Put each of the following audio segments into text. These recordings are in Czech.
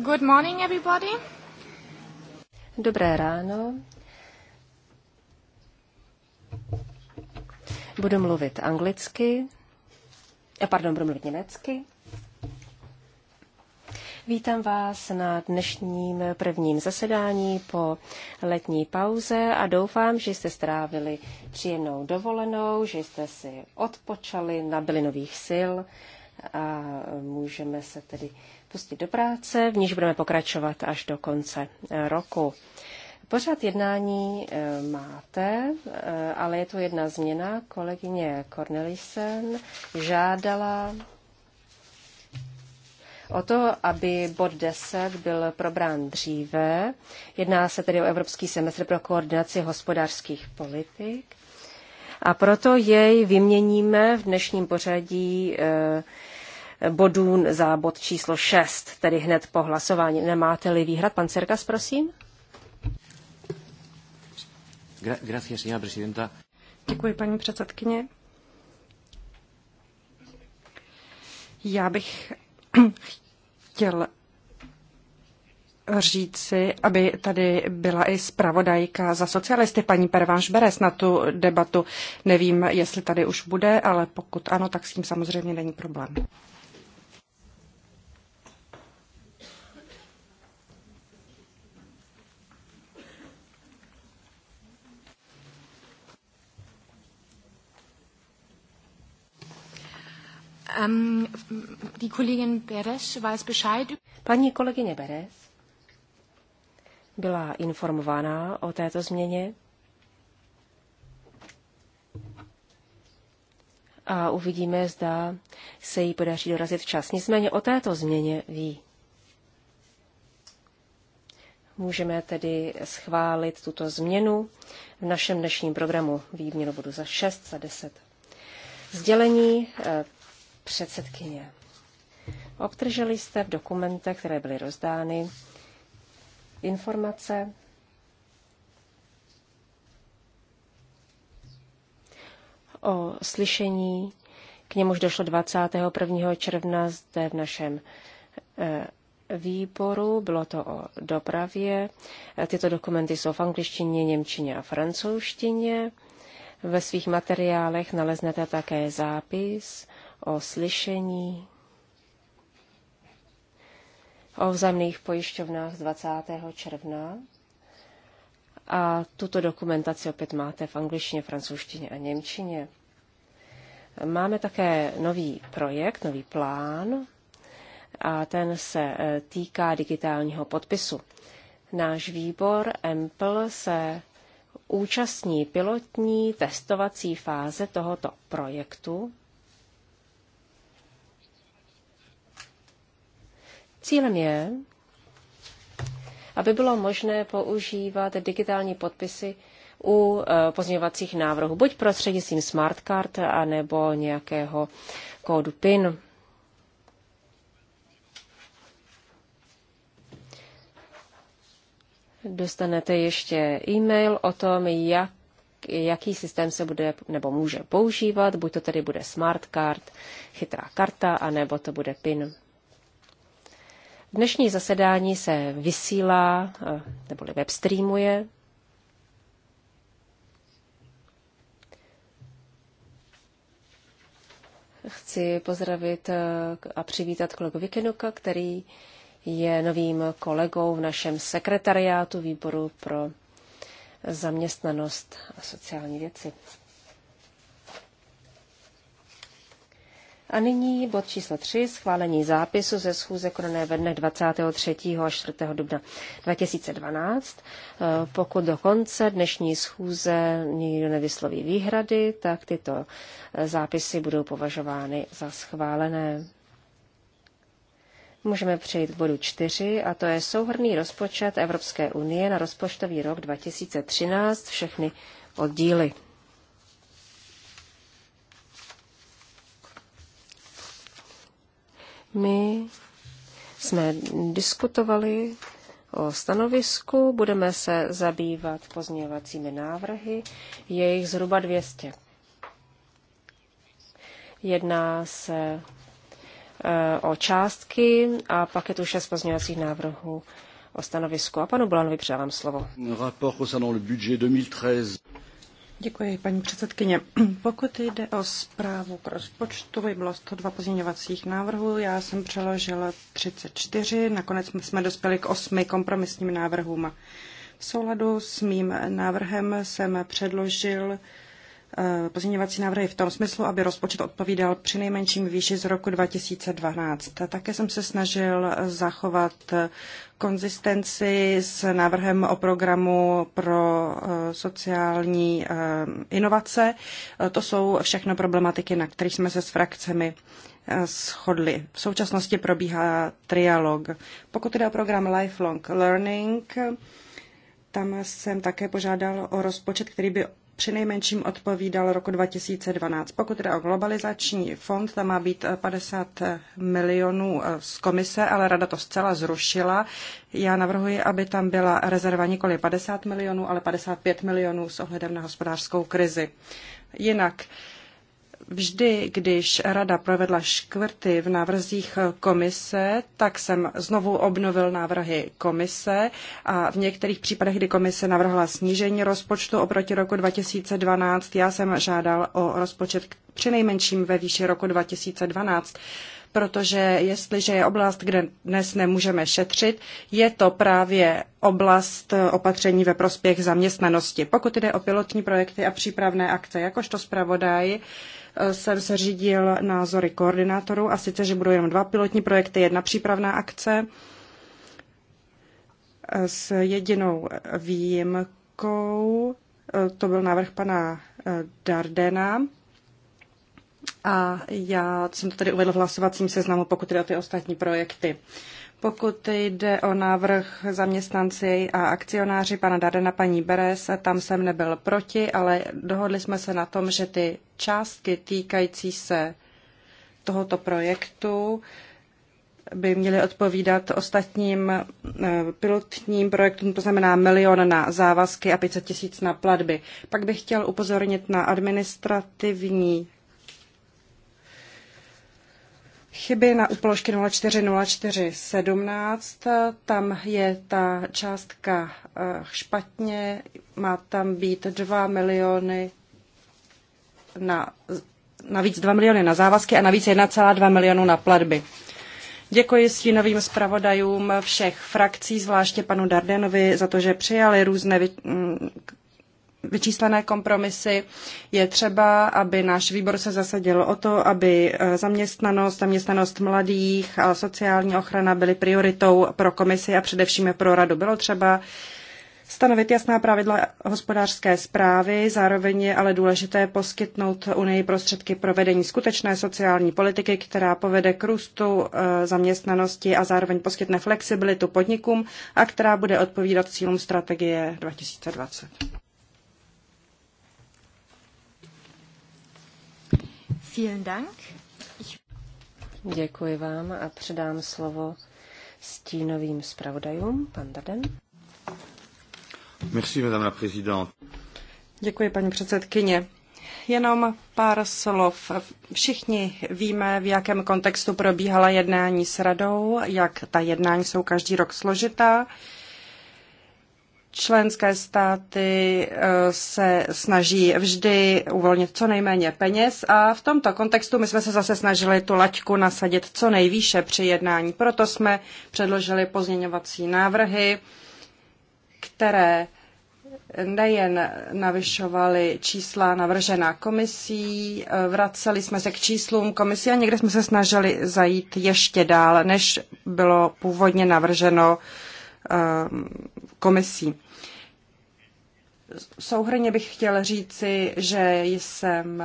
Good morning, everybody. Dobré ráno. Budu mluvit anglicky. a eh, Pardon, budu mluvit německy. Vítám vás na dnešním prvním zasedání po letní pauze a doufám, že jste strávili příjemnou dovolenou, že jste si odpočali, nabili nových sil můžeme se tedy pustit do práce, v níž budeme pokračovat až do konce eh, roku. Pořád jednání eh, máte, eh, ale je to jedna změna. Kolegyně Cornelisen žádala o to, aby bod 10 byl probrán dříve. Jedná se tedy o Evropský semestr pro koordinaci hospodářských politik. A proto jej vyměníme v dnešním pořadí bodů za bod číslo 6, tedy hned po hlasování. Nemáte-li výhrad, pan Cerkas, prosím? Gracias, señora Děkuji, paní předsedkyně. Já bych chtěl říci, aby tady byla i zpravodajka za socialisty, paní Pervánš Beres, na tu debatu. Nevím, jestli tady už bude, ale pokud ano, tak s tím samozřejmě není problém. Um, die Kollegin Beres weiß Bescheid. Paní kolegyně Beres byla informována o této změně a uvidíme, zda se jí podaří dorazit včas. Nicméně o této změně ví. Můžeme tedy schválit tuto změnu v našem dnešním programu. Výměnu bodu za 6, za 10. Sdělení eh, předsedkyně. Obdrželi jste v dokumentech, které byly rozdány, informace o slyšení, k němuž došlo 21. června zde v našem e, výboru, bylo to o dopravě. E, tyto dokumenty jsou v angličtině, němčině a francouzštině. Ve svých materiálech naleznete také zápis o slyšení o vzemných pojišťovnách z 20. června. A tuto dokumentaci opět máte v angličtině, francouzštině a němčině. Máme také nový projekt, nový plán a ten se e, týká digitálního podpisu. Náš výbor EMPL se účastní pilotní testovací fáze tohoto projektu Cílem je, aby bylo možné používat digitální podpisy u eh, pozměňovacích návrhů, buď prostřednictvím smartcard, anebo nějakého kódu PIN. Dostanete ještě e-mail o tom, jak, jaký systém se bude nebo může používat, buď to tedy bude smartcard, chytrá karta, anebo to bude PIN. Dnešní zasedání se vysílá eh, nebo webstreamuje. Chci pozdravit eh, a přivítat kolegu Vikenuka, který je novým kolegou v našem sekretariátu výboru pro zaměstnanost a sociální věci. A nyní bod číslo 3, schválení zápisu ze schůze konané ve dnech 23. a 4. dubna 2012. Eh, pokud do konce dnešní schůze nikdo nevysloví výhrady, tak tyto eh, zápisy budou považovány za schválené. Můžeme přejít k bodu 4, a to je souhrný rozpočet Evropské unie na rozpočtový rok 2013, všechny oddíly. My jsme diskutovali o stanovisku, budeme se zabývat pozměňovacími návrhy, je jich zhruba 200. Jedná se eh, o částky a pak je tu šest pozměňovacích návrhů o stanovisku. A panu Bulanovi předávám slovo. Děkuji, paní předsedkyně. Pokud jde o zprávu k rozpočtu, bylo 102 pozměňovacích návrhů, já jsem přeložila 34, nakonec jsme dospěli k osmi kompromisním návrhům. V souladu s mým návrhem jsem předložil Eh, pozměňovací návrhy v tom smyslu, aby rozpočet odpovídal při nejmenším výši z roku 2012. Také jsem se snažil eh, zachovat eh, konzistenci s návrhem o programu pro sociální inovace. To jsou všechno problematiky, na kterých jsme se s frakcemi shodli. V současnosti probíhá trialog. Pokud jde o program Lifelong Learning, tam jsem také požádal o rozpočet, který by přinejmenším odpovídal roku 2012. Pokud jde o globalizační fond, tam má být 50 milionů eh, z komise, ale rada to zcela zrušila. Já navrhuji, aby tam byla rezerva nikoli 50 milionů, ale 55 milionů s ohledem na hospodářskou krizi. Jinak Vždy, když rada provedla škvrty v návrzích komise, tak jsem znovu obnovil návrhy komise a v některých případech, kdy komise navrhla snížení rozpočtu oproti roku 2012, já jsem žádal o rozpočet přinejmenším ve výši roku 2012 protože jestliže je oblast, kde dnes nemůžeme šetřit, je to právě oblast opatření ve prospěch zaměstnanosti. Pokud jde o pilotní projekty a přípravné akce, jakožto zpravodaj, Eh, jsem se řídil názory koordinátorů a sice, že budou jenom dva pilotní projekty, jedna přípravná akce eh, s jedinou výjimkou. Eh, to byl návrh pana Dardena. A já jsem to tady uvedl v hlasovacím seznamu, pokud jde o ty ostatní projekty. Uh, pokud jde o návrh zaměstnanci a akcionáři pana Dardena, paní Beres, tam jsem nebyl proti, ale dohodli jsme se na tom, že ty částky týkající se tohoto projektu by měly odpovídat ostatním eh, pilotním projektům, to znamená milion na závazky a 500 tisíc na platby. Pak bych chtěl upozornit na administrativní Chyby na upoložky 040417, tam je ta částka eh, špatně, má tam být 2 miliony na, navíc 2 miliony na závazky a navíc 1,2 milionu na platby. Děkuji stínovým zpravodajům všech frakcí, zvláště panu Dardenovi, za to, že přijali různé vyčíslené kompromisy. Je třeba, aby náš výbor se zasadil o to, aby e, zaměstnanost, zaměstnanost mladých a sociální ochrana byly prioritou pro komisi a především pro radu. Bylo třeba stanovit jasná pravidla hospodářské zprávy, zároveň je ale důležité poskytnout Unii prostředky pro vedení skutečné sociální politiky, která povede k růstu e, zaměstnanosti a zároveň poskytne flexibilitu podnikům a která bude odpovídat cílům strategie 2020. Vielen Dank. Děkuji vám a předám slovo stínovým zpravodajům. Pan Darden. Merci, madame la présidente. Děkuji, paní předsedkyně. Jenom pár slov. Všichni víme, v jakém kontextu probíhala jednání s radou, jak ta jednání jsou každý rok složitá. Členské státy eh, se snaží vždy uvolnit co nejméně peněz a v tomto kontextu my jsme se zase snažili tu laťku nasadit co nejvýše při jednání. Proto jsme předložili pozměňovací návrhy, které nejen navyšovali čísla navržená komisí, eh, vraceli jsme se k číslům komisí a někde jsme se snažili zajít ještě dál, než bylo původně navrženo Eh, komisí. Souhrně bych chtěl říci, že jsem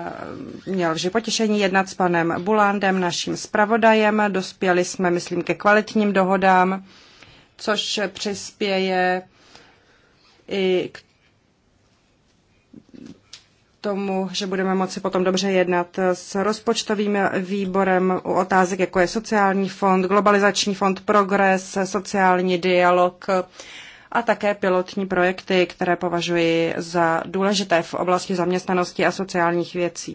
měl vždy potěšení jednat s panem Bulandem, naším zpravodajem. Dospěli jsme, myslím, ke kvalitním dohodám, což přispěje i k tomu, že budeme moci potom dobře jednat s rozpočtovým výborem u otázek, jako je sociální fond, globalizační fond, progres, sociální dialog a také pilotní projekty, které považuji za důležité v oblasti zaměstnanosti a sociálních věcí.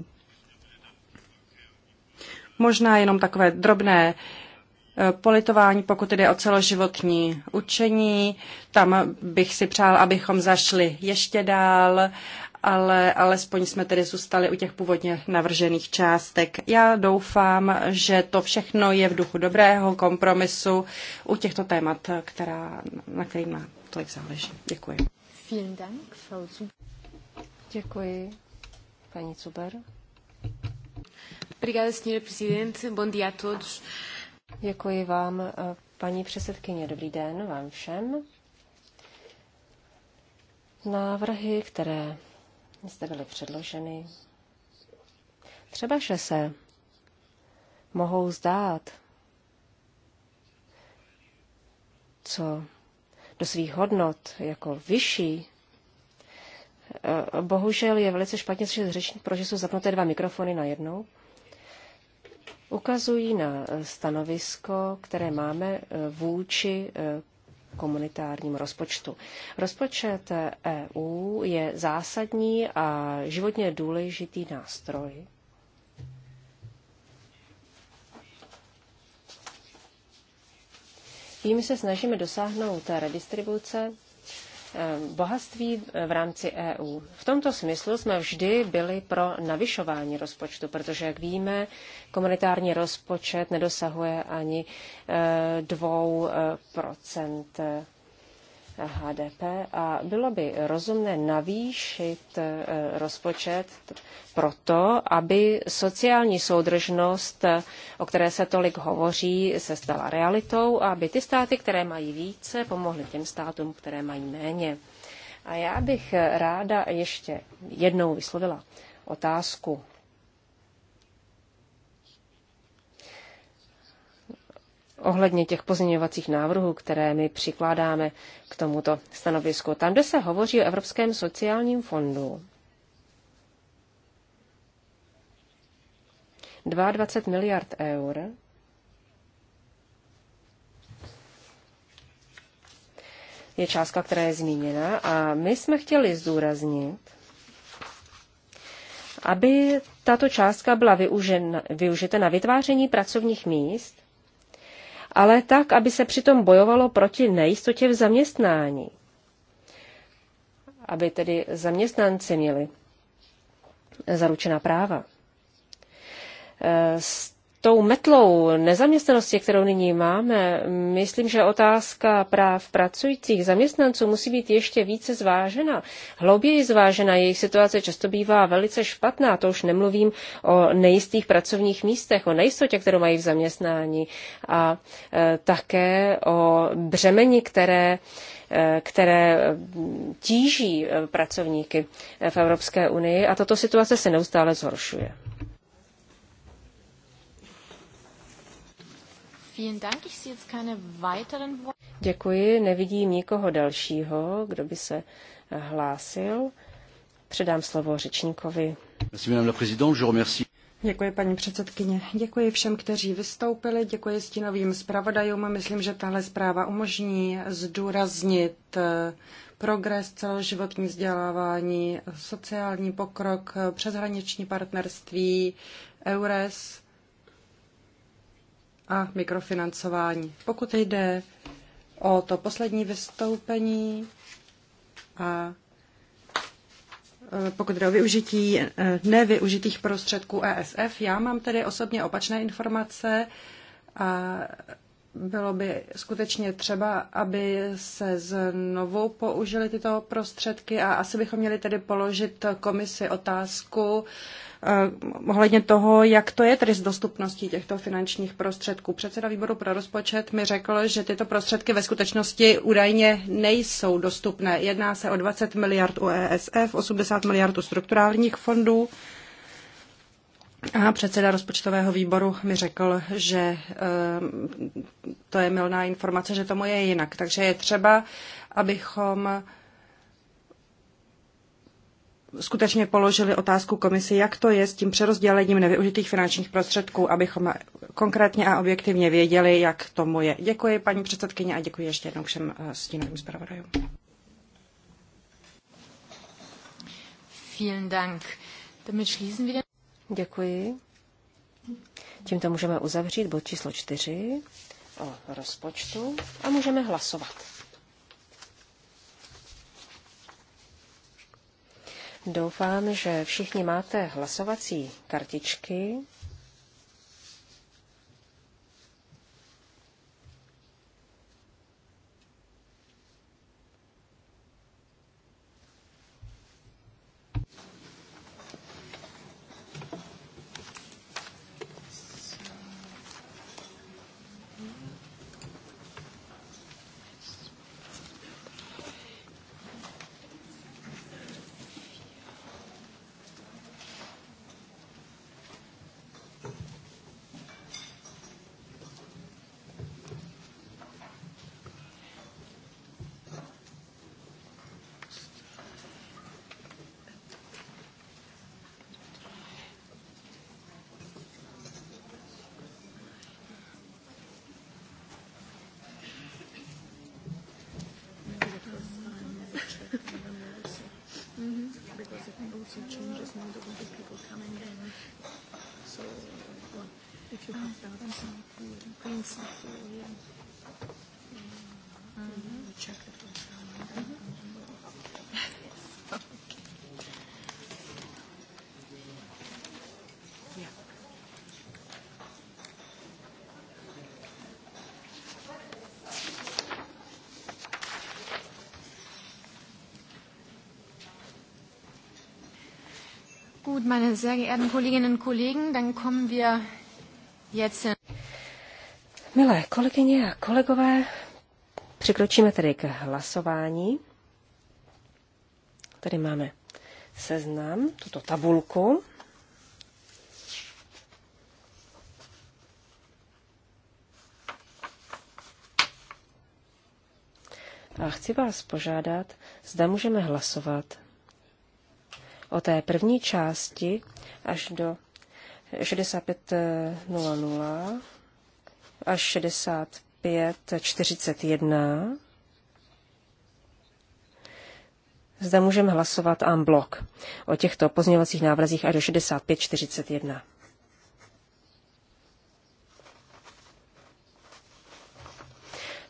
Možná jenom takové drobné eh, politování, pokud jde o celoživotní učení. Tam bych si přál, abychom zašli ještě dál ale alespoň jsme tedy zůstali u těch původně navržených částek. Já doufám, že to všechno je v duchu dobrého kompromisu u těchto témat, která, na kterým má tolik záleží. Děkuji. Děkuji, paní Cuber. Obrigada, senhor presidente. Bom dia a todos. Děkuji vám, eh, paní předsedkyně. Dobrý den vám všem. Návrhy, které zde byly předloženy. Třeba, že se mohou zdát, co do svých hodnot jako vyšší, eh, bohužel je velice špatně slyšet řečník, protože jsou zapnuté dva mikrofony na jednou, ukazují na stanovisko, které máme eh, vůči eh, komunitárním rozpočtu. Rozpočet EU je zásadní a životně důležitý nástroj. Tím se snažíme dosáhnout redistribuce Eh, bohatství eh, v rámci EU. V tomto smyslu jsme vždy byli pro navyšování rozpočtu, protože, jak víme, komunitární rozpočet nedosahuje ani eh, dvou procent HDP a bylo by rozumné navýšit eh, rozpočet proto, aby sociální soudržnost, eh, o které se tolik hovoří, se stala realitou a aby ty státy, které mají více, pomohly těm státům, které mají méně. A já bych eh, ráda ještě jednou vyslovila otázku. ohledně těch pozměňovacích návrhů, které my přikládáme k tomuto stanovisku. Tam, kde se hovoří o Evropském sociálním fondu, 22 miliard eur, je částka, která je zmíněna a my jsme chtěli zdůraznit, aby tato částka byla využena, využita na vytváření pracovních míst ale tak, aby se přitom bojovalo proti nejistotě v zaměstnání. Aby tedy zaměstnanci měli zaručená práva. Eh, tou metlou nezaměstnanosti, kterou nyní máme, myslím, že otázka práv pracujících zaměstnanců musí být ještě více zvážena. Hlouběji zvážena jejich situace často bývá velice špatná, to už nemluvím o nejistých pracovních místech, o nejistotě, kterou mají v zaměstnání a e, také o břemeni, které e, které tíží e, pracovníky e, v Evropské unii a tato situace se neustále zhoršuje. Děkuji, nevidím nikoho dalšího, kdo by se eh, hlásil. Předám slovo řečníkovi. Děkuji, paní předsedkyně. Děkuji všem, kteří vystoupili. Děkuji stínovým zpravodajům. Myslím, že tahle zpráva umožní zdůraznit eh, progres, celoživotní vzdělávání, sociální pokrok, eh, přeshraniční partnerství, EURES a mikrofinancování. Pokud jde o to poslední vystoupení a e, pokud jde o využití e, nevyužitých prostředků ESF, já mám tedy osobně opačné informace a bylo by skutečně třeba, aby se znovu použily tyto prostředky a asi bychom měli tedy položit komisi otázku, Eh, ohledně toho, jak to je tedy s dostupností těchto finančních prostředků. Předseda výboru pro rozpočet mi řekl, že tyto prostředky ve skutečnosti údajně nejsou dostupné. Jedná se o 20 miliard u e ESF, 80 miliard u strukturálních fondů. A předseda rozpočtového výboru mi řekl, že eh, to je milná informace, že tomu je jinak. Takže je třeba, abychom skutečně položili otázku komisi, jak to je s tím přerozdělením nevyužitých finančních prostředků, abychom konkrétně a objektivně věděli, jak tomu je. Děkuji paní předsedkyně a děkuji ještě jednou všem eh, stínovým zpravodajům. Vielen Dank. Děkuji. Tímto můžeme uzavřít bod číslo čtyři o rozpočtu a můžeme hlasovat. Doufám, že všichni máte hlasovací kartičky. Gut, meine sehr geehrten Kolleginnen und Kollegen, dann kommen wir jetzt. Milé kolegyně a kolegové, přikročíme tedy k hlasování. Tady máme seznam, tuto tabulku. A chci vás požádat, zda můžeme hlasovat o té první části až do 65.00 až 65.41. zde můžeme hlasovat en blok o těchto pozměňovacích návrzích až do 65.41.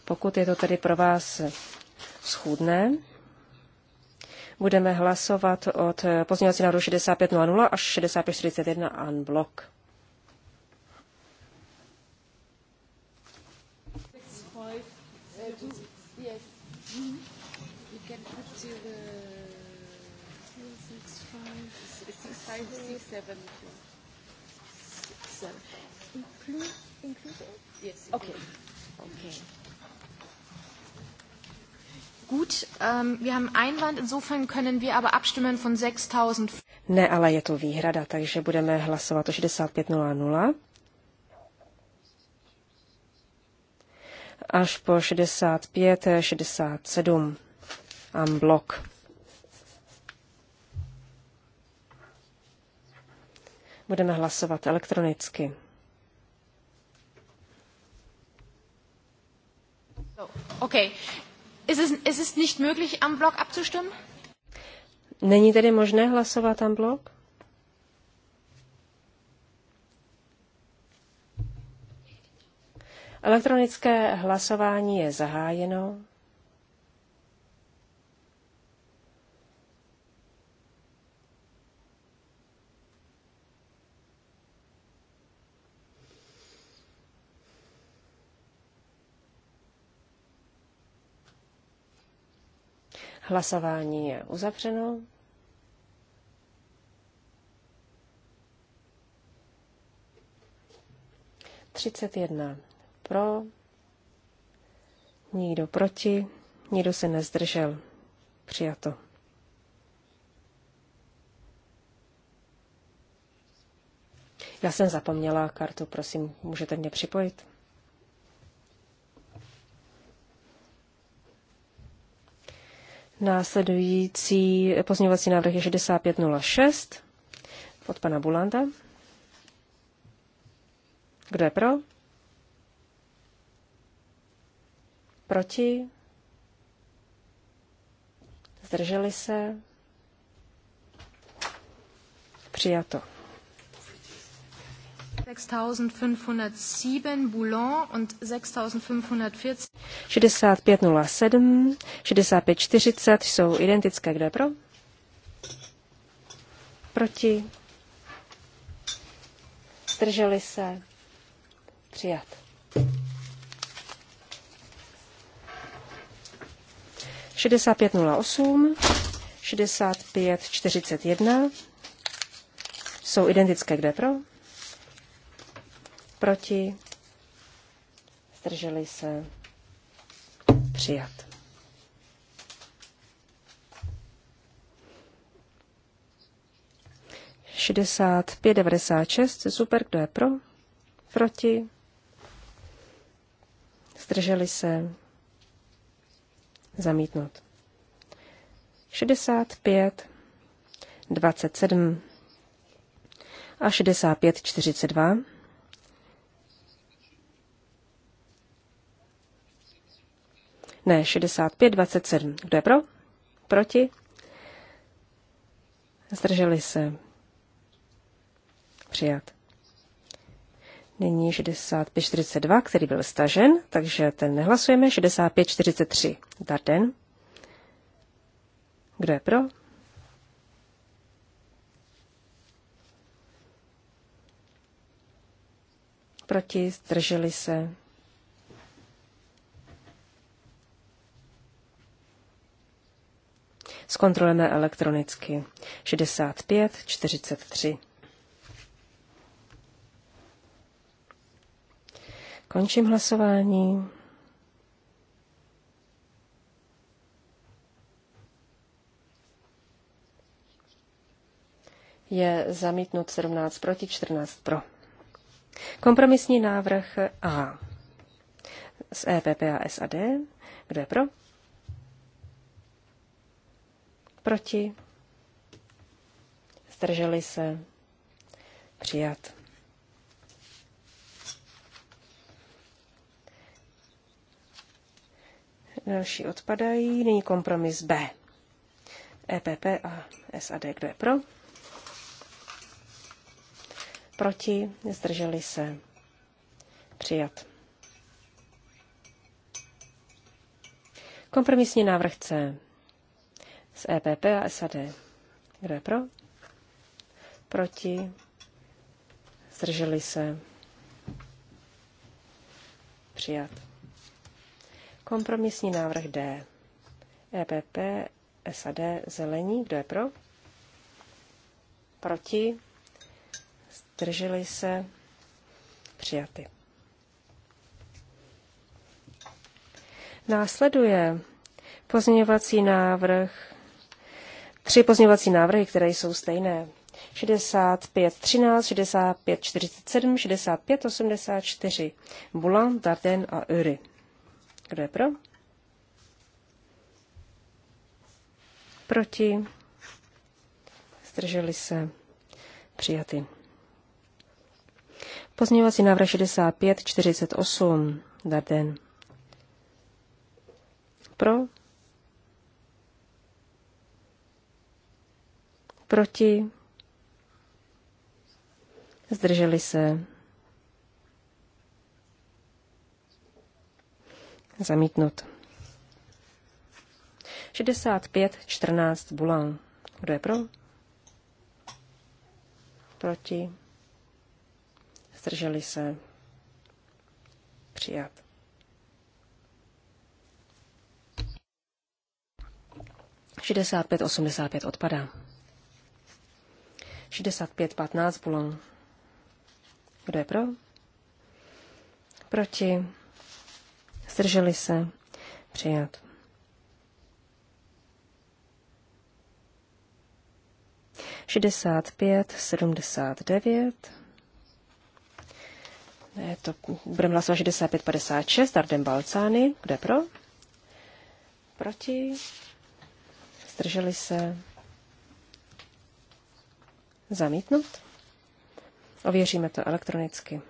Pokud je to tedy pro vás schůdné, budeme hlasovat od pozměňovací návrhu 6500 až 6541 unblock. Include, include? Yes. Okay. Okay. Gut, um, wir haben Einwand, insofern können wir aber abstimmen von 6000. Ne, ale je to výhrada, takže budeme hlasovat o 65.00. Až po 65, 67. Amblok. Budeme hlasovat elektronicky. Okay. Ist es, ist es nicht möglich, am Block abzustimmen? Není tedy možné hlasovat am blok? Elektronické hlasování je zahájeno. Hlasování je uzavřeno. Třicet jedna pro, nikdo proti, nikdo se nezdržel. Přijato. Já jsem zapomněla kartu, prosím, můžete mě připojit? Následující pozměňovací návrh je 6506 od pana Bulanda. Kdo je pro? Proti? Zdrželi se? Přijato. 6507 Boulon und 6540. 6507, 6540 jsou identické. Kdo je pro? Proti? Zdrželi se? Přijat. Šedesát pět nula osm, šedesát pět čtyřicet jedna jsou identické kde pro? proti, zdrželi se, přijat. Šedesát pět, devadesát šest, super, kdo je pro, proti, zdrželi se, zamítnout. 65, 27 a 65, 42 Ne, 65, 27. Kdo je pro? Proti? Zdrželi se. Přijat. Nyní 65, 42, který byl stažen, takže ten nehlasujeme. 65, 43. Darden. Kdo je pro? Proti? Zdrželi se. Zkontrolujeme elektronicky. 65, 43. Končím hlasování. Je zamítnut 17 proti 14 pro. Kompromisní návrh A z EPP a SAD. Kdo je pro? Proti? Zdrželi se? Přijat. Další odpadají. Nyní kompromis B. EPP a SAD. Kdo je pro? Proti? Zdrželi se? Přijat. Kompromisní návrh C z EPP a SAD. Kdo je pro? Proti? Zdrželi se? Přijat. Kompromisní návrh D. EPP, SAD, zelení. Kdo je pro? Proti? Zdrželi se? Přijaty. Následuje pozměňovací návrh tři pozměňovací návrhy, které jsou stejné. 65 13, 65 47, 65 84. Bulan, Darden a Ury. Kdo je pro? Proti? Zdrželi se? Přijaty. Pozměňovací návrh 65 48. Darden. Pro? Proti? Zdrželi se? Zamítnut. 65, 14, Bulan. Kdo je pro? Proti? Zdrželi se? Přijat. Šedesát pět, osmdesát pět odpadá. 65.15 Bulon. Kdo je pro? Proti? Zdrželi se? Přijat. Šedesát pět, sedmdesát devět. Ne, to budeme hlasovat 65, 56, Ardem Balcány. Kde pro? Proti? Zdrželi se? Zamítnout? Ověříme to elektronicky.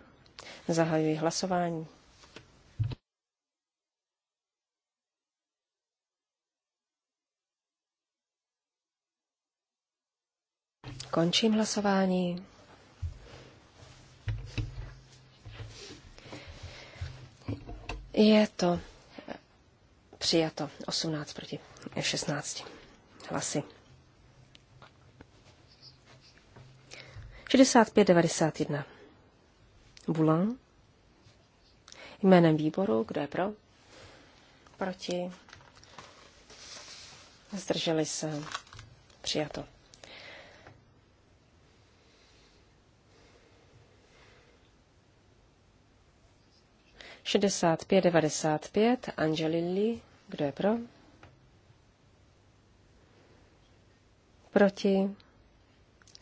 Zahajuji hlasování. Končím hlasování. Je to přijato 18 proti 16 hlasy. 6591. Bulan. Jménem výboru, kdo je pro? Proti. Zdrželi se. Přijato. Šedesát pět, devadesát pět, Angelilli, kdo je pro? Proti,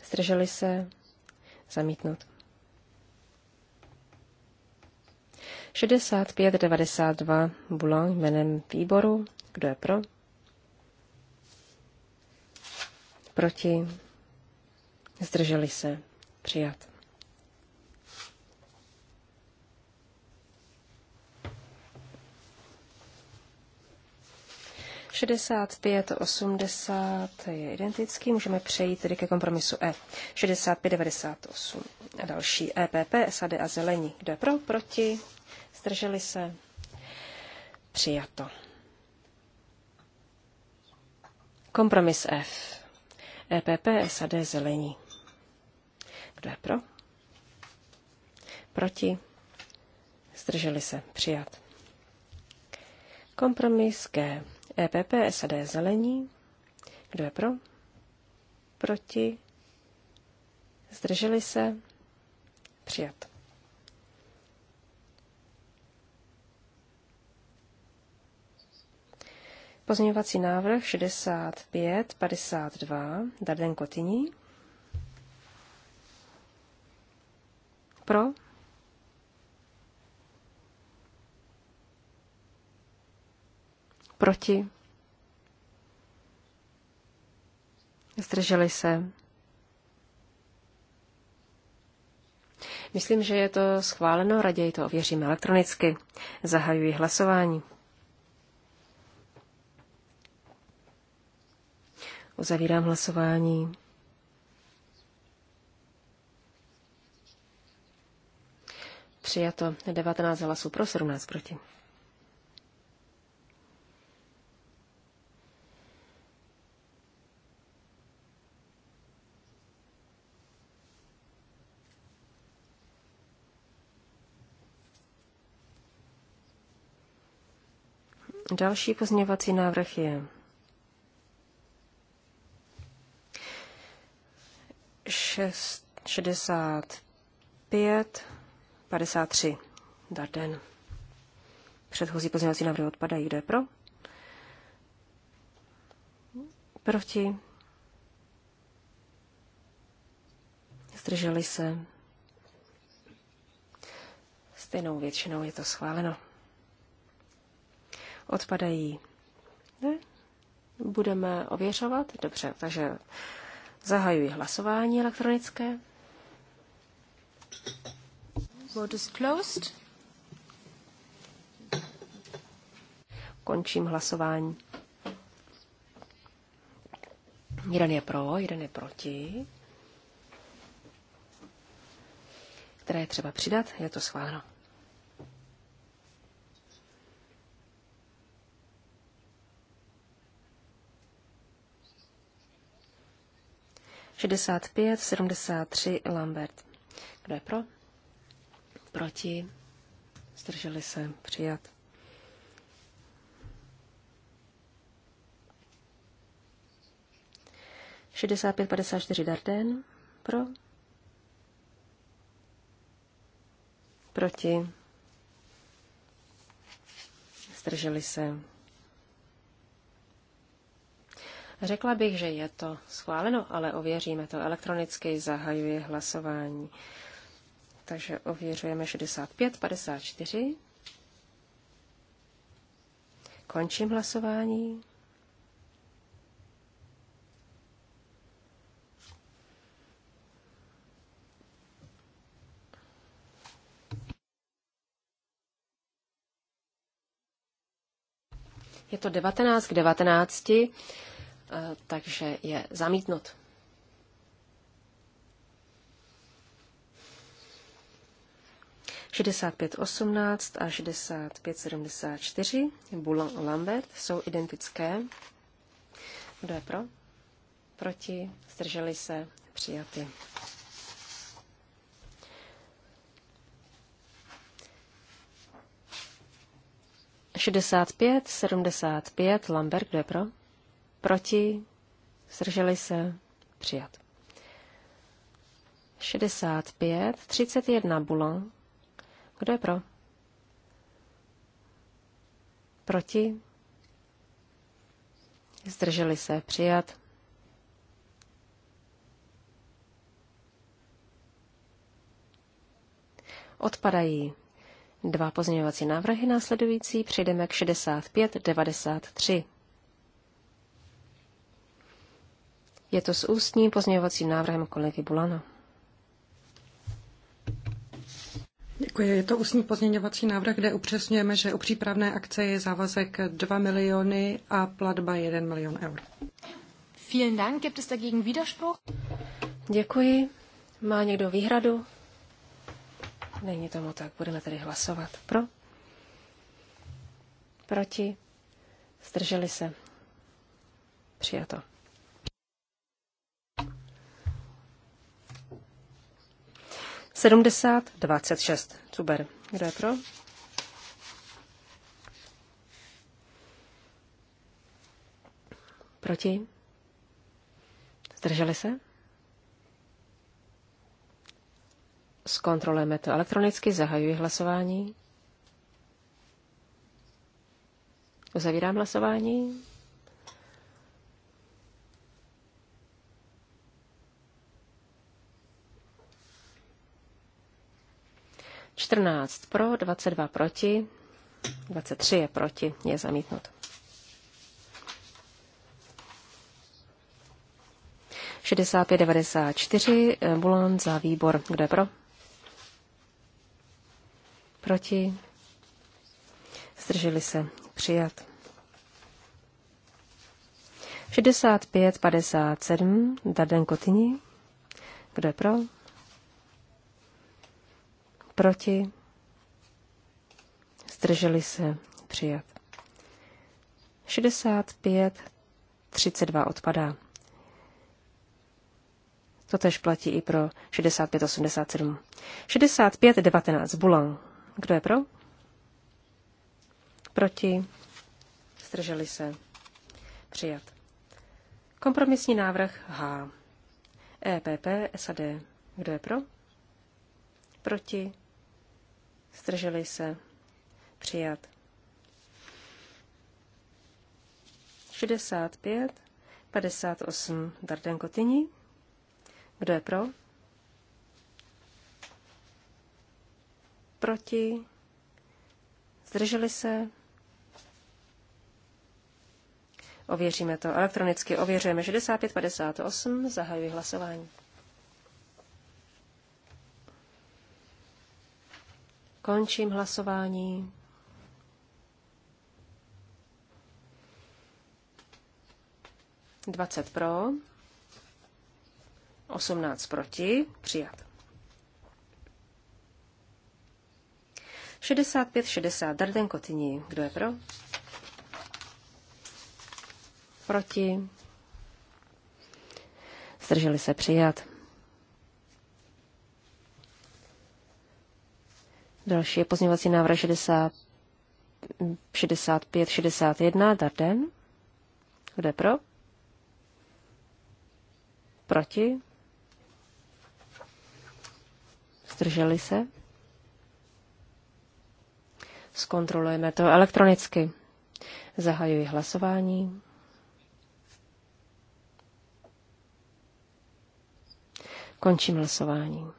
zdrželi se, zamítnut. 6592 Boulogne jménem výboru. Kdo je pro? Proti? Zdrželi se. Přijat. 65, 80 je identický, můžeme přejít tedy ke kompromisu E. 65, 98 a další EPP, SAD a zelení. Kdo je pro, proti, zdrželi se, přijato. Kompromis F. EPP, SAD, zelení. Kdo je pro? Proti? Zdrželi se. Přijat. Kompromis G. EPP, SAD zelení. Kdo je pro? Proti? Zdrželi se? Přijat. Pozměňovací návrh 6552 Darden Kotyní. Pro? Proti? Zdrželi se? Myslím, že je to schváleno, raději to ověříme elektronicky. Zahajuji hlasování. Uzavírám hlasování. Přijato 19 hlasů pro 17 proti. Další pozměňovací návrh je 6, 65, 53. Darden. Předchozí pozměňovací návrhy odpadají. Kdo je pro? Proti? Zdrželi se? Stejnou většinou je to schváleno odpadají. Ne? Budeme ověřovat? Dobře, takže zahajuji hlasování elektronické. Vote is closed. Končím hlasování. Jeden je pro, jeden je proti. Které je třeba přidat, je to schváleno. 65, 73 Lambert. Kdo je pro? Proti? Zdrželi se? Přijat. Šedesát pět, padesát čtyři Darden. Pro? Proti? Zdrželi se? Řekla bych, že je to schváleno, ale ověříme to elektronicky, zahajuje hlasování. Takže ověřujeme 65, 54. Končím hlasování. Je to 19 k 19. Eh, takže je zamítnut. Šedesát pět osmnáct a šedesát pět sedmdesát čtyři Lambert jsou identické. Kdo je pro? Proti? Zdrželi se? Přijaty. Šedesát pět, sedmdesát pět, Lambert, kdo je pro? Proti? Zdrželi se? Přijat. 65, 31 Boulon. Kdo je pro? Proti? Zdrželi se? Přijat. Odpadají dva pozměňovací návrhy následující, přijdeme k 65 93. Je to s ústním pozměňovacím návrhem kolegy Bulana. Děkuji. Je to ústní pozměňovací návrh, kde upřesňujeme, že u přípravné akce je závazek 2 miliony a platba 1 milion eur. Vielen Dank. Gibt es dagegen Widerspruch? Děkuji. Má někdo výhradu? Není tomu tak. Budeme tedy hlasovat. Pro? Proti? Zdrželi se? Přijato. 70-26. Super. Kdo je pro? Proti? Zdrželi se? Zkontrolujeme to elektronicky, zahajuji hlasování. Uzavírám hlasování. 14 pro, 22 proti, 23 je proti, je zamítnut. 65-94, eh, Bulan za výbor. Kdo je pro? Proti? Zdrželi se. Přijat. 65-57, Darden Kotini. Kdo je pro? Proti? Zdrželi se přijat. 65, 32 odpadá. To tež platí i pro 65, 87. 65, 19, Bulan. Kdo je pro? Proti? Zdrželi se. Přijat. Kompromisní návrh H. EPP, SAD. Kdo je pro? Proti? Zdrželi se? Přijat. 65, 58 Darden Kotyni. Kdo je pro? Proti? Zdrželi se? Ověříme to elektronicky. Ověřujeme 65, 58. Zahajuji hlasování. Končím hlasování. Dvacet pro, osmnáct proti, přijat. 65-60 Darden Kotyní. Kdo je pro? Proti? Zdrželi se přijat. Další je pozměňovací návrh 60, 65, 61, Darden. Kdo je pro? Proti? Zdrželi se? Zkontrolujeme to elektronicky. Zahajuji hlasování. Končím hlasování.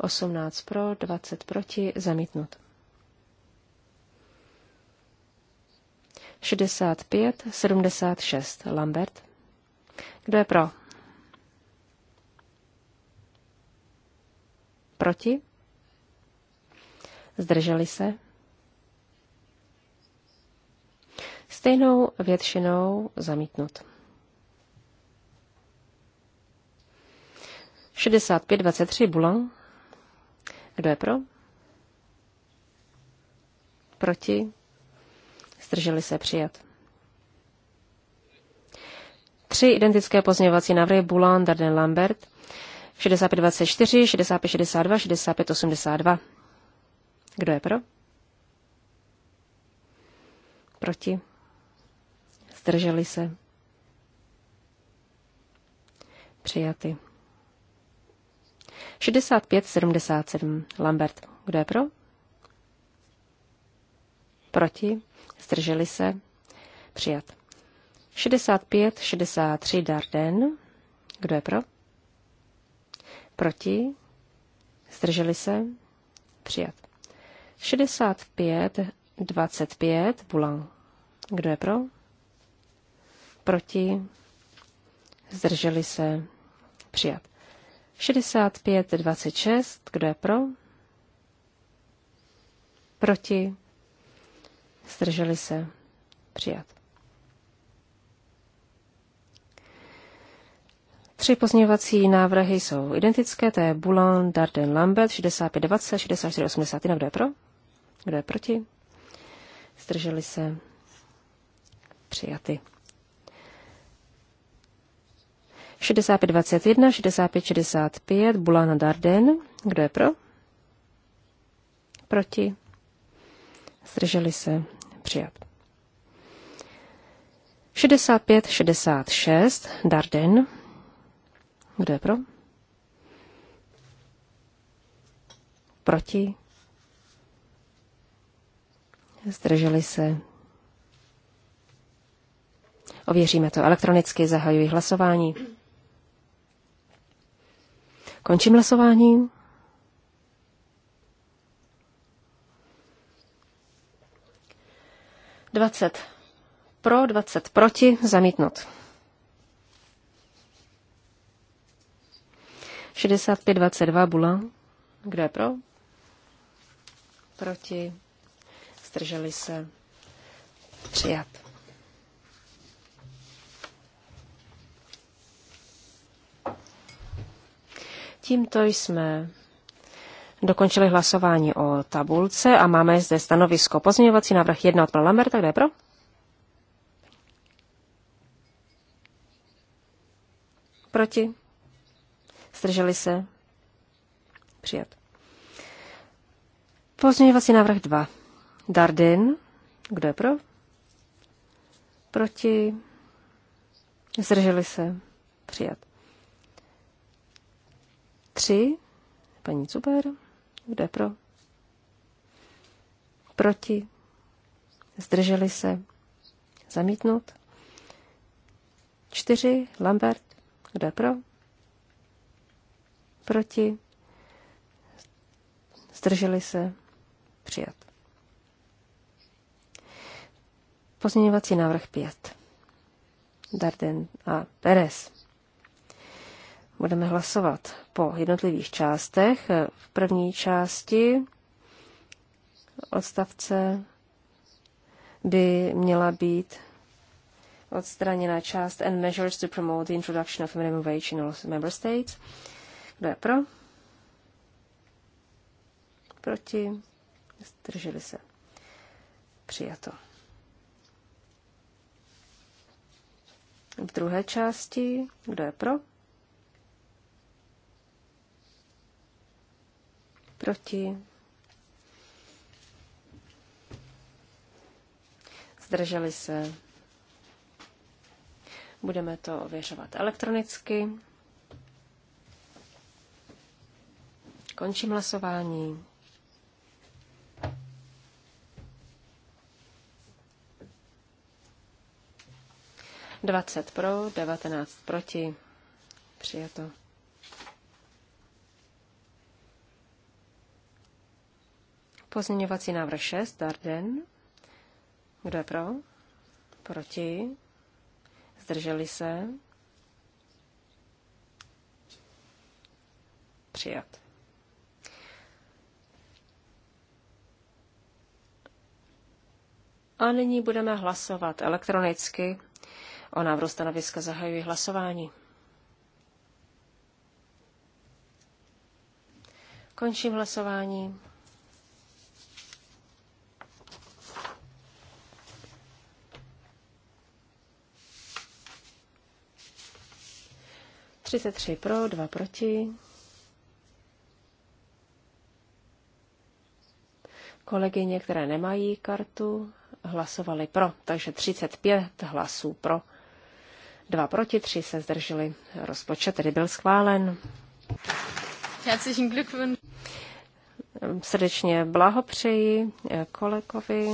18 pro, 20 proti, zamítnut. 65, 76, Lambert. Kdo je pro? Proti? Zdrželi se? Stejnou většinou zamítnut. 65-23 Boulogne. Kdo je pro? Proti? Zdrželi se přijat. Tři identické pozměňovací návrhy Bulan, Darden, Lambert 6524, 6562, 6582. Kdo je pro? Proti? Zdrželi se. Přijaty. 65-77. Lambert, kdo je pro? Proti? Zdrželi se? Přijat. 65-63 Darden. Kdo je pro? Proti? Zdrželi se? Přijat. 65-25 Bulan. Kdo je pro? Proti? Zdrželi se? Přijat. 6526, kdo je pro? Proti? Zdrželi se? Přijat. Tři pozměňovací návrhy jsou identické, to je Boulan, Darden, Lambert, 65, 20, 64, 81, kdo je pro? Kdo je proti? Zdrželi se? Přijaty. 6521, 6565, Bulana Darden. Kdo je pro? Proti? Zdrželi se? Přijat. 65, 66, Darden. Kdo je pro? Proti? Zdrželi se? Ověříme to elektronicky, zahajuji hlasování. Končím hlasování. Dvacet pro, dvacet proti, zamítnut. 65-22 Bula. Kdo je pro? Proti. Zdrželi se. Přijat. Tímto jsme dokončili hlasování o tabulce a máme zde stanovisko pozměňovací návrh 1 od pana Lamberta, kde je pro? Proti? Strželi se? Přijat. Pozměňovací návrh 2. Dardin. Kdo je pro? Proti? Zdrželi se? Přijat. 3. Paní Cuber. Kdo pro? Proti? Zdrželi se? Zamítnut? 4. Lambert. Kdo pro? Proti? Zdrželi se? Přijat. Pozměňovací návrh 5. Darden a Perez. Budeme hlasovat po jednotlivých částech. V první části odstavce by měla být odstraněna část and measures to promote the introduction of minimum wage in all member states. Kdo je pro? Proti? Zdrželi se. Přijato. V druhé části, kdo je pro? Proti? Zdrželi se? Budeme to ověřovat elektronicky. Končím hlasování. Dvacet pro, devatenáct proti. Přijato. Pozměňovací návrh 6, Darden. Kdo je pro? Proti? Zdrželi se? Přijat. A nyní budeme hlasovat elektronicky. O návrhu stanoviska zahajuji hlasování. Končím hlasování. 33 pro, 2 proti. Kolegyně, které nemají kartu, hlasovali pro, takže 35 hlasů pro, 2 proti, 3 se zdrželi. Rozpočet tedy byl schválen. Srdečně blahopřeji eh, kolegovi.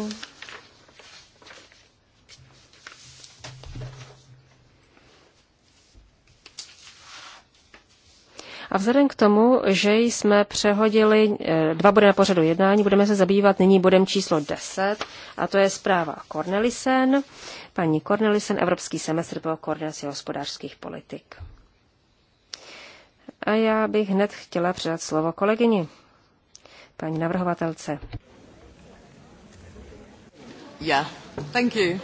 A vzhledem k tomu, že jsme přehodili eh, dva body na pořadu jednání, budeme se zabývat nyní bodem číslo 10, a to je zpráva Cornelisen, paní Cornelisen, Evropský semestr pro koordinaci hospodářských politik. A já bych hned chtěla předat slovo kolegyni, paní navrhovatelce. Yeah, thank you.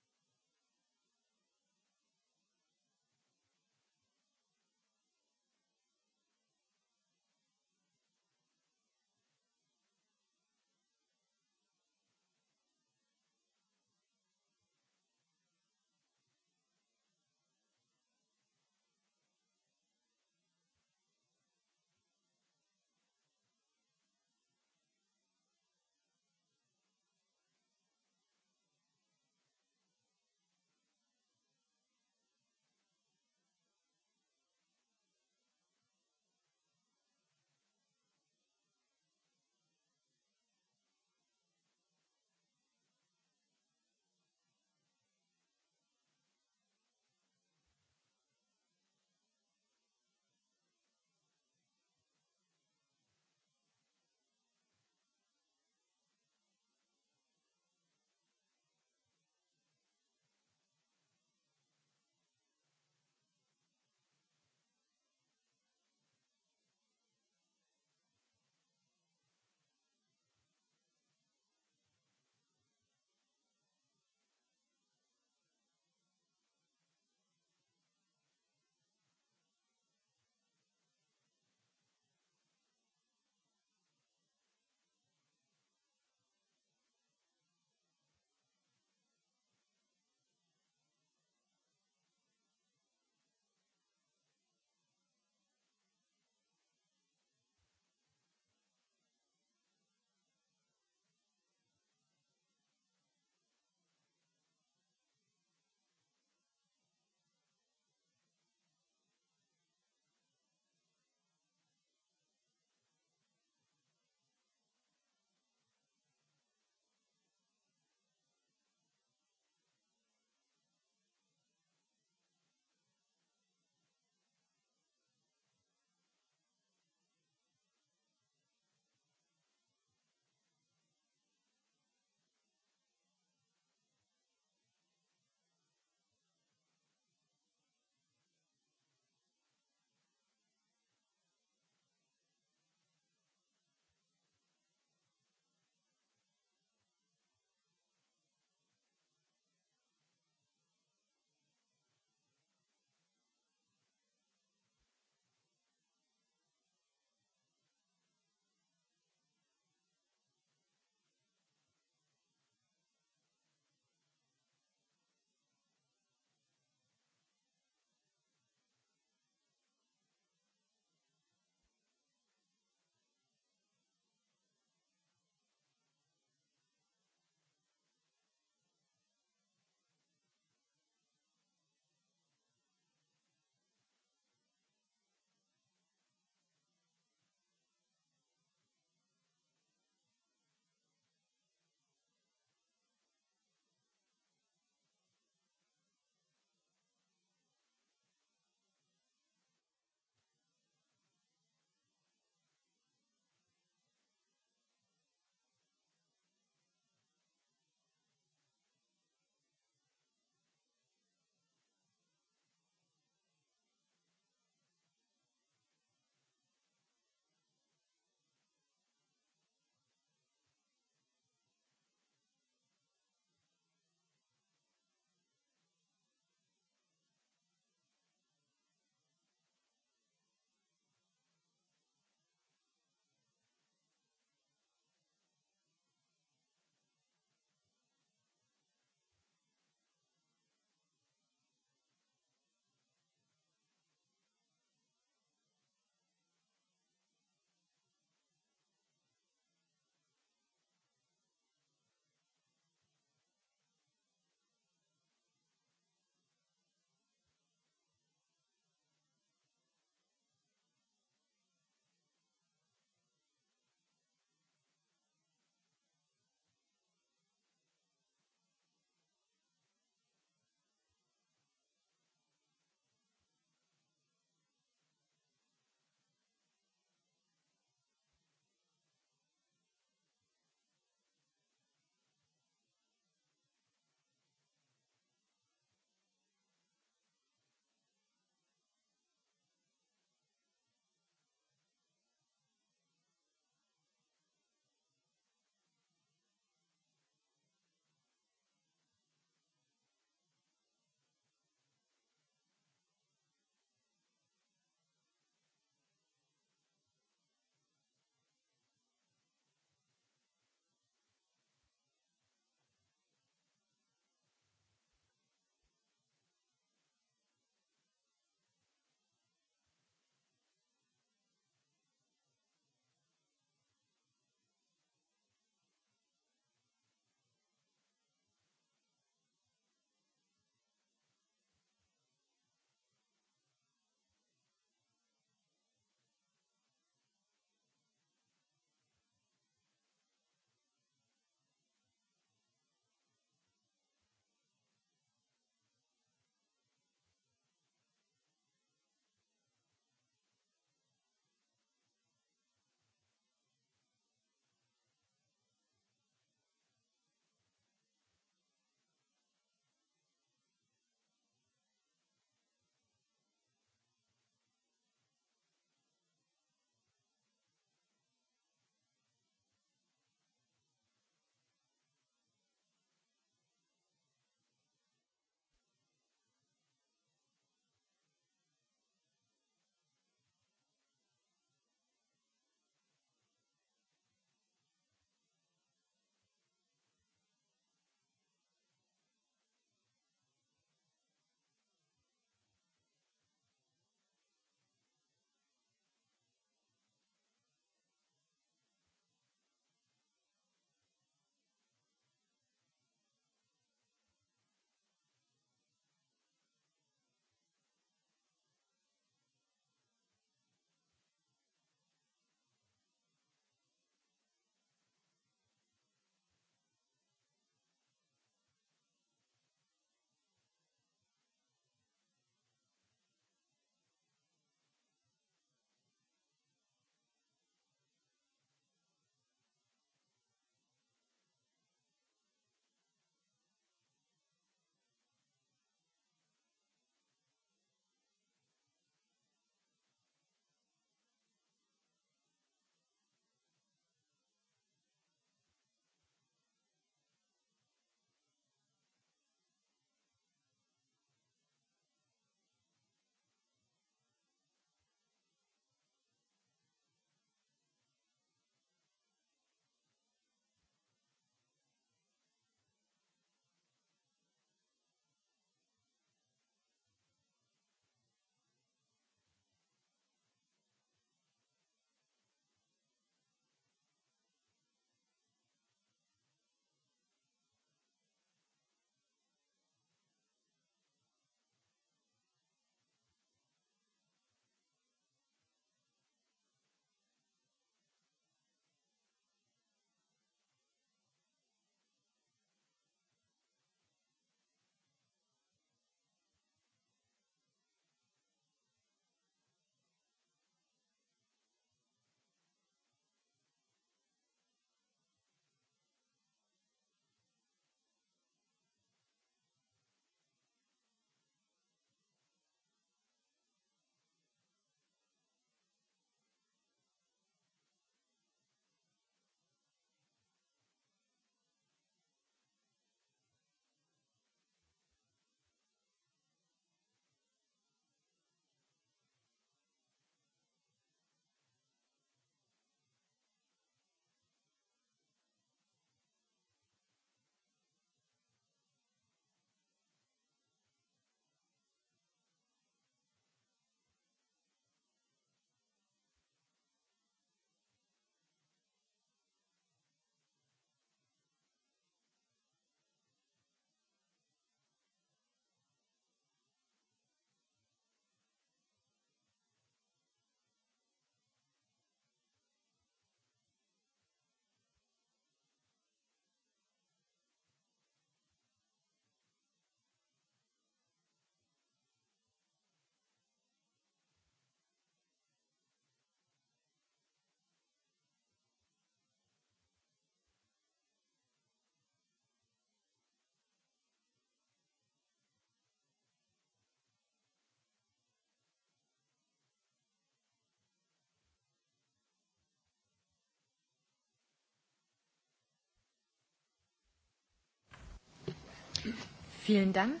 Vielen Dank,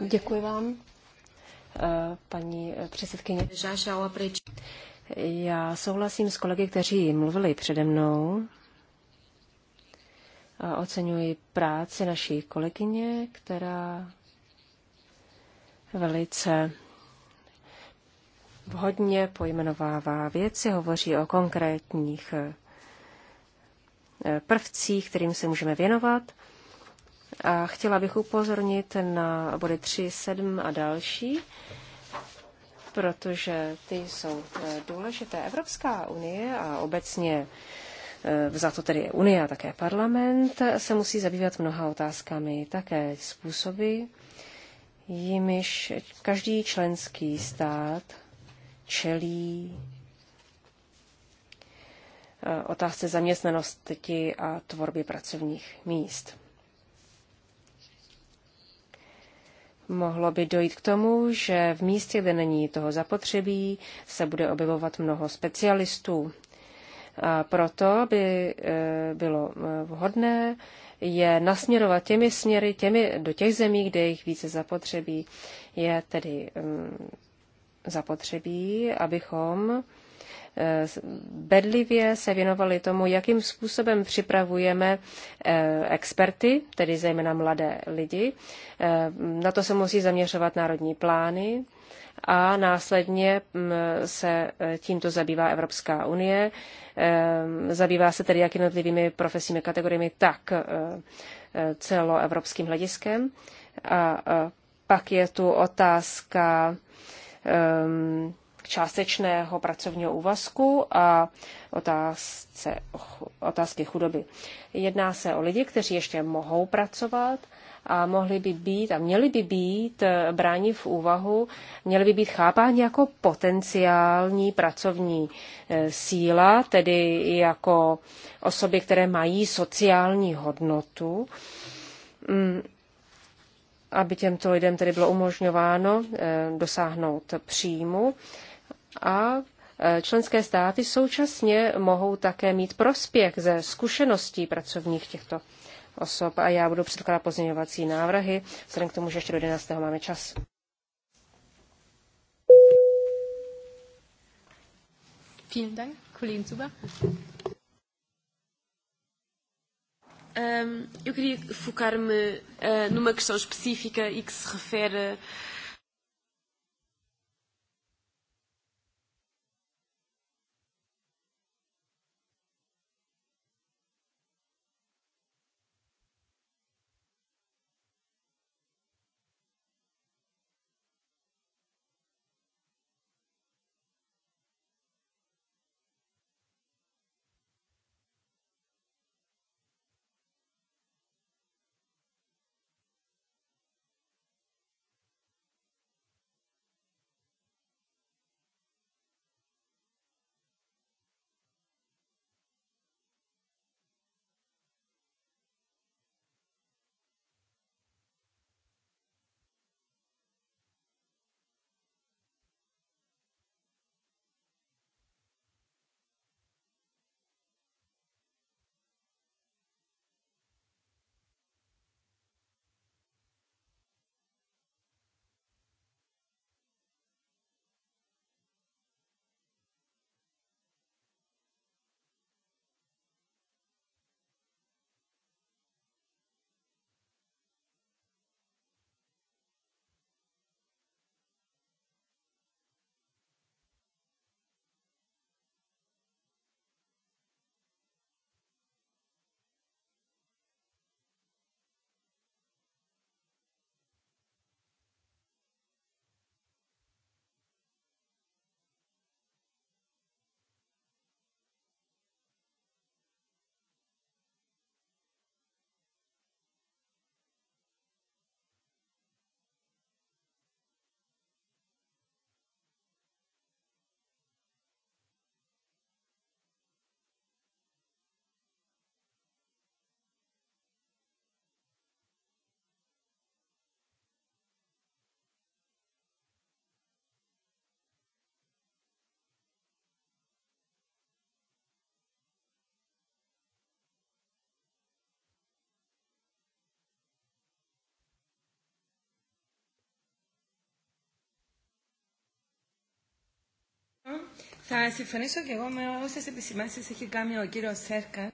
Děkuji vám, eh, paní předsedkyně. Já souhlasím s kolegy, kteří mluvili přede mnou. Oceňuji práci naší kolegyně, která velice vhodně pojmenovává věci, hovoří o konkrétních eh, prvcích, kterým se můžeme věnovat. A chtěla bych upozornit na body 3, 7 a další, protože ty jsou eh, důležité. Evropská unie a obecně eh, za to tedy Unie a také parlament, se musí zabývat mnoha otázkami, také způsoby, jimiž každý členský stát čelí eh, otázce zaměstnanosti a tvorby pracovních míst. Mohlo by dojít k tomu, že v místě, kde není toho zapotřebí, se bude objevovat mnoho specialistů. A proto by e, bylo e, vhodné je nasměrovat těmi směry těmi, do těch zemí, kde jich více zapotřebí. Je tedy mm, zapotřebí, abychom bedlivě se věnovali tomu, jakým způsobem připravujeme eh, experty, tedy zejména mladé lidi. Eh, na to se musí zaměřovat národní plány a následně mm, se eh, tímto zabývá Evropská unie. Zabývá se tedy jak jednotlivými profesními kategoriemi, tak celoevropským hlediskem. A pak je tu otázka um, částečného pracovního úvazku a otázce, otázky chudoby. Jedná se o lidi, kteří ještě mohou pracovat a mohli by být a měli by být eh, bráni v úvahu, měli by být chápáni jako potenciální pracovní eh, síla, tedy jako osoby, které mají sociální hodnotu mm, aby těmto lidem tedy bylo umožňováno eh, dosáhnout příjmu a e, členské státy současně mohou také mít prospěch ze zkušeností pracovních těchto osob a já budu předkládat pozměňovací návrhy, vzhledem k tomu, že ještě do 11. máme čas. Vielen Dank, Kollegin Zuber. Um, eu queria focar-me uh, numa questão específica e que se refere Θα συμφωνήσω και εγώ με όσε επισημάνσει έχει κάνει ο κύριο Σέρκα.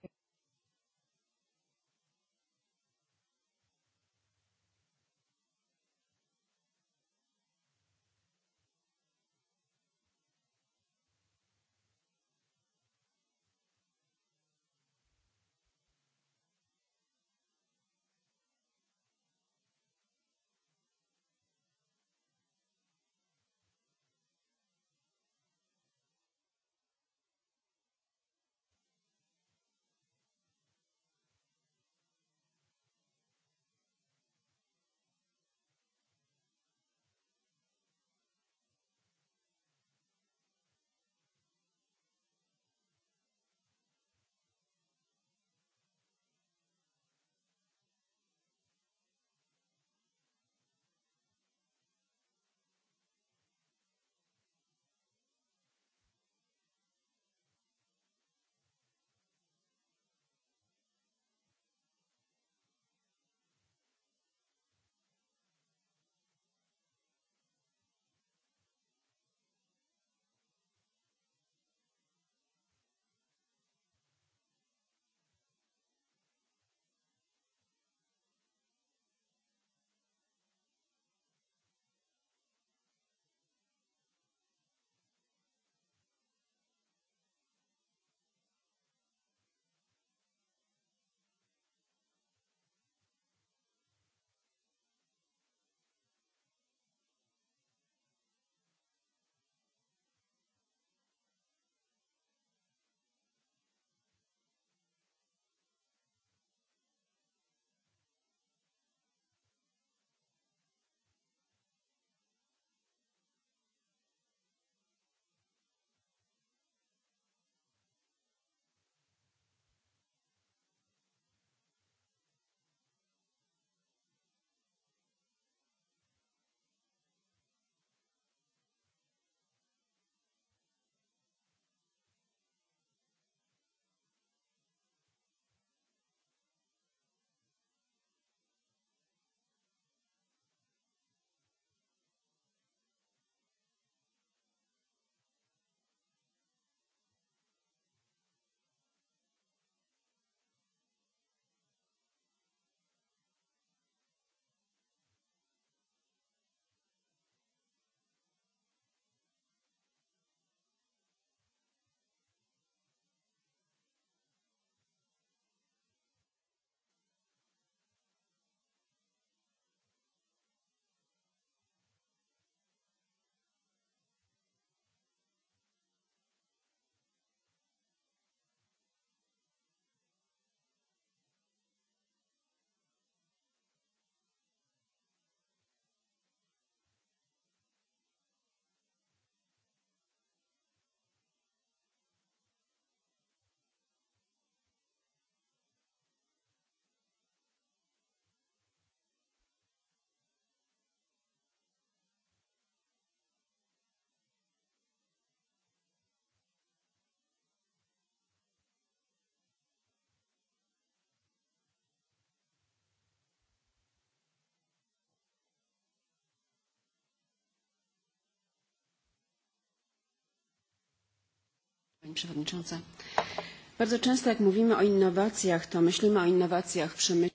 Pani przewodnicząca. Bardzo często, jak mówimy o innowacjach, to myślimy o innowacjach w przemyśle.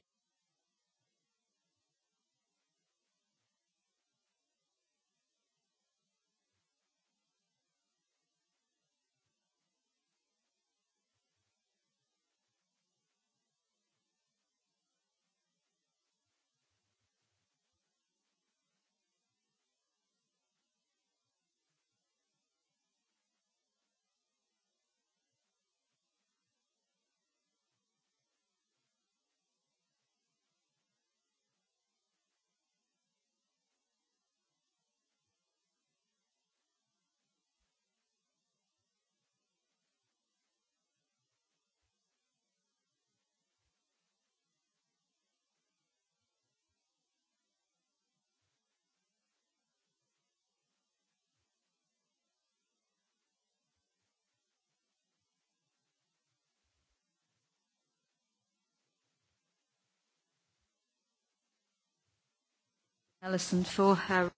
Alison for her.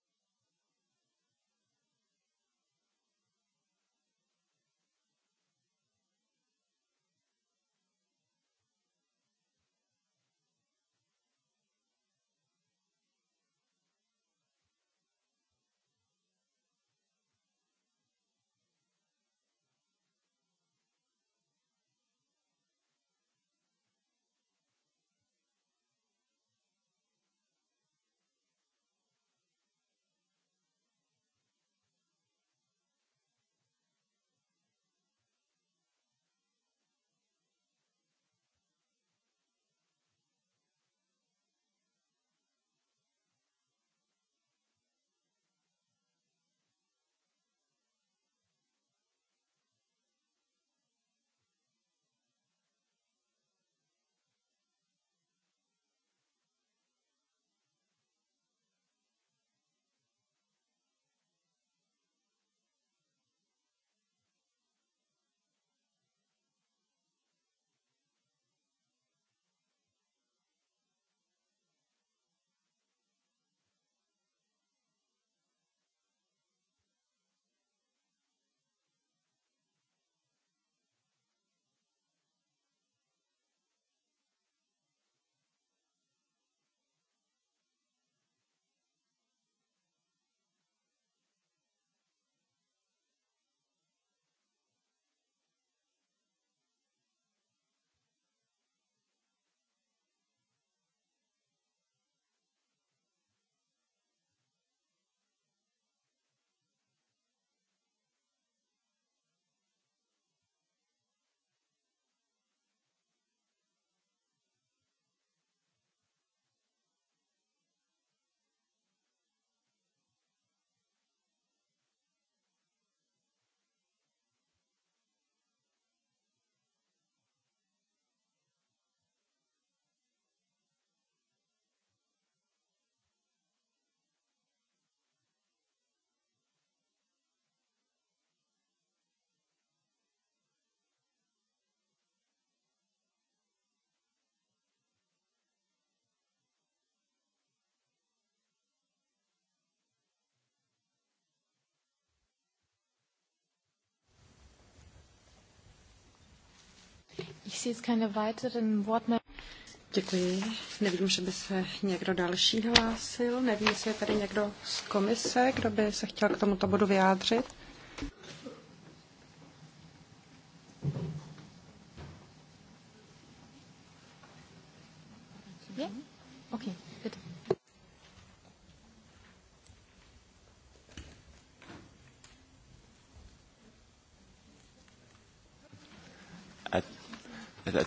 Děkuji. Nevím, že by se někdo další hlásil. Nevím, jestli je tady někdo z komise, kdo by se chtěl k tomuto bodu vyjádřit.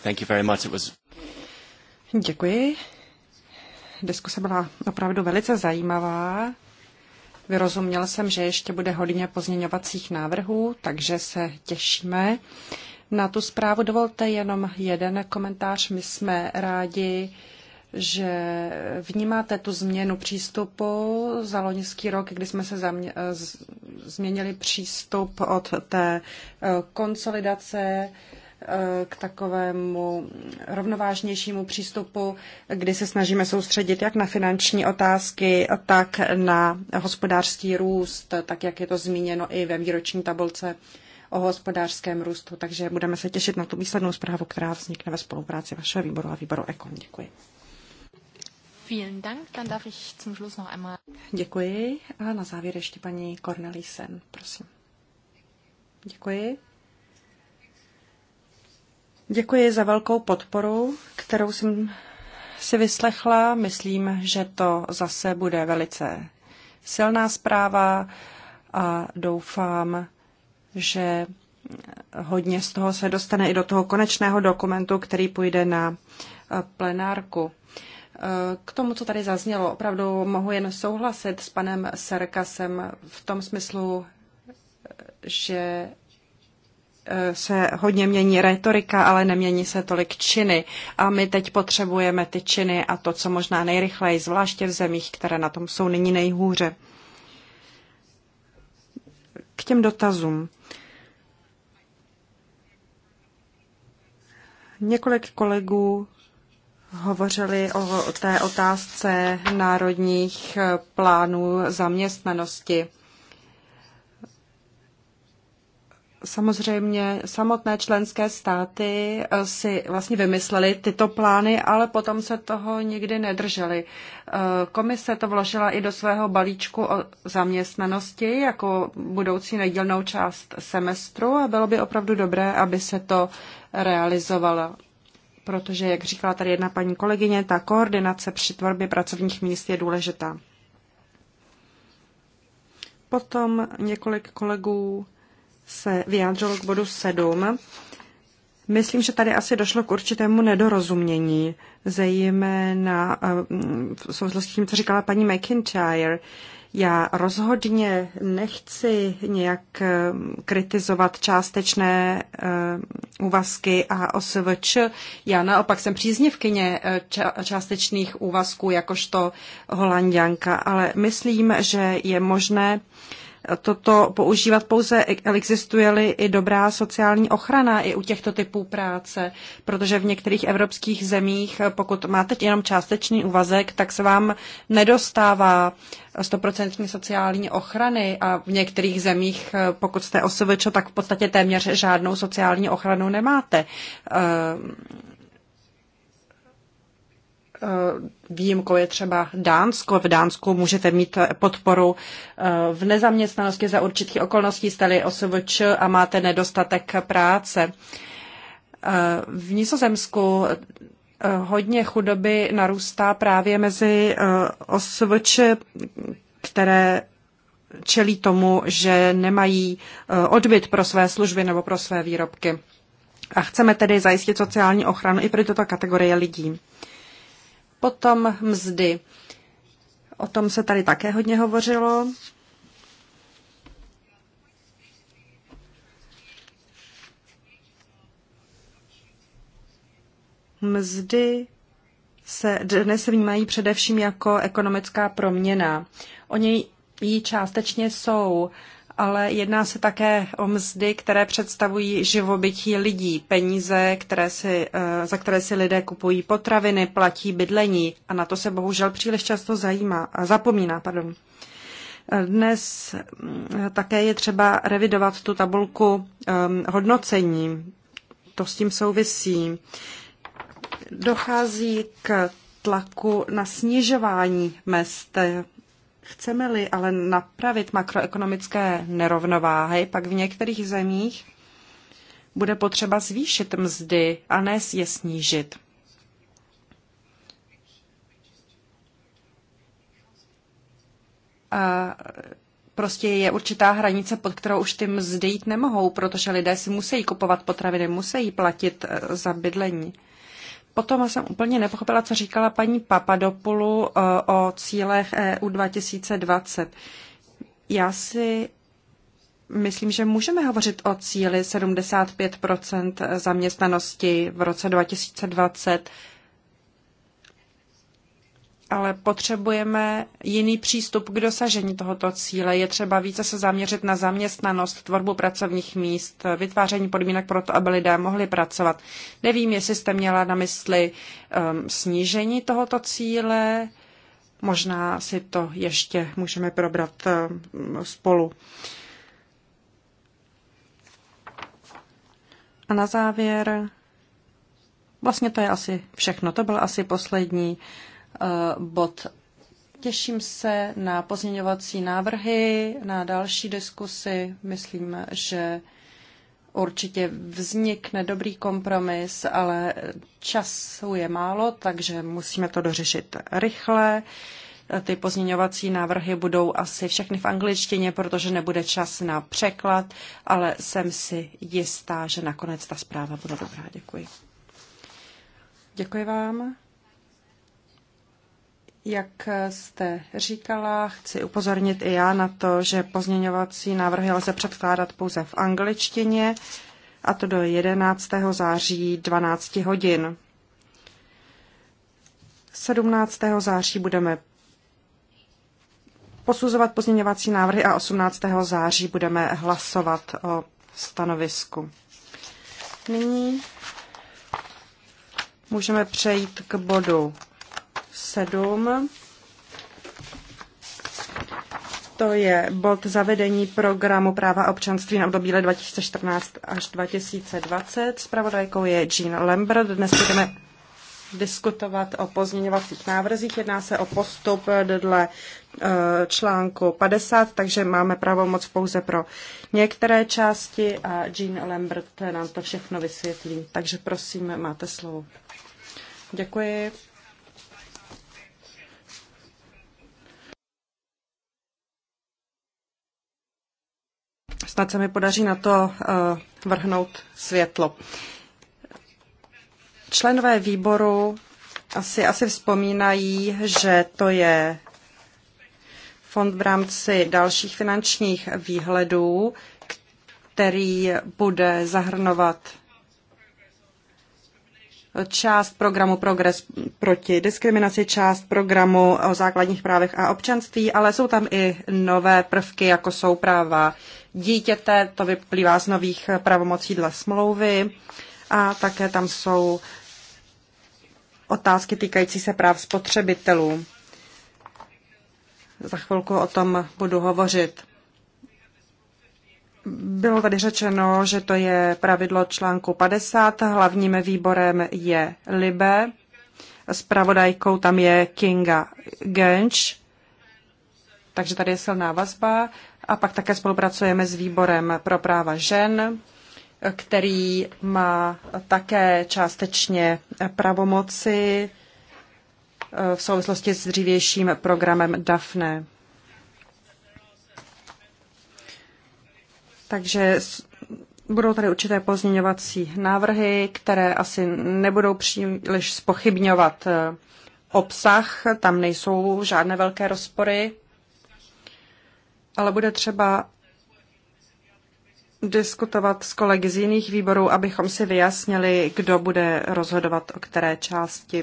Thank you very much. It was... Děkuji. Diskuse byla opravdu velice zajímavá. Vyrozuměl jsem, že ještě bude hodně pozměňovacích návrhů, takže se těšíme. Na tu zprávu dovolte jenom jeden komentář. My jsme rádi, že vnímáte tu změnu přístupu za loňský rok, kdy jsme se zamě- z- změnili přístup od té eh, konsolidace k takovému rovnovážnějšímu přístupu, kdy se snažíme soustředit jak na finanční otázky, tak na hospodářský růst, tak jak je to zmíněno i ve výroční tabulce o hospodářském růstu. Takže budeme se těšit na tu výslednou zprávu, která vznikne ve spolupráci vašeho výboru a výboru EKON. Děkuji. Vielen Dank. Dann darf ich zum Schluss noch einmal. Děkuji. A na závěr ještě paní Cornelisen, prosím. Děkuji. Děkuji za velkou podporu, kterou jsem si vyslechla. Myslím, že to zase bude velice silná zpráva a doufám, že hodně z toho se dostane i do toho konečného dokumentu, který půjde na plenárku. K tomu, co tady zaznělo, opravdu mohu jen souhlasit s panem Serkasem v tom smyslu, že Eh, se hodně mění retorika, ale nemění se tolik činy. A my teď potřebujeme ty činy a to, co možná nejrychleji, zvláště v zemích, které na tom jsou nyní nejhůře. K těm dotazům. Několik kolegů hovořili o té otázce národních eh, plánů zaměstnanosti. Samozřejmě samotné členské státy eh, si vlastně vymyslely tyto plány, ale potom se toho nikdy nedržely. Eh, komise to vložila i do svého balíčku o zaměstnanosti jako budoucí nedílnou část semestru a bylo by opravdu dobré, aby se to realizovalo. Protože, jak říkala tady jedna paní kolegyně, ta koordinace při tvorbě pracovních míst je důležitá. Potom několik kolegů se vyjádřilo k bodu 7. Myslím, že tady asi došlo k určitému nedorozumění, zejména eh, v souvislosti s tím, co říkala paní McIntyre. Já rozhodně nechci nějak eh, kritizovat částečné eh, úvazky a OSVČ. Já naopak jsem příznivkyně částečných úvazků jakožto holandianka, ale myslím, že je možné toto používat pouze, e, existuje-li i dobrá sociální ochrana i u těchto typů práce, protože v některých evropských zemích, e, pokud máte jenom částečný úvazek, tak se vám nedostává e, stoprocentní sociální ochrany a v některých zemích, pokud jste osvč, tak v podstatě téměř žádnou sociální ochranu nemáte. Eh, výjimkou je třeba Dánsko. V Dánsku můžete mít eh, podporu eh, v nezaměstnanosti za určitých okolností, jste-li OSVČ a máte nedostatek práce. V Nizozemsku hodně chudoby narůstá právě mezi OSVČ, které čelí tomu, že nemají odbyt pro své služby nebo pro své výrobky. A chceme tedy zajistit sociální ochranu i pro tuto kategorie lidí. Potom mzdy. O tom se tady také hodně hovořilo. Mzdy se dnes vnímají především jako ekonomická proměna. Oni ji částečně jsou ale jedná se také o mzdy, které představují živobytí lidí, peníze, které si, eh, za které si lidé kupují potraviny, platí bydlení a na to se bohužel příliš často zajímá, zapomíná. Pardon. Eh, dnes mm, také je třeba revidovat tu tabulku ehm, hodnocení. To s tím souvisí. Dochází k tlaku na snižování mest Chceme-li ale napravit makroekonomické nerovnováhy, pak v některých zemích bude potřeba zvýšit mzdy a ne je snížit. A prostě je určitá hranice, pod kterou už ty mzdy jít nemohou, protože lidé si musí kupovat potraviny, musí platit eh, za bydlení. Potom jsem úplně nepochopila, co říkala paní Papadopoulu eh, o cílech EU 2020. Já si myslím, že můžeme hovořit o cíli 75 zaměstnanosti v roce 2020 ale potřebujeme jiný přístup k dosažení tohoto cíle. Je třeba více se zaměřit na zaměstnanost, tvorbu pracovních míst, vytváření podmínek pro to, aby lidé mohli pracovat. Nevím, jestli jste měla na mysli um, snížení tohoto cíle. Možná si to ještě můžeme probrat um, spolu. A na závěr, vlastně to je asi všechno. To byl asi poslední uh, Eh, bod. Těším se na pozměňovací návrhy, na další diskusy. Myslím, že určitě vznikne dobrý kompromis, ale času je málo, takže musíme to dořešit rychle. Ty pozměňovací návrhy budou asi všechny v angličtině, protože nebude čas na překlad, ale jsem si jistá, že nakonec ta zpráva bude dobrá. Děkuji. Děkuji vám. Jak jste říkala, chci upozornit i já na to, že pozměňovací návrhy lze předkládat pouze v angličtině, a to do 11. září 12 hodin. 17. září budeme posuzovat pozměňovací návrhy a 18. září budeme hlasovat o stanovisku. Nyní můžeme přejít k bodu 7. To je bod zavedení programu práva občanství na období 2014 až 2020. Spravodajkou je Jean Lambert. Dnes budeme diskutovat o pozměňovacích návrzích. Jedná se o postup dle eh, článku 50, takže máme pravomoc pouze pro některé části a Jean Lambert nám to všechno vysvětlí. Takže prosím, máte slovo. Děkuji, snad se mi podaří na to eh, vrhnout světlo. Členové výboru asi, asi vzpomínají, že to je fond v rámci dalších finančních výhledů, který bude zahrnovat část programu Progres proti diskriminaci, část programu o základních právech a občanství, ale jsou tam i nové prvky, jako jsou práva dítěte, to vyplývá z nových pravomocí dle smlouvy a také tam jsou otázky týkající se práv spotřebitelů. Za chvilku o tom budu hovořit. Bylo tady řečeno, že to je pravidlo článku 50, hlavním výborem je Libe, spravodajkou tam je Kinga Genč, takže tady je silná vazba a pak také spolupracujeme s výborem pro práva žen, který má také částečně pravomoci eh, v souvislosti s dřívějším programem DAFNE. Takže budou tady určité pozměňovací návrhy, které asi nebudou příliš spochybňovat eh, obsah, tam nejsou žádné velké rozpory ale bude třeba diskutovat s kolegy z jiných výborů, abychom si vyjasnili, kdo bude rozhodovat o které části.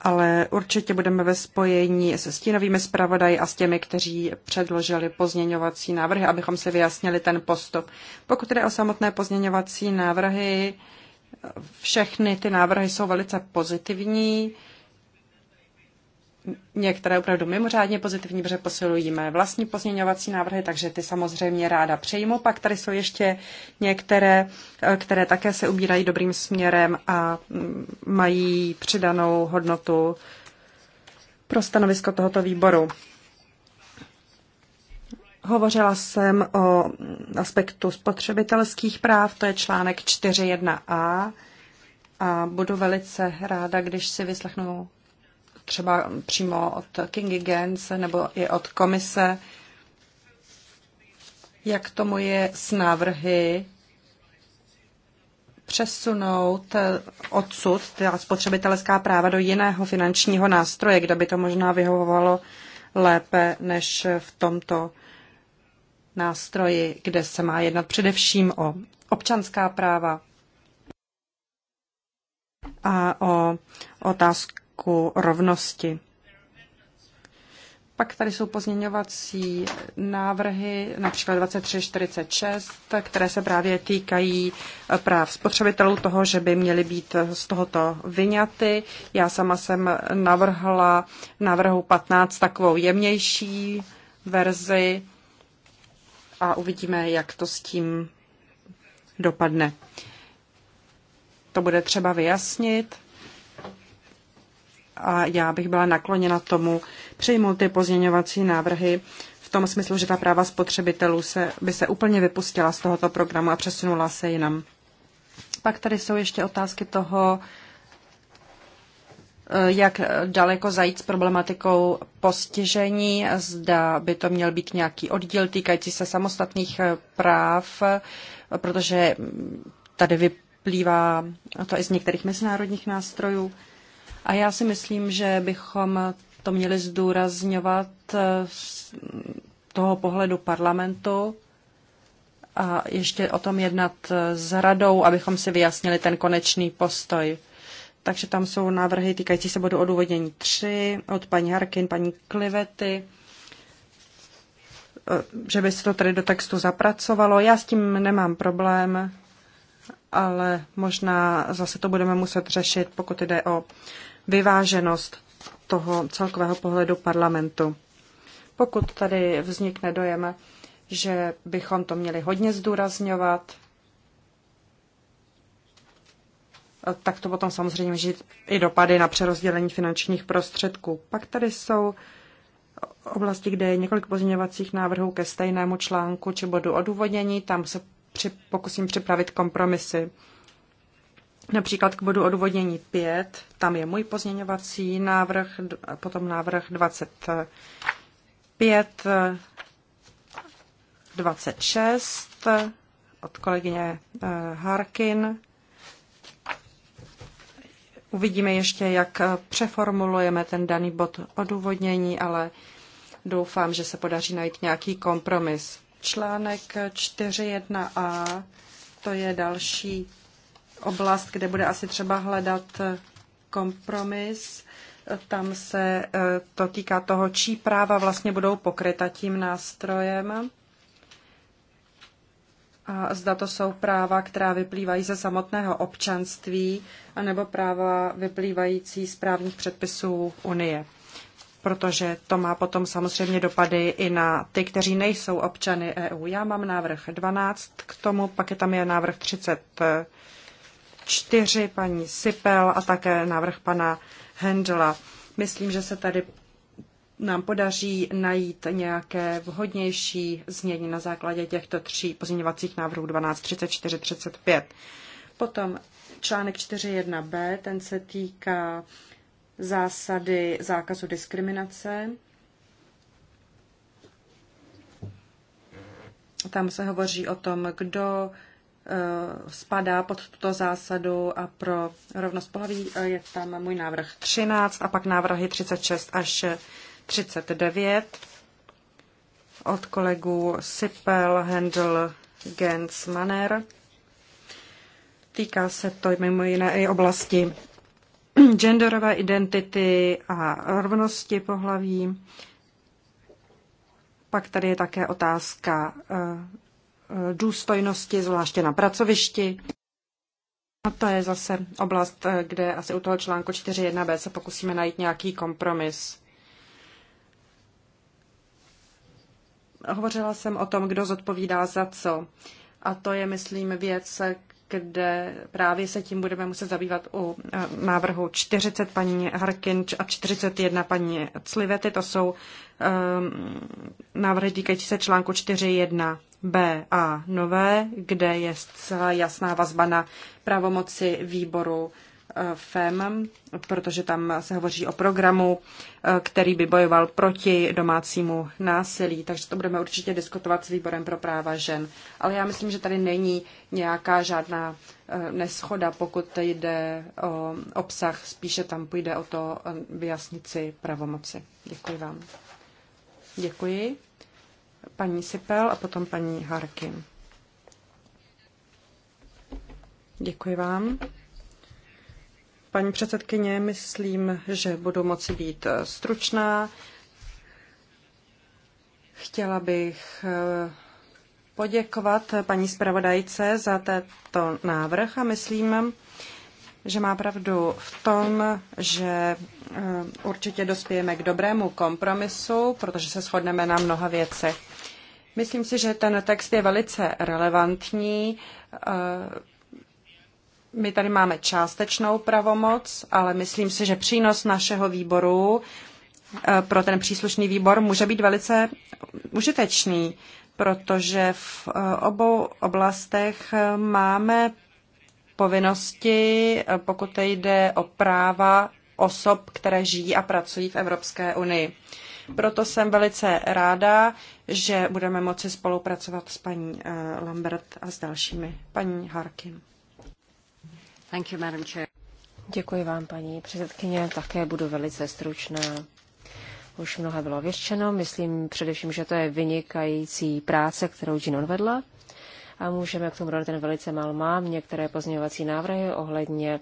Ale určitě budeme ve spojení se stínovými zpravodaji a s těmi, kteří předložili pozměňovací návrhy, abychom si vyjasnili ten postup. Pokud jde o samotné pozměňovací návrhy, všechny ty návrhy jsou velice pozitivní některé opravdu mimořádně pozitivní, protože posilují mé vlastní pozměňovací návrhy, takže ty samozřejmě ráda přejmu. Pak tady jsou ještě některé, eh, které také se ubírají dobrým směrem a mm, mají přidanou hodnotu pro stanovisko tohoto výboru. Hovořila jsem o mm, aspektu spotřebitelských práv, to je článek 4.1a a budu velice ráda, když si vyslechnu třeba přímo od King Gens nebo i od komise, jak tomu je s návrhy přesunout odsud ta spotřebitelská práva do jiného finančního nástroje, kde by to možná vyhovovalo lépe než v tomto nástroji, kde se má jednat především o občanská práva a o otázku politiku rovnosti. Pak tady jsou pozměňovací návrhy, například 2346, které se právě týkají eh, práv spotřebitelů, toho, že by měly být eh, z tohoto vyňaty. Já sama jsem navrhla návrhu 15 takovou jemnější verzi a uvidíme, jak to s tím dopadne. To bude třeba vyjasnit a já bych byla nakloněna tomu přijmout ty pozměňovací návrhy v tom smyslu, že ta práva spotřebitelů se, by se úplně vypustila z tohoto programu a přesunula se jinam. Pak tady jsou ještě otázky toho, eh, jak daleko zajít s problematikou postižení, zda by to měl být nějaký oddíl týkající se samostatných eh, práv, protože tady vyplývá to i z některých mezinárodních nástrojů. A já si myslím, že bychom to měli zdůrazňovat eh, z toho pohledu parlamentu a ještě o tom jednat eh, s radou, abychom si vyjasnili ten konečný postoj. Takže tam jsou návrhy týkající se bodu odůvodnění 3 od paní Harkin, paní Klivety, eh, že by se to tady do textu zapracovalo. Já s tím nemám problém, ale možná zase to budeme muset řešit, pokud jde o vyváženost toho celkového pohledu parlamentu. Pokud tady vznikne dojem, že bychom to měli hodně zdůrazňovat, tak to potom samozřejmě může i dopady na přerozdělení finančních prostředků. Pak tady jsou oblasti, kde je několik pozměňovacích návrhů ke stejnému článku či bodu odůvodnění. Tam se při, pokusím připravit kompromisy. Například k bodu odvodnění 5, tam je můj pozměňovací návrh, potom návrh 25, 26 od kolegyně eh, Harkin. Uvidíme ještě, jak eh, přeformulujeme ten daný bod odůvodnění, ale doufám, že se podaří najít nějaký kompromis. Článek 4.1a, to je další oblast, kde bude asi třeba hledat eh, kompromis. Tam se eh, to týká toho, čí práva vlastně budou pokryta tím nástrojem. A zda to jsou práva, která vyplývají ze samotného občanství, anebo práva vyplývající z právních předpisů Unie. Protože to má potom samozřejmě dopady i na ty, kteří nejsou občany EU. Já mám návrh 12 k tomu, pak je tam je návrh 30 4 paní Sipel a také návrh pana Hendla. Myslím, že se tady nám podaří najít nějaké vhodnější změny na základě těchto tří pozměňovacích návrhů 12, 34, 35. Potom článek 4.1b, ten se týká zásady zákazu diskriminace. Tam se hovoří o tom, kdo Eh, spadá pod tuto zásadu a pro rovnost pohlaví eh, je tam můj návrh 13 a pak návrhy 36 až 39 od kolegů Sipel, Hendl, Gens, Manner. Týká se to mimo jiné i oblasti genderové identity a rovnosti pohlaví. Pak tady je také otázka eh, důstojnosti, zvláště na pracovišti. A to je zase oblast, kde asi u toho článku 4.1b se pokusíme najít nějaký kompromis. Hovořila jsem o tom, kdo zodpovídá za co. A to je, myslím, věc, kde právě se tím budeme muset zabývat u eh, návrhu 40 paní Harkin a 41 paní Clivety. To jsou um, návrhy týkající se článku B a nové, kde je zcela jasná vazba na pravomoci výboru e, FEM, protože tam se hovoří o programu, e, který by bojoval proti domácímu násilí, takže to budeme určitě diskutovat s výborem pro práva žen. Ale já myslím, že tady není nějaká žádná e, neschoda, pokud jde o obsah, spíše tam půjde o to vyjasnit si pravomoci. Děkuji vám. Děkuji paní Sipel a potom paní Harkin. Děkuji vám. Paní předsedkyně, myslím, že budu moci být eh, stručná. Chtěla bych eh, poděkovat paní zpravodajce za tento návrh a myslím, že má pravdu v tom, že eh, určitě dospějeme k dobrému kompromisu, protože se shodneme na mnoha věcech. Myslím si, že ten text je velice relevantní. Eh, my tady máme částečnou pravomoc, ale myslím si, že přínos našeho výboru eh, pro ten příslušný výbor může být velice užitečný, protože v eh, obou oblastech máme povinnosti, pokud jde o práva osob, které žijí a pracují v Evropské unii. Proto jsem velice ráda, že budeme moci spolupracovat s paní eh, Lambert a s dalšími. Paní Harkin. Thank you, Madam Chair. Děkuji vám, paní předsedkyně. Také budu velice stručná. Už mnohé bylo věřčeno. Myslím především, že to je vynikající práce, kterou Jean odvedla a můžeme k tomu dodat ten velice mal mám některé pozměňovací návrhy ohledně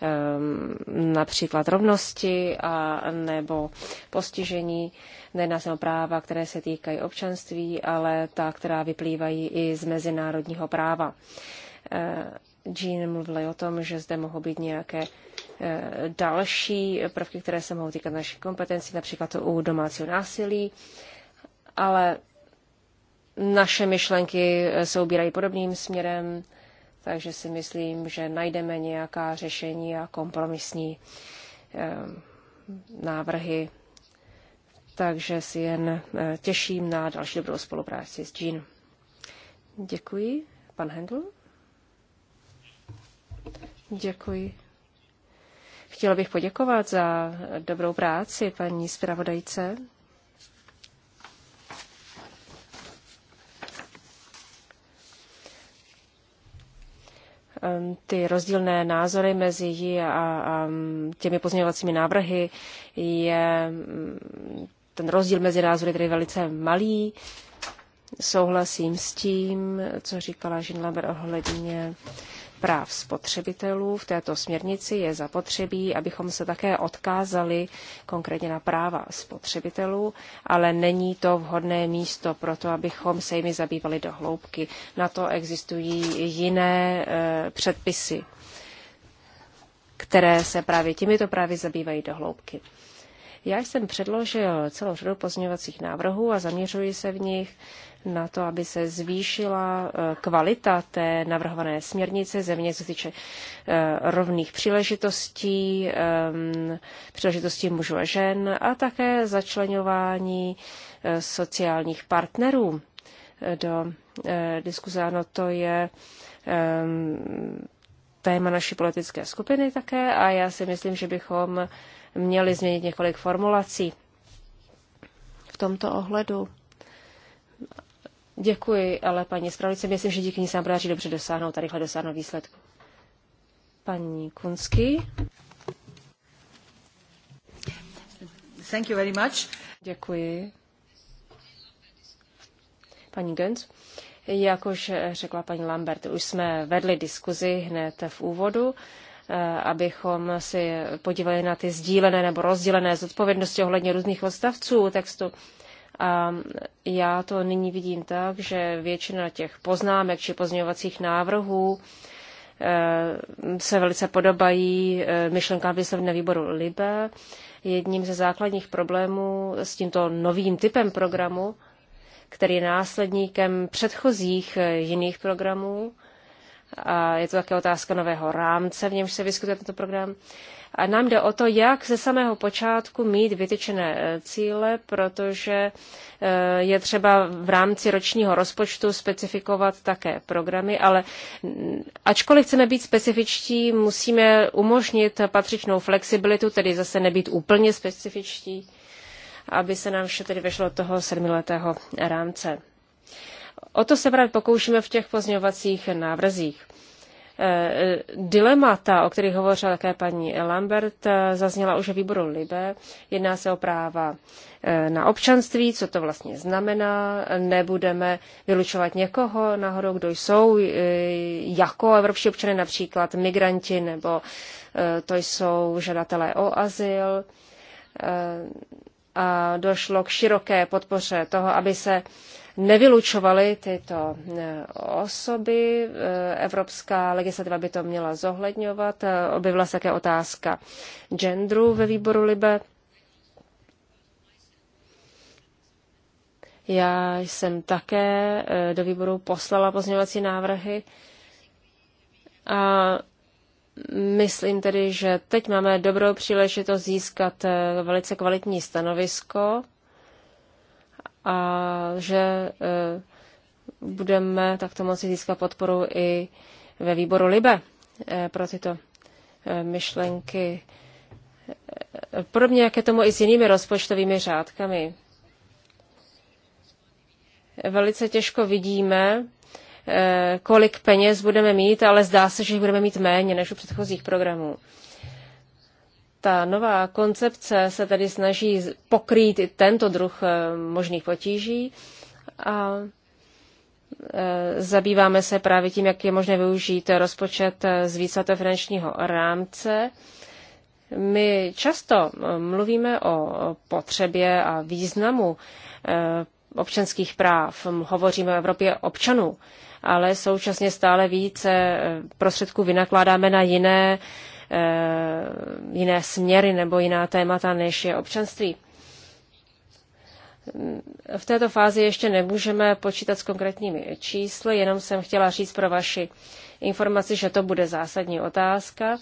um, například rovnosti a nebo postižení. Nejedná se o práva, které se týkají občanství, ale ta, která vyplývají i z mezinárodního práva. Eh, Jean mluvila o tom, že zde mohou být nějaké eh, další prvky, které se mohou týkat naší kompetenci, například u domácího násilí, ale naše myšlenky eh, se ubírají podobným směrem, takže si myslím, že najdeme nějaká řešení a kompromisní eh, návrhy. Takže si jen eh, těším na další dobrou spolupráci s Jean. Děkuji. Pan Hendl? Děkuji. Chtěla bych poděkovat za dobrou práci paní zpravodajce. ty rozdílné názory mezi jí a, a těmi pozměňovacími návrhy je mm, ten rozdíl mezi názory tedy velice malý. Souhlasím s tím, co říkala Žinlaber ohledně uh, práv spotřebitelů v této směrnici je zapotřebí, abychom se také odkázali konkrétně na práva spotřebitelů, ale není to vhodné místo pro to, abychom se jimi zabývali do hloubky. Na to existují jiné e, předpisy, které se právě těmito právy zabývají do hloubky. Já jsem předložil celou řadu pozměňovacích návrhů a zaměřuji se v nich na to, aby se zvýšila eh, kvalita té navrhované směrnice, země co se týče eh, rovných příležitostí, ehm, příležitostí mužů a žen a také začlenování eh, sociálních partnerů do diskuze. Ano, to je ehm, téma naší politické skupiny také a já si myslím, že bychom měli změnit několik formulací v tomto ohledu. Děkuji, ale paní zpravodajce, myslím, že díky ní se nám podaří dobře dosáhnout a rychle dosáhnout výsledku. Paní Kunsky. Thank you very much. Děkuji. Paní Gönc. Jak už řekla paní Lambert, už jsme vedli diskuzi hned v úvodu. Eh, abychom si podívali na ty sdílené nebo rozdělené zodpovědnosti ohledně různých odstavců textu. A já to nyní vidím tak, že většina těch poznámek či pozměňovacích návrhů eh, se velice podobají eh, myšlenkám výsledné výboru LIBE. Jedním ze základních problémů s tímto novým typem programu, který je následníkem předchozích jiných programů, a je to také otázka nového rámce, v němž se vyskytuje tento program. A nám jde o to, jak ze samého počátku mít vytyčené e, cíle, protože e, je třeba v rámci ročního rozpočtu specifikovat také programy, ale mm, ačkoliv chceme být specifičtí, musíme umožnit patřičnou flexibilitu, tedy zase nebýt úplně specifičtí, aby se nám vše tedy vešlo toho sedmiletého rámce. O to se právě pokoušíme v těch pozměňovacích návrzích. Eh, dilemata, o kterých hovořila také paní Lambert, eh, zazněla už ve výboru Libe. Jedná se o práva eh, na občanství, co to vlastně znamená. Nebudeme vylučovat někoho nahoru, kdo jsou jako evropští občany, například migranti nebo to jsou žadatelé o azyl. A došlo k široké podpoře toho, aby se nevylučovaly tyto eh, osoby. Eh, evropská legislativa by to měla zohledňovat. Eh, objevila se také otázka genderu ve výboru Libe. Já jsem také do výboru poslala pozměňovací návrhy a myslím tedy, že teď máme dobrou příležitost získat velice kvalitní stanovisko a že e, budeme takto moci získat podporu i ve výboru LIBE e, pro tyto e, myšlenky. Podobně jak je tomu i s jinými rozpočtovými řádkami. Velice těžko vidíme, kolik peněz budeme mít, ale zdá se, že jich budeme mít méně než u předchozích programů. Ta nová koncepce se tedy snaží pokrýt i tento druh eh, možných potíží a eh, zabýváme se právě tím, jak je možné využít rozpočet eh, z víceletého finančního rámce. My často mluvíme o potřebě a významu občanských práv. Hovoříme o Evropě občanů, ale současně stále více prostředků vynakládáme na jiné Eh, jiné směry nebo jiná témata, než je občanství. V této fázi ještě nemůžeme počítat s konkrétními čísly, jenom jsem chtěla říct pro vaši informaci, že to bude zásadní otázka.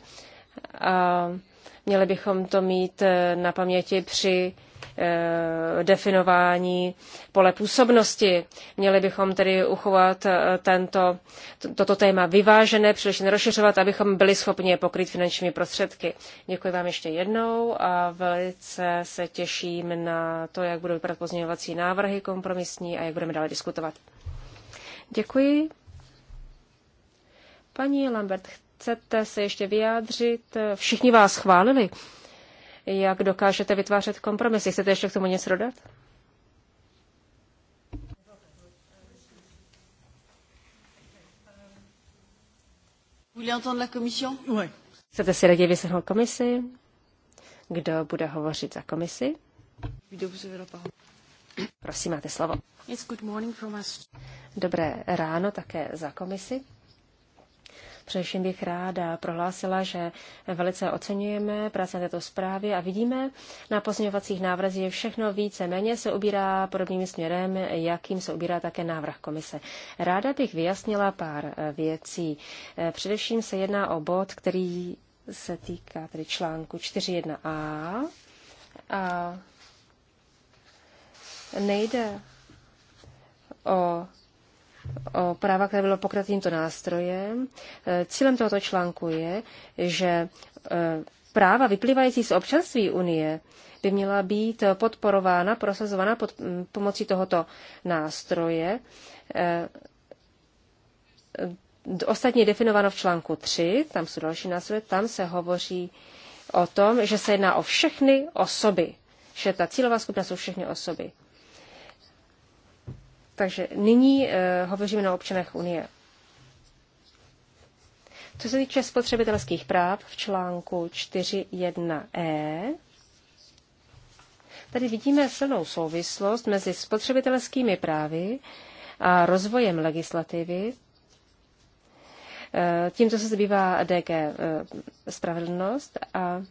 A měli bychom to mít eh, na paměti při Eh, definování pole působnosti. Měli bychom tedy uchovat eh, tento, toto téma vyvážené, příliš nerozšiřovat, abychom byli schopni je pokryt finančními prostředky. Děkuji vám ještě jednou a velice se těším na to, jak budou vypadat pozměňovací návrhy kompromisní a jak budeme dále diskutovat. Děkuji. Paní Lambert, chcete se ještě vyjádřit? Všichni vás chválili jak dokážete vytvářet kompromisy. Chcete ještě k tomu něco dodat? Chcete si raději vyslechnout komisi? Kdo bude hovořit za komisi? Prosím, máte slovo. Dobré ráno také za komisi. Především bych ráda prohlásila, že velice oceňujeme práci na této zprávě a vidíme na pozměňovacích návrzích, že všechno více méně se ubírá podobným směrem, jakým se ubírá také návrh komise. Ráda bych vyjasnila pár eh, věcí. Eh, především se jedná o bod, který se týká tedy článku 4.1a. A nejde o o práva, které bylo pokryto tímto nástrojem. E, cílem tohoto článku je, že e, práva vyplývající z občanství Unie by měla být podporována, prosazována pod pomocí tohoto nástroje. E, ostatně je definováno v článku 3, tam jsou další nástroje, tam se hovoří o tom, že se jedná o všechny osoby, že ta cílová skupina jsou všechny osoby. Takže nyní eh, hovoříme na občanech Unie. Co se týče spotřebitelských práv v článku 4.1e, tady vidíme silnou souvislost mezi spotřebitelskými právy a rozvojem legislativy. Eh, Tímto se zabývá DG eh, Spravedlnost a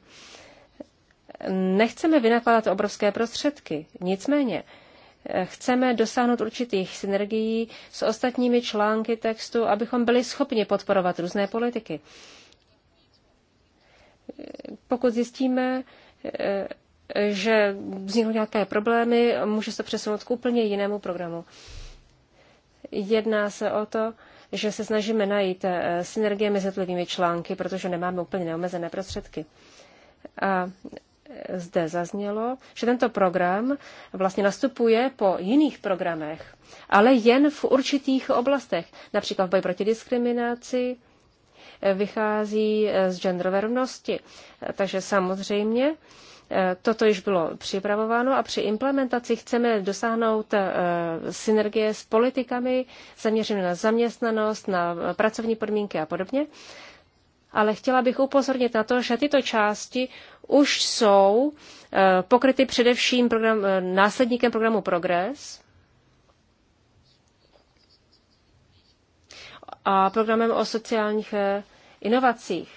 nechceme vynakládat obrovské prostředky. Nicméně, chceme dosáhnout určitých synergií s ostatními články textu, abychom byli schopni podporovat různé politiky. Pokud zjistíme, že vzniknou nějaké problémy, může se přesunout k úplně jinému programu. Jedná se o to, že se snažíme najít eh, synergie mezi jednotlivými články, protože nemáme úplně neomezené prostředky. A zde zaznělo, že tento program vlastně nastupuje po jiných programech, ale jen v určitých oblastech, například v boji proti diskriminaci, eh, vychází eh, z genderové rovnosti. Eh, takže samozřejmě toto již bylo připravováno a při implementaci chceme dosáhnout synergie s politikami zaměřené na zaměstnanost, na pracovní podmínky a podobně ale chtěla bych upozornit na to, že tyto části už jsou eh, pokryty především program, eh, následníkem programu Progress a programem o sociálních eh, inovacích.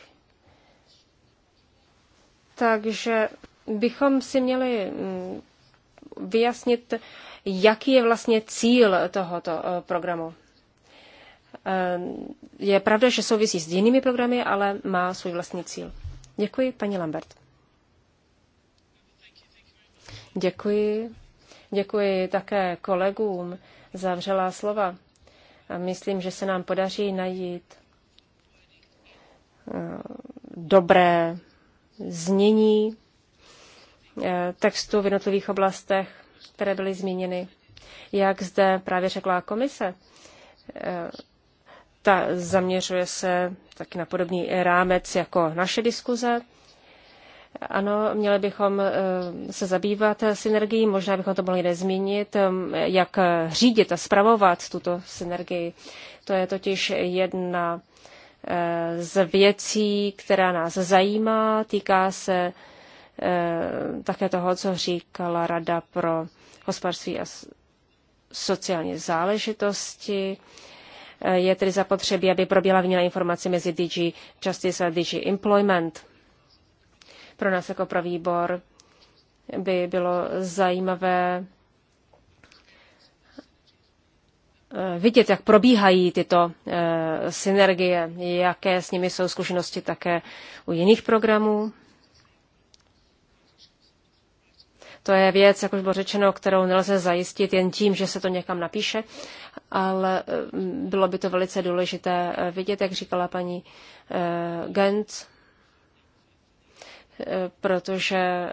Takže bychom si měli mm, vyjasnit, jaký je vlastně cíl tohoto programu. Eh, je pravda, že souvisí s jinými programy, ale má svůj vlastní cíl. Děkuji, paní Lambert. Děkuji. Děkuji také kolegům za vřelá slova. A myslím, že se nám podaří najít eh, dobré znění eh, textu v jednotlivých oblastech, které byly zmíněny. Jak zde právě řekla komise, ta zaměřuje se taky na podobný rámec jako naše diskuze. Ano, měli bychom eh, se zabývat synergií, možná bychom to mohli nezmínit, eh, jak řídit a spravovat tuto synergii. To je totiž jedna eh, z věcí, která nás zajímá, týká se také toho, co říkala Rada pro hospodářství a sociální záležitosti. Eh, je tedy zapotřebí, aby proběhla výměna informací mezi DG Justice a DG Employment. Pro nás jako pro výbor by bylo zajímavé eh, vidět, jak probíhají tyto eh, synergie, jaké s nimi jsou zkušenosti také u jiných programů. To je věc, jak už bylo řečeno, kterou nelze zajistit jen tím, že se to někam napíše, ale eh, bylo by to velice důležité eh, vidět, jak říkala paní eh, Gent, protože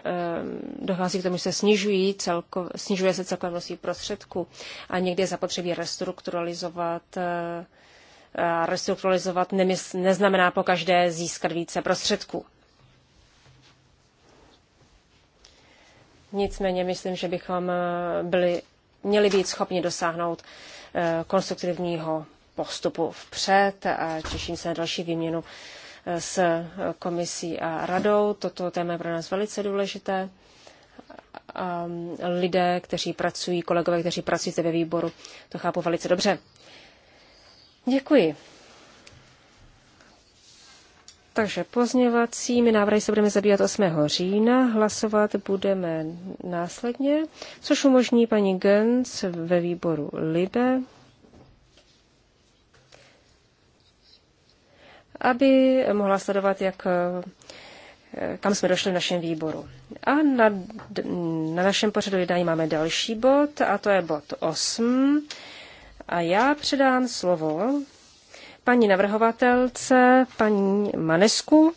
dochází k tomu, že se snižují celko, snižuje se celkové množství prostředků a někdy je zapotřebí restrukturalizovat a restrukturalizovat neznamená po každé získat více prostředků. Nicméně myslím, že bychom eh, byli, měli být schopni dosáhnout eh, konstruktivního postupu vpřed a těším se na další výměnu eh, s komisí a radou. Toto téma je pro nás velice důležité. A lidé, kteří pracují, kolegové, kteří pracují ve výboru, to chápu velice dobře. Děkuji. Takže pozněvacími návrhy se budeme zabývat 8. října, hlasovat budeme následně, což umožní paní Gens ve výboru LIBE, aby mohla sledovat, jak, eh, kam jsme došli v našem výboru. A na, na našem pořadu jednání máme další bod, a to je bod 8. A já předám slovo paní navrhovatelce, paní Manesku,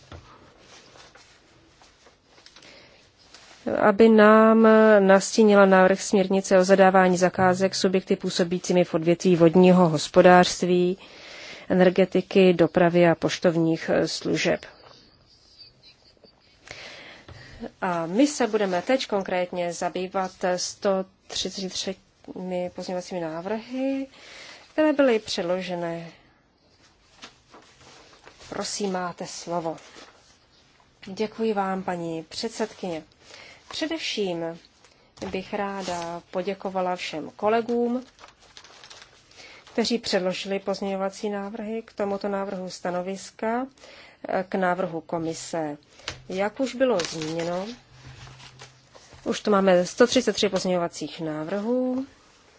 aby nám nastínila návrh směrnice o zadávání zakázek subjekty působícími v odvětví vodního hospodářství, energetiky, dopravy a poštovních eh, služeb. A my se budeme teď konkrétně zabývat 133 pozměňovacími návrhy, které byly přeloženy. Prosím, máte slovo. Děkuji vám, paní předsedkyně. Především bych ráda poděkovala všem kolegům, kteří předložili pozměňovací návrhy k tomuto návrhu stanoviska, k návrhu komise. Jak už bylo zmíněno, už tu máme 133 pozměňovacích návrhů,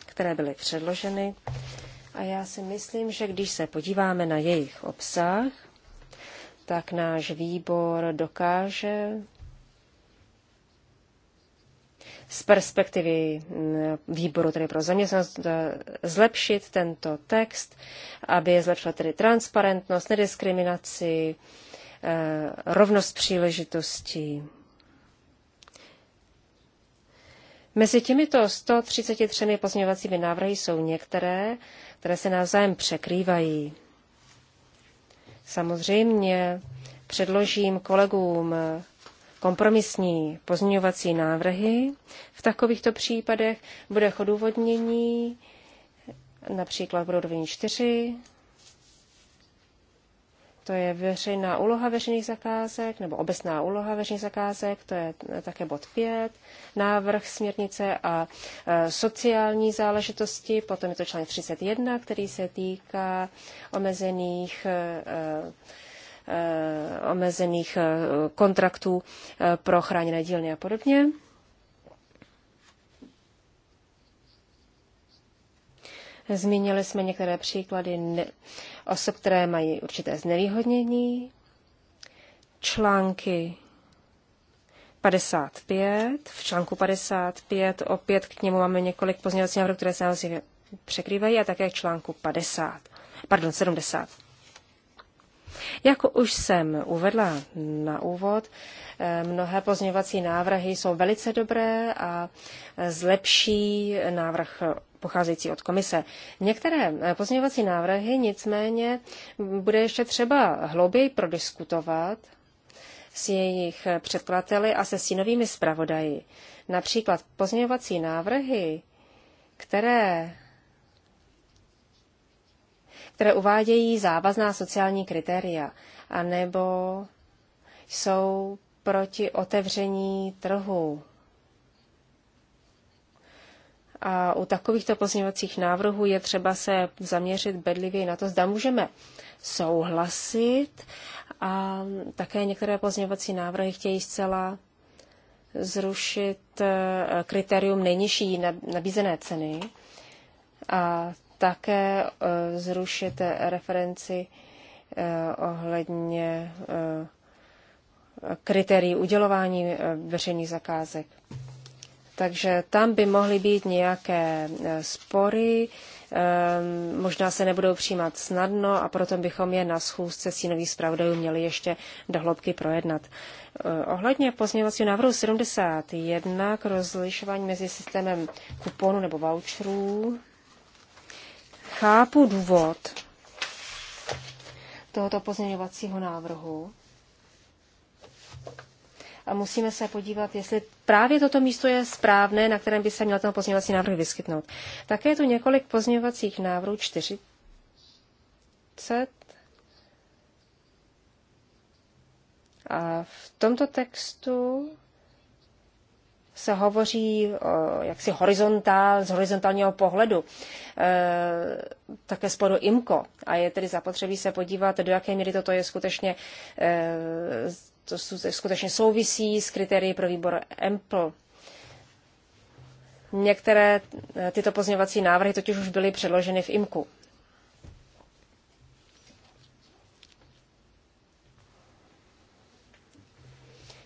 které byly předloženy. A já si myslím, že když se podíváme na jejich obsah, tak náš výbor dokáže z perspektivy mm, výboru tedy pro zaměstnanost eh, zlepšit tento text, aby zlepšila tedy transparentnost, nediskriminaci, eh, rovnost příležitostí. Mezi těmito 133 pozměňovacími návrhy jsou některé, které se navzájem překrývají. Samozřejmě předložím kolegům kompromisní pozměňovací návrhy. V takovýchto případech bude chodůvodnění, například v rodovině 4, to je veřejná úloha veřejných zakázek, nebo obecná úloha veřejných zakázek, to je také bod 5, návrh směrnice a e, sociální záležitosti, potom je to článek 31, který se týká omezených e, e, omezených kontraktů pro chráněné dílny a podobně. Zmínili jsme některé příklady osob, které mají určité znevýhodnění. Články 55. V článku 55 opět k němu máme několik pozměňovacích návrhů, které se nás překrývají a také k článku 50. Pardon, 70. Jako už jsem uvedla na úvod, eh, mnohé pozměňovací návrhy jsou velice dobré a zlepší návrh pocházející od komise. Některé eh, pozměňovací návrhy nicméně bude ještě třeba hlouběji prodiskutovat s jejich eh, předkladateli a se sínovými zpravodaji. Například pozměňovací návrhy, které které uvádějí závazná sociální kritéria, anebo jsou proti otevření trhu a u takovýchto pozměňovacích návrhů je třeba se zaměřit bedlivě na to, zda můžeme souhlasit. A také některé pozměňovací návrhy chtějí zcela zrušit eh, kritérium nejnižší nabízené ceny a také eh, zrušit referenci eh, ohledně kritérií udělování veřejných zakázek. Takže tam by mohly být nějaké e, spory, e, možná se nebudou přijímat snadno a proto bychom je na schůzce sínových zpravodajů měli ještě dohloubky projednat. E, ohledně pozměňovacího návrhu 71 k rozlišování mezi systémem kuponu nebo voucherů, chápu důvod tohoto pozměňovacího návrhu, a musíme se podívat, jestli právě toto místo je správné, na kterém by se měl ten pozměňovací návrh vyskytnout. Také je tu několik pozměňovacích návrhů, 40, a v tomto textu se hovoří o jaksi horizontál, z horizontálního pohledu, e, také spodu IMCO. A je tedy zapotřebí se podívat, do jaké míry toto je skutečně e, to skutečně souvisí s kritérií pro výbor EMPL. Některé eh, tyto pozměňovací návrhy totiž už byly předloženy v IMKU.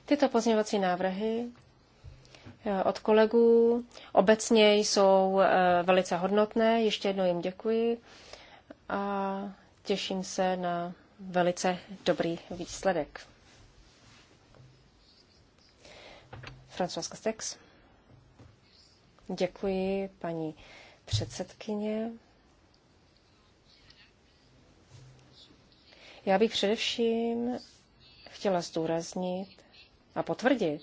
Tyto pozměňovací návrhy eh, od kolegů obecně jsou eh, velice hodnotné. Ještě jednou jim děkuji a těším se na velice dobrý výsledek. François Castex. Děkuji, paní předsedkyně. Já bych především chtěla zdůraznit a potvrdit,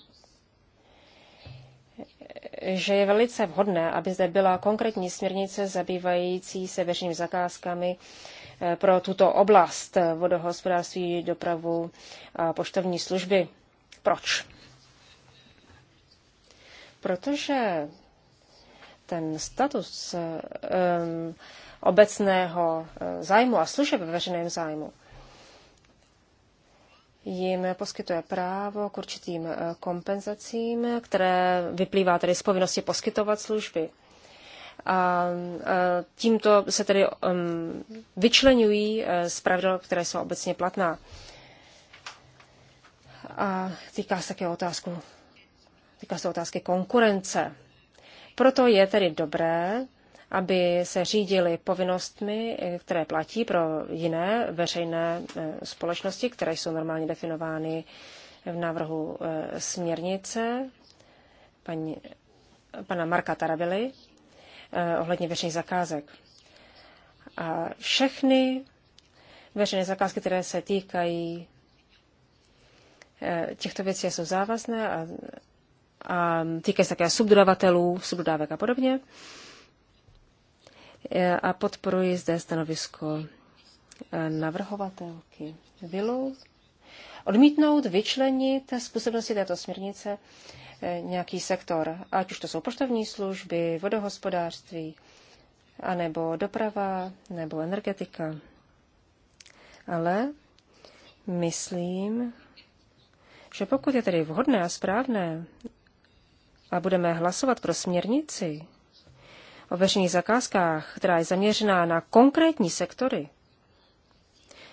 že je velice vhodné, aby zde byla konkrétní směrnice zabývající se veřejnými zakázkami eh, pro tuto oblast vodohospodářství, dopravu a poštovní služby. Proč? protože ten status um, obecného eh, zájmu a služeb ve veřejném zájmu jim poskytuje právo k určitým eh, kompenzacím, které vyplývá tedy z povinnosti poskytovat služby. A eh, tímto se tedy vyčlenují z pravidel, které jsou obecně platná. A týká se také otázku Týká se otázky konkurence. Proto je tedy dobré, aby se řídili povinnostmi, eh, které platí pro jiné veřejné eh, společnosti, které jsou normálně definovány eh, v návrhu směrnice paní, pana Marka Tarabily ohledně veřejných zakázek. A všechny veřejné zakázky, které se týkají těchto věcí, jsou závazné a a týkají se také subdodavatelů, subdodávek a podobně. A podporuji zde stanovisko e, navrhovatelky Vilu. Odmítnout, vyčlenit z působnosti této směrnice e, nějaký sektor, ať už to jsou poštovní služby, vodohospodářství, anebo doprava, nebo energetika. Ale myslím, že pokud je tedy vhodné a správné a budeme hlasovat pro směrnici o veřejných zakázkách, která je zaměřená na konkrétní sektory,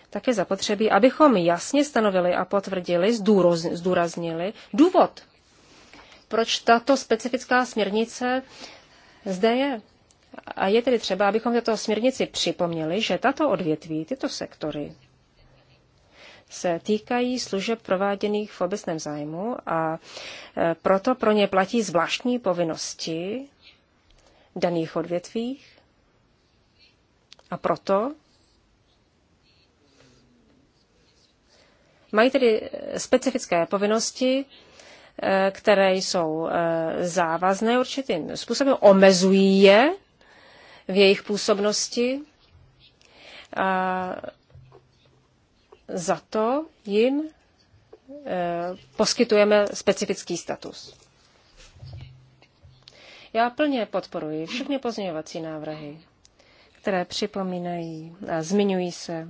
tak je zapotřebí, abychom jasně stanovili a potvrdili, zdůraznili důvod, proč tato specifická směrnice zde je. A je tedy třeba, abychom tato směrnici připomněli, že tato odvětví, tyto sektory, se týkají služeb prováděných v obecném zájmu a e, proto pro ně platí zvláštní povinnosti daných odvětvích a proto mají tedy specifické povinnosti, e, které jsou e, závazné určitým způsobem, omezují je v jejich působnosti. A za to jim eh, poskytujeme specifický status. Já plně podporuji všechny pozměňovací návrhy, které připomínají a zmiňují se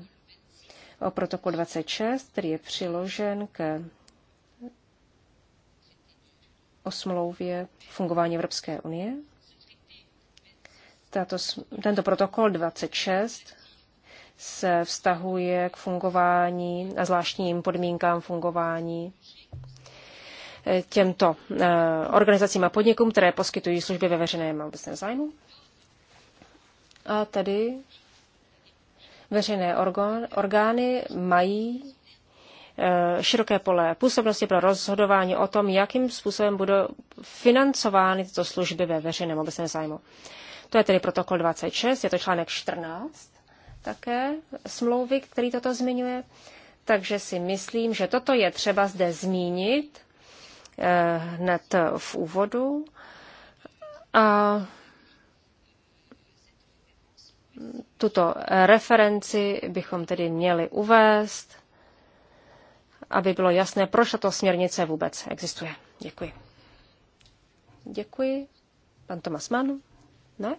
o protokol 26, který je přiložen ke o smlouvě fungování Evropské unie. Tato, tento protokol 26 se vztahuje k fungování a zvláštním podmínkám fungování eh, těmto eh, organizacím a podnikům, které poskytují služby ve veřejném a obecném zájmu. A tady veřejné orgány mají eh, široké pole působnosti pro rozhodování o tom, jakým způsobem budou financovány tyto služby ve veřejném obecném zájmu. To je tedy protokol 26, je to článek 14 také smlouvy, který toto zmiňuje. Takže si myslím, že toto je třeba zde zmínit eh, hned v úvodu. A tuto referenci bychom tedy měli uvést, aby bylo jasné, proč tato směrnice vůbec existuje. Děkuji. Děkuji. Pan Tomas Mann? Ne?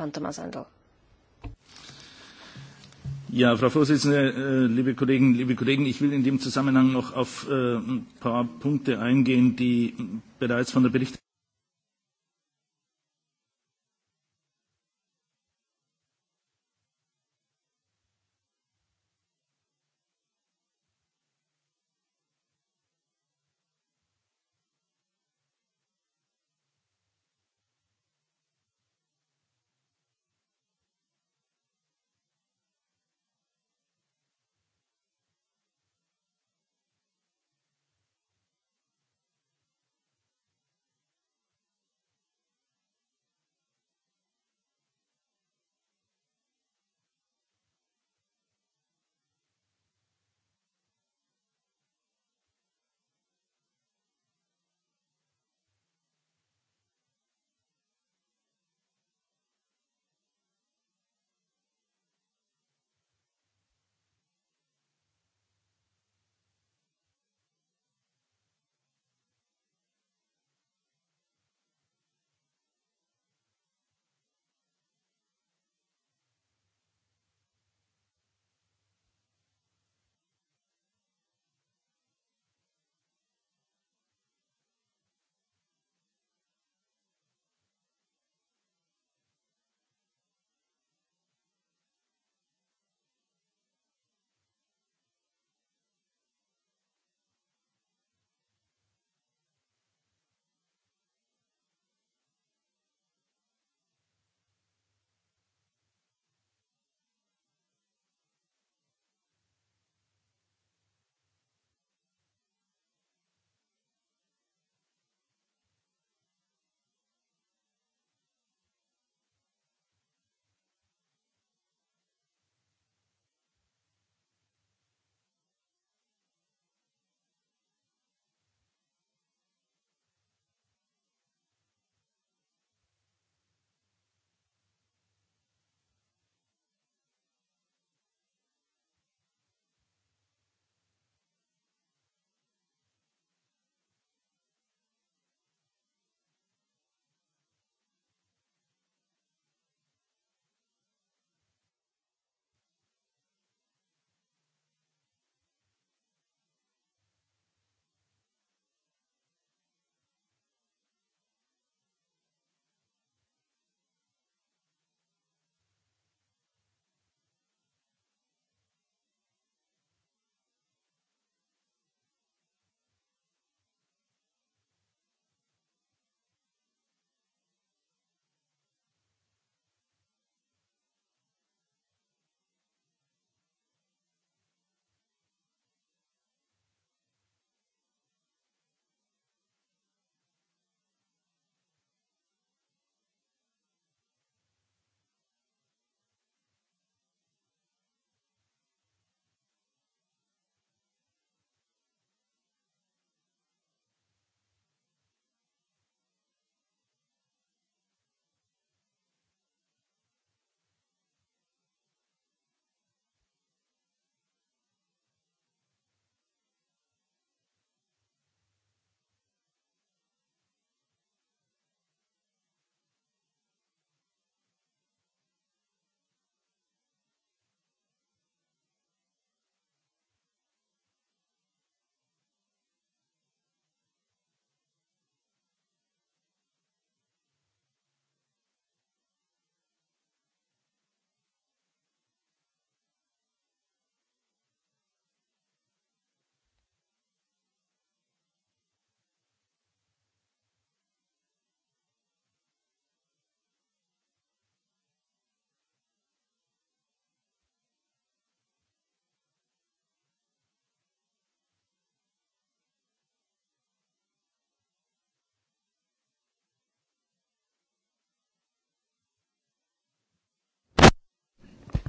Pan Tomáš Andl. Ja, Frau Vorsitzende, äh, liebe Kolleginnen, liebe Kollegen, ich will in dem Zusammenhang noch auf äh, ein paar Punkte eingehen, die bereits von der Berichterstattung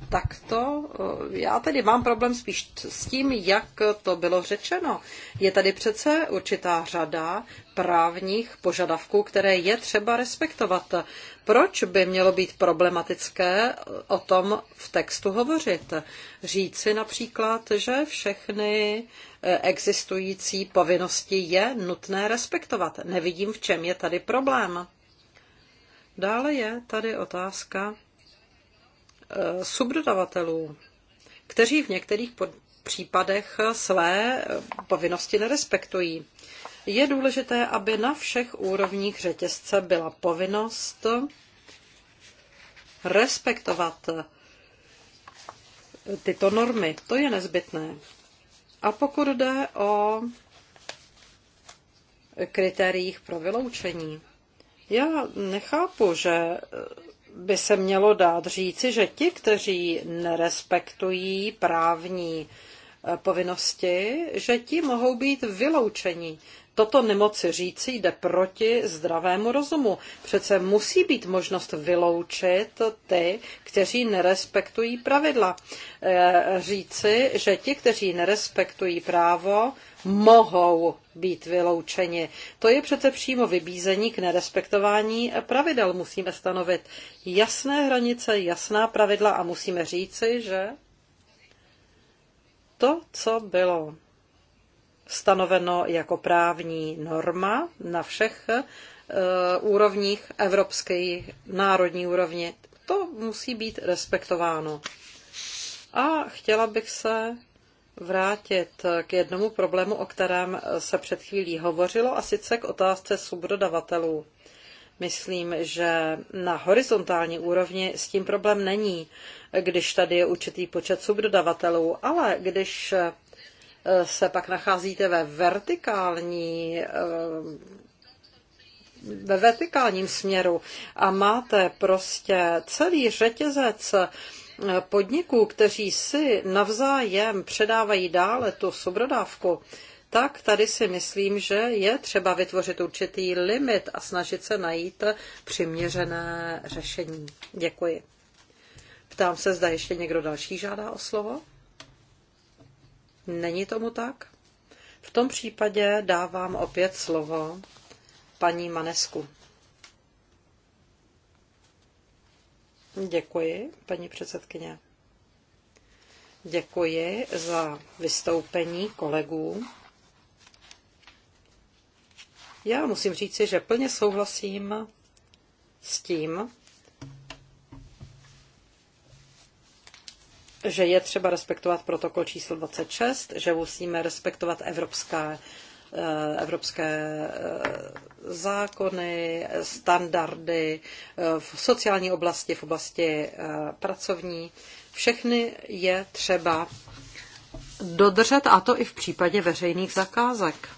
takto. Eh, já tady mám problém spíš s tím, jak to bylo řečeno. Je tady přece určitá řada právních požadavků, které je třeba respektovat. Proč by mělo být problematické eh, o tom v textu hovořit? Říci například, že všechny eh, existující povinnosti je nutné respektovat. Nevidím, v čem je tady problém. Dále je tady otázka Eh, subdodavatelů, kteří v některých případech své povinnosti nerespektují. Je důležité, aby na všech úrovních řetězce byla povinnost respektovat tyto normy. To je nezbytné. A pokud jde o kritériích pro vyloučení, já nechápu, že by se mělo dát říci, že ti, kteří nerespektují právní eh, povinnosti, že ti mohou být vyloučeni. Toto nemoci říci jde proti zdravému rozumu. Přece musí být možnost vyloučit ty, kteří nerespektují pravidla. Eh, říci, že ti, kteří nerespektují právo, mohou být vyloučeni. To je přece přímo vybízení k nerespektování pravidel. Musíme stanovit jasné hranice, jasná pravidla a musíme říci, že to, co bylo stanoveno jako právní norma na všech eh, úrovních evropské národní úrovni. To musí být respektováno. A chtěla bych se vrátit k jednomu problému, o kterém se před chvílí hovořilo, a sice k otázce subdodavatelů. Myslím, že na horizontální úrovni s tím problém není, když tady je určitý počet subdodavatelů, ale když eh, se pak nacházíte ve vertikální eh, ve vertikálním směru a máte prostě celý řetězec podniků, kteří si navzájem předávají dále tu sobrodávku, tak tady si myslím, že je třeba vytvořit určitý limit a snažit se najít přiměřené řešení. Děkuji. Ptám se, zda ještě někdo další žádá o slovo? Není tomu tak? V tom případě dávám opět slovo paní Manesku. Děkuji, paní předsedkyně. Děkuji za vystoupení kolegů. Já musím říci, že plně souhlasím s tím, že je třeba respektovat protokol číslo 26, že musíme respektovat evropské Eh, evropské eh, zákony, standardy eh, v sociální oblasti, v oblasti pracovní. Všechny je třeba dodržet, a to i v případě veřejných zakázek.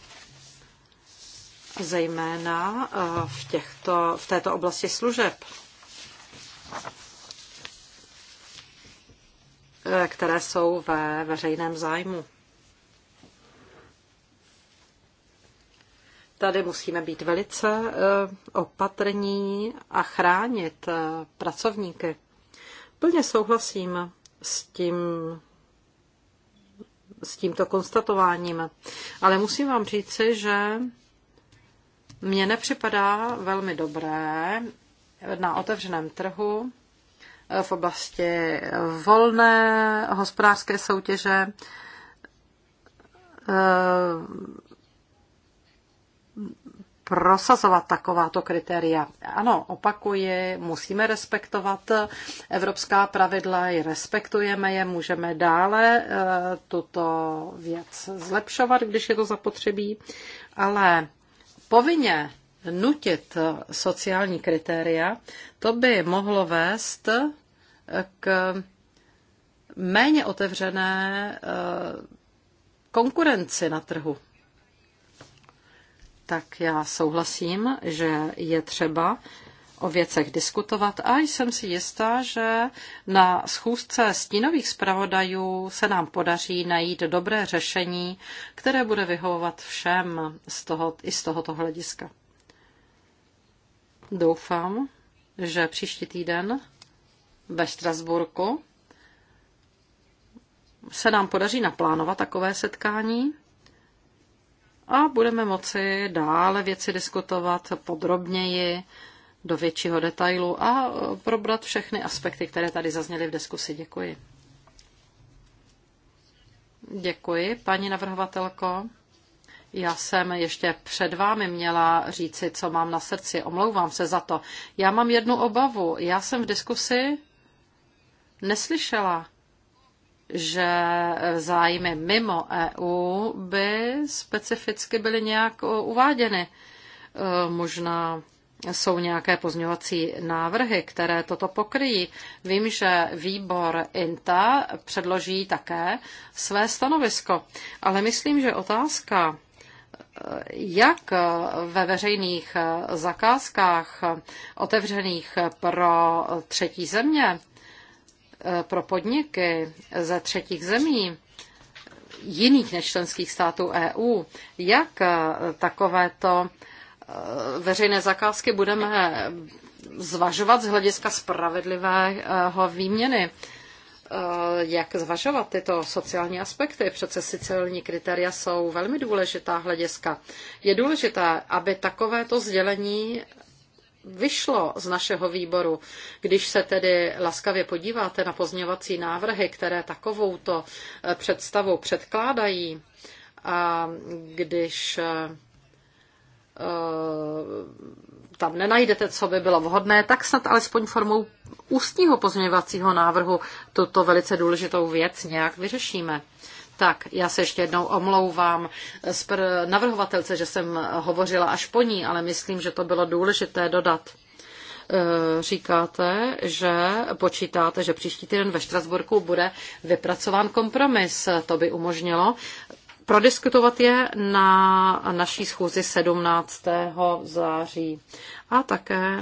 Zejména v, těchto, v této oblasti služeb, které jsou ve veřejném zájmu. Tady musíme být velice eh, opatrní a chránit eh, pracovníky. Plně souhlasím s tím, s tímto konstatováním, ale musím vám říci, že mně nepřipadá velmi dobré na otevřeném trhu eh, v oblasti volné hospodářské soutěže prosazovat takováto kritéria. Ano, opakuji, musíme respektovat evropská pravidla, i respektujeme je, můžeme dále eh, tuto věc zlepšovat, když je to zapotřebí, ale povinně nutit sociální kritéria, to by mohlo vést k méně otevřené eh, konkurenci na trhu tak já souhlasím, že je třeba o věcech diskutovat a jsem si jistá, že na schůzce stínových zpravodajů se nám podaří najít dobré řešení, které bude vyhovovat všem z toho, i z tohoto hlediska. Doufám, že příští týden ve Štrasburku se nám podaří naplánovat takové setkání a budeme moci dále věci diskutovat podrobněji do většího detailu a probrat všechny aspekty, které tady zazněly v diskusi. Děkuji. Děkuji, paní navrhovatelko. Já jsem ještě před vámi měla říci, co mám na srdci. Omlouvám se za to. Já mám jednu obavu. Já jsem v diskusi neslyšela že zájmy mimo EU by specificky byly nějak uváděny. E, možná jsou nějaké pozňovací návrhy, které toto pokryjí. Vím, že výbor INTA předloží také své stanovisko, ale myslím, že otázka, e, jak ve veřejných zakázkách otevřených pro třetí země Eh, pro podniky ze třetích zemí, jiných než členských států EU, jak eh, takovéto eh, veřejné zakázky budeme zvažovat z hlediska spravedlivého výměny. Jak zvažovat tyto sociální aspekty? Přece sociální kritéria jsou velmi důležitá hlediska. Je důležité, aby takovéto sdělení vyšlo z našeho výboru. Když se tedy laskavě podíváte na pozměňovací návrhy, které takovouto eh, představu předkládají, a když eh, tam nenajdete, co by bylo vhodné, tak snad alespoň formou ústního pozměňovacího návrhu tuto velice důležitou věc nějak vyřešíme. Tak, já se ještě jednou omlouvám Spr- navrhovatelce, že jsem hovořila až po ní, ale myslím, že to bylo důležité dodat. E, říkáte, že počítáte, že příští týden ve Štrasburku bude vypracován kompromis. To by umožnilo prodiskutovat je na naší schůzi 17. září. A také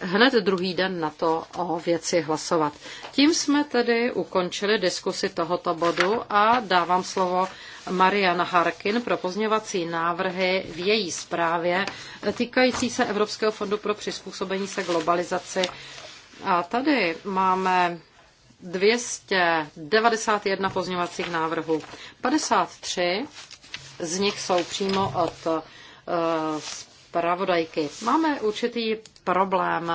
hned druhý den na to o věci hlasovat. Tím jsme tedy ukončili diskusi tohoto bodu a dávám slovo Mariana Harkin pro pozměvací návrhy v její zprávě týkající se Evropského fondu pro přizpůsobení se globalizaci. A tady máme 291 pozměvacích návrhů. 53 z nich jsou přímo od eh, zpravodajky. Máme určitý problém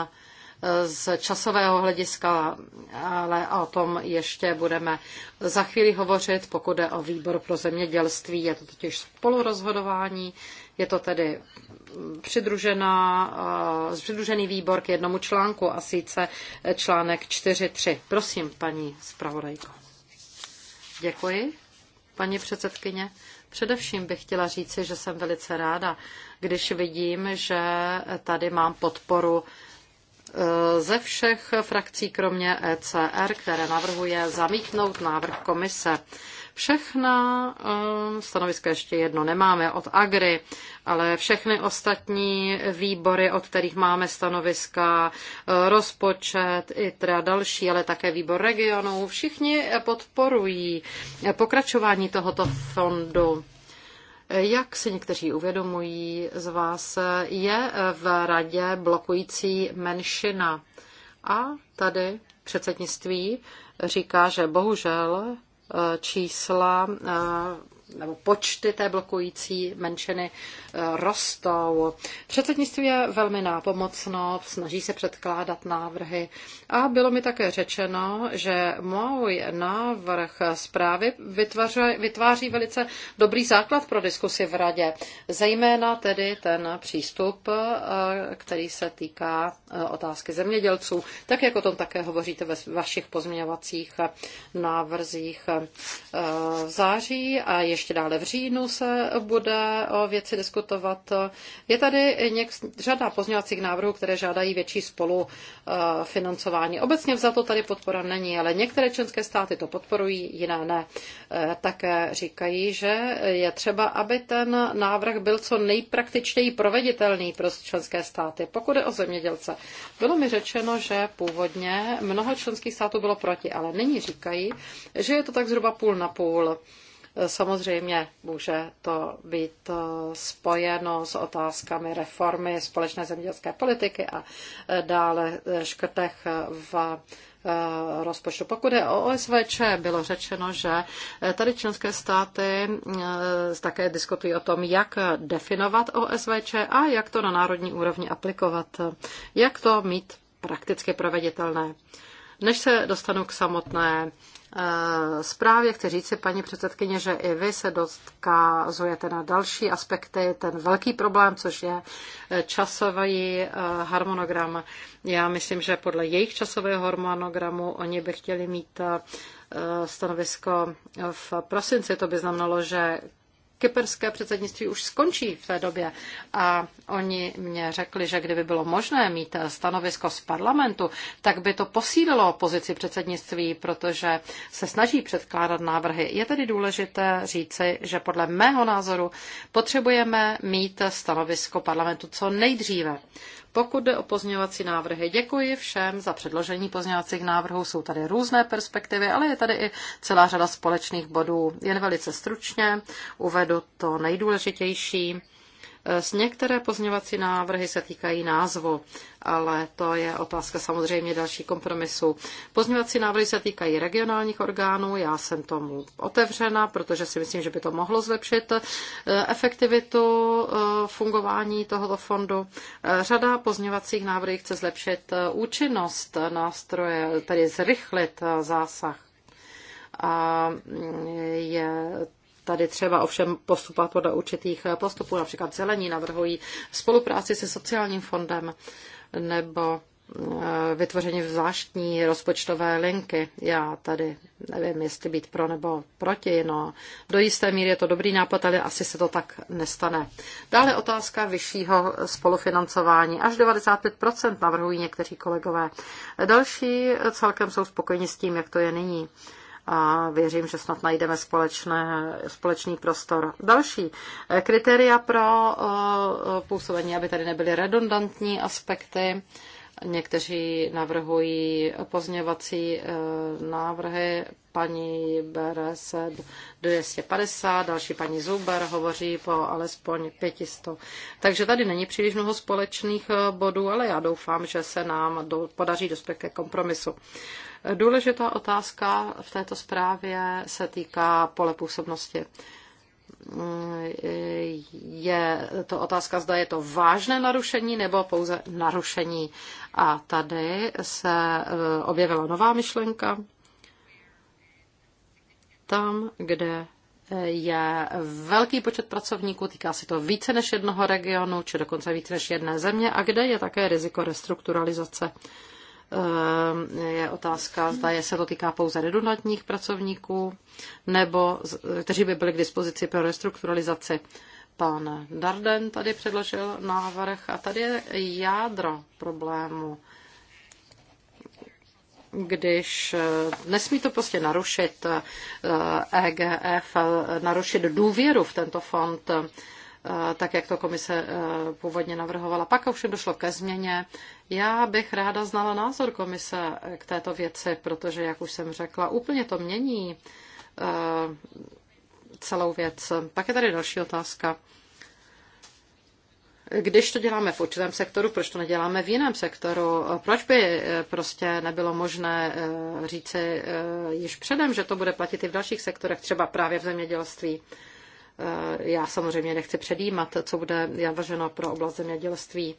eh, z časového hlediska, ale o tom ještě budeme za chvíli hovořit, pokud jde o výbor pro zemědělství. Je to totiž spolurozhodování, je to tedy mm, přidružená, eh, přidružený výbor k jednomu článku a sice článek 4.3. Prosím, paní zpravodajko. Děkuji, paní předsedkyně. Především bych chtěla říci, že jsem velice ráda, když vidím, že tady mám podporu eh, ze všech frakcí, kromě ECR, které navrhuje zamítnout návrh komise. Všechna eh, stanoviska ještě jedno nemáme od Agri, ale všechny ostatní výbory, od kterých máme stanoviska, eh, rozpočet, i teda další, ale také výbor regionů, všichni podporují eh, pokračování tohoto fondu. Jak si někteří uvědomují z vás, je v radě blokující menšina. A tady předsednictví říká, že bohužel čísla nebo počty té blokující menšiny eh, rostou. Předsednictví je velmi nápomocno, snaží se předkládat návrhy a bylo mi také řečeno, že můj návrh zprávy vytváří, vytváří velice dobrý základ pro diskusi v radě, zejména tedy ten přístup, eh, který se týká eh, otázky zemědělců, tak jak o tom také hovoříte ve vašich pozměňovacích návrzích v září a je ještě dále v říjnu se bude o věci diskutovat. Je tady něk, řada pozměňovacích návrhů, které žádají větší spolufinancování. Eh, Obecně vzato tady podpora není, ale některé členské státy to podporují, jiné ne. Eh, také říkají, že je třeba, aby ten návrh byl co nejpraktičtěji proveditelný pro členské státy. Pokud je o zemědělce, bylo mi řečeno, že původně mnoho členských států bylo proti, ale nyní říkají, že je to tak zhruba půl na půl. Samozřejmě může to být eh, spojeno s otázkami reformy společné zemědělské politiky a eh, dále eh, škrtech v rozpočtu. Pokud je o OSVČ, bylo řečeno, že tady členské státy také diskutují o tom, jak definovat OSVČ a jak to na národní úrovni aplikovat, jak to mít prakticky proveditelné. Než se dostanu k samotné Eh, zprávě chci říct si, paní předsedkyně, že i vy se dotkazujete na další aspekty. Ten velký problém, což je eh, časový eh, harmonogram. Já myslím, že podle jejich časového harmonogramu oni by chtěli mít stanovisko v prosinci. To by znamenalo, že kyperské předsednictví už skončí v té době. A oni mě řekli, že kdyby bylo možné mít stanovisko z parlamentu, tak by to posílilo pozici předsednictví, protože se snaží předkládat návrhy. Je tedy důležité říci, že podle mého názoru potřebujeme mít stanovisko parlamentu co nejdříve. Pokud jde o pozměňovací návrhy, děkuji všem za předložení pozměňovacích návrhů. Jsou tady různé perspektivy, ale je tady i celá řada společných bodů. Jen velice stručně uvedu to nejdůležitější. S některé pozměňovací návrhy se týkají názvu, ale to je otázka samozřejmě další kompromisu. Pozměňovací návrhy se týkají regionálních orgánů, já jsem tomu otevřena, protože si myslím, že by to mohlo zlepšit eh, efektivitu eh, fungování tohoto fondu. Eh, řada pozměňovacích návrhů chce zlepšit účinnost nástroje, tedy zrychlit zásah a mm, je tady třeba ovšem postupovat podle určitých postupů. Například zelení navrhují spolupráci se sociálním fondem nebo eh, vytvoření zvláštní rozpočtové linky. Já tady nevím, jestli být pro nebo proti, no do jisté míry je to dobrý nápad, ale asi se to tak nestane. Dále otázka vyššího spolufinancování. Až 95% navrhují někteří kolegové. Další celkem jsou spokojeni s tím, jak to je nyní a věřím, že snad najdeme společné, společný prostor. Další eh, kritéria pro eh, působení, aby tady nebyly redundantní aspekty. Někteří navrhují pozměvací eh, návrhy. Paní BRS 250, další paní Zuber hovoří po alespoň 500. Takže tady není příliš mnoho společných bodů, ale já doufám, že se nám do, podaří dospět ke kompromisu. Důležitá otázka v této zprávě se týká pole působnosti. Je to otázka, zda je to vážné narušení nebo pouze narušení. A tady se eh, objevila nová myšlenka. Tam, kde eh, je velký počet pracovníků, týká se to více než jednoho regionu, či dokonce více než jedné země, a kde je také riziko restrukturalizace. Eh, je otázka, zda je se to týká pouze redundantních pracovníků, nebo kteří by byli k dispozici pro restrukturalizaci. Pan Darden tady předložil návrh a tady je jádro problému. Když eh, nesmí to prostě narušit EGF, eh, e narušit důvěru v tento fond, tak jak to komise původně navrhovala. Pak ovšem došlo ke změně já bych ráda znala názor komise k této věci, protože, jak už jsem řekla, úplně to mění eh, celou věc. Pak je tady další otázka. Když to děláme v určitém sektoru, proč to neděláme v jiném sektoru? Proč by eh, prostě nebylo možné eh, říci již předem, že to bude platit i v dalších sektorech, třeba právě v zemědělství? Já samozřejmě nechci předjímat, co bude navrženo pro oblast zemědělství.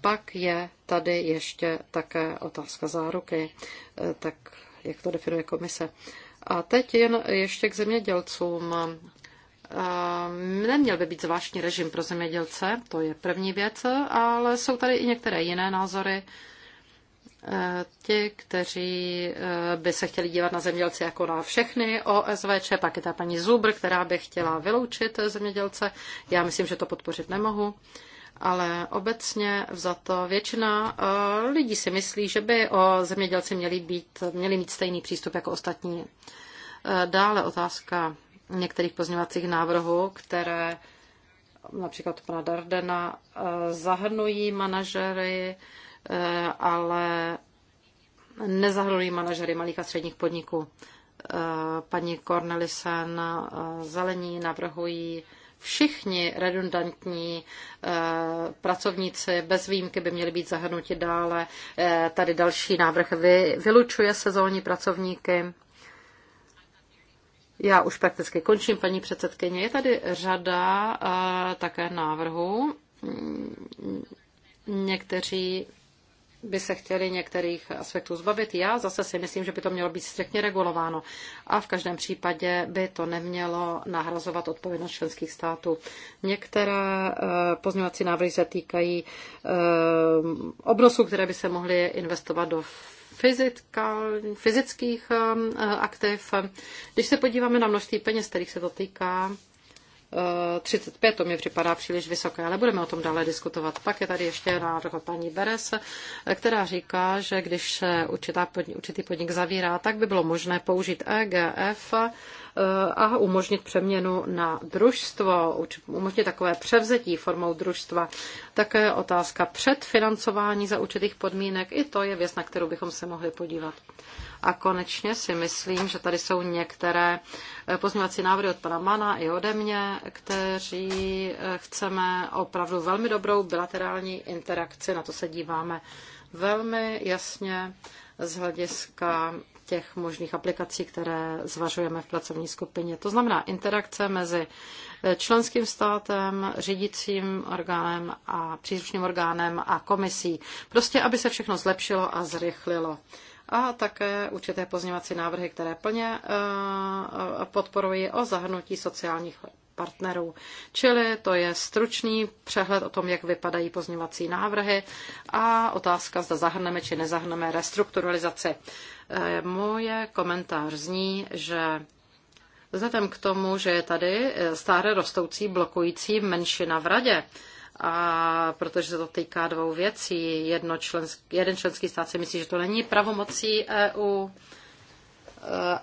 Pak je tady ještě také otázka záruky, eh, tak jak to definuje komise. A teď jen ještě k zemědělcům. Eh, neměl by být zvláštní režim pro zemědělce, to je první věc, ale jsou tady i některé jiné názory. Eh, ti, kteří by se chtěli dívat na zemědělce jako na všechny OSVČ, pak je ta paní Zubr, která by chtěla vyloučit zemědělce. Já myslím, že to podpořit nemohu ale obecně vzato většina eh, lidí si myslí, že by o zemědělci měli, být, měli mít stejný přístup jako ostatní. Eh, dále otázka některých pozměňovacích návrhů, které například pana Dardena eh, zahrnují manažery, ale nezahrnují manažery malých a středních podniků. Paní Cornelisen zelení navrhují Všichni redundantní eh, pracovníci bez výjimky by měli být zahrnuti dále. Eh, tady další návrh vy, vylučuje sezónní pracovníky. Já už prakticky končím, paní předsedkyně. Je tady řada eh, také návrhů. Někteří by se chtěli některých aspektů zbavit. Já zase si myslím, že by to mělo být striktně regulováno a v každém případě by to nemělo nahrazovat odpovědnost členských států. Některé eh, pozměňovací návrhy se týkají eh, obnosů, které by se mohly investovat do fyzických eh, aktiv. Když se podíváme na množství peněz, kterých se to týká, 35, to mi připadá příliš vysoké, ale budeme o tom dále diskutovat. Pak je tady ještě návrh od paní Beres, která říká, že když se určitá určitý podnik zavírá, tak by bylo možné použít EGF a umožnit přeměnu na družstvo, umožnit takové převzetí formou družstva. Také otázka předfinancování za určitých podmínek, i to je věc, na kterou bychom se mohli podívat. A konečně si myslím, že tady jsou některé eh, pozměňovací návrhy od pana Mana i ode mě, kteří eh, chceme opravdu velmi dobrou bilaterální interakci, na to se díváme velmi jasně z hlediska těch možných aplikací, které zvažujeme v pracovní skupině. To znamená interakce mezi eh, členským státem, řídícím orgánem a příslušným orgánem a komisí. Prostě, aby se všechno zlepšilo a zrychlilo a také určité pozněvací návrhy, které plně eh, podporují o zahrnutí sociálních partnerů. Čili to je stručný přehled o tom, jak vypadají pozněvací návrhy a otázka, zda zahrneme či nezahrneme restrukturalizaci. E, Můj komentář zní, že vzhledem k tomu, že je tady e, stále rostoucí blokující menšina v radě, a protože se to týká dvou věcí, jedno členský, jeden členský stát si myslí, že to není pravomocí EU e,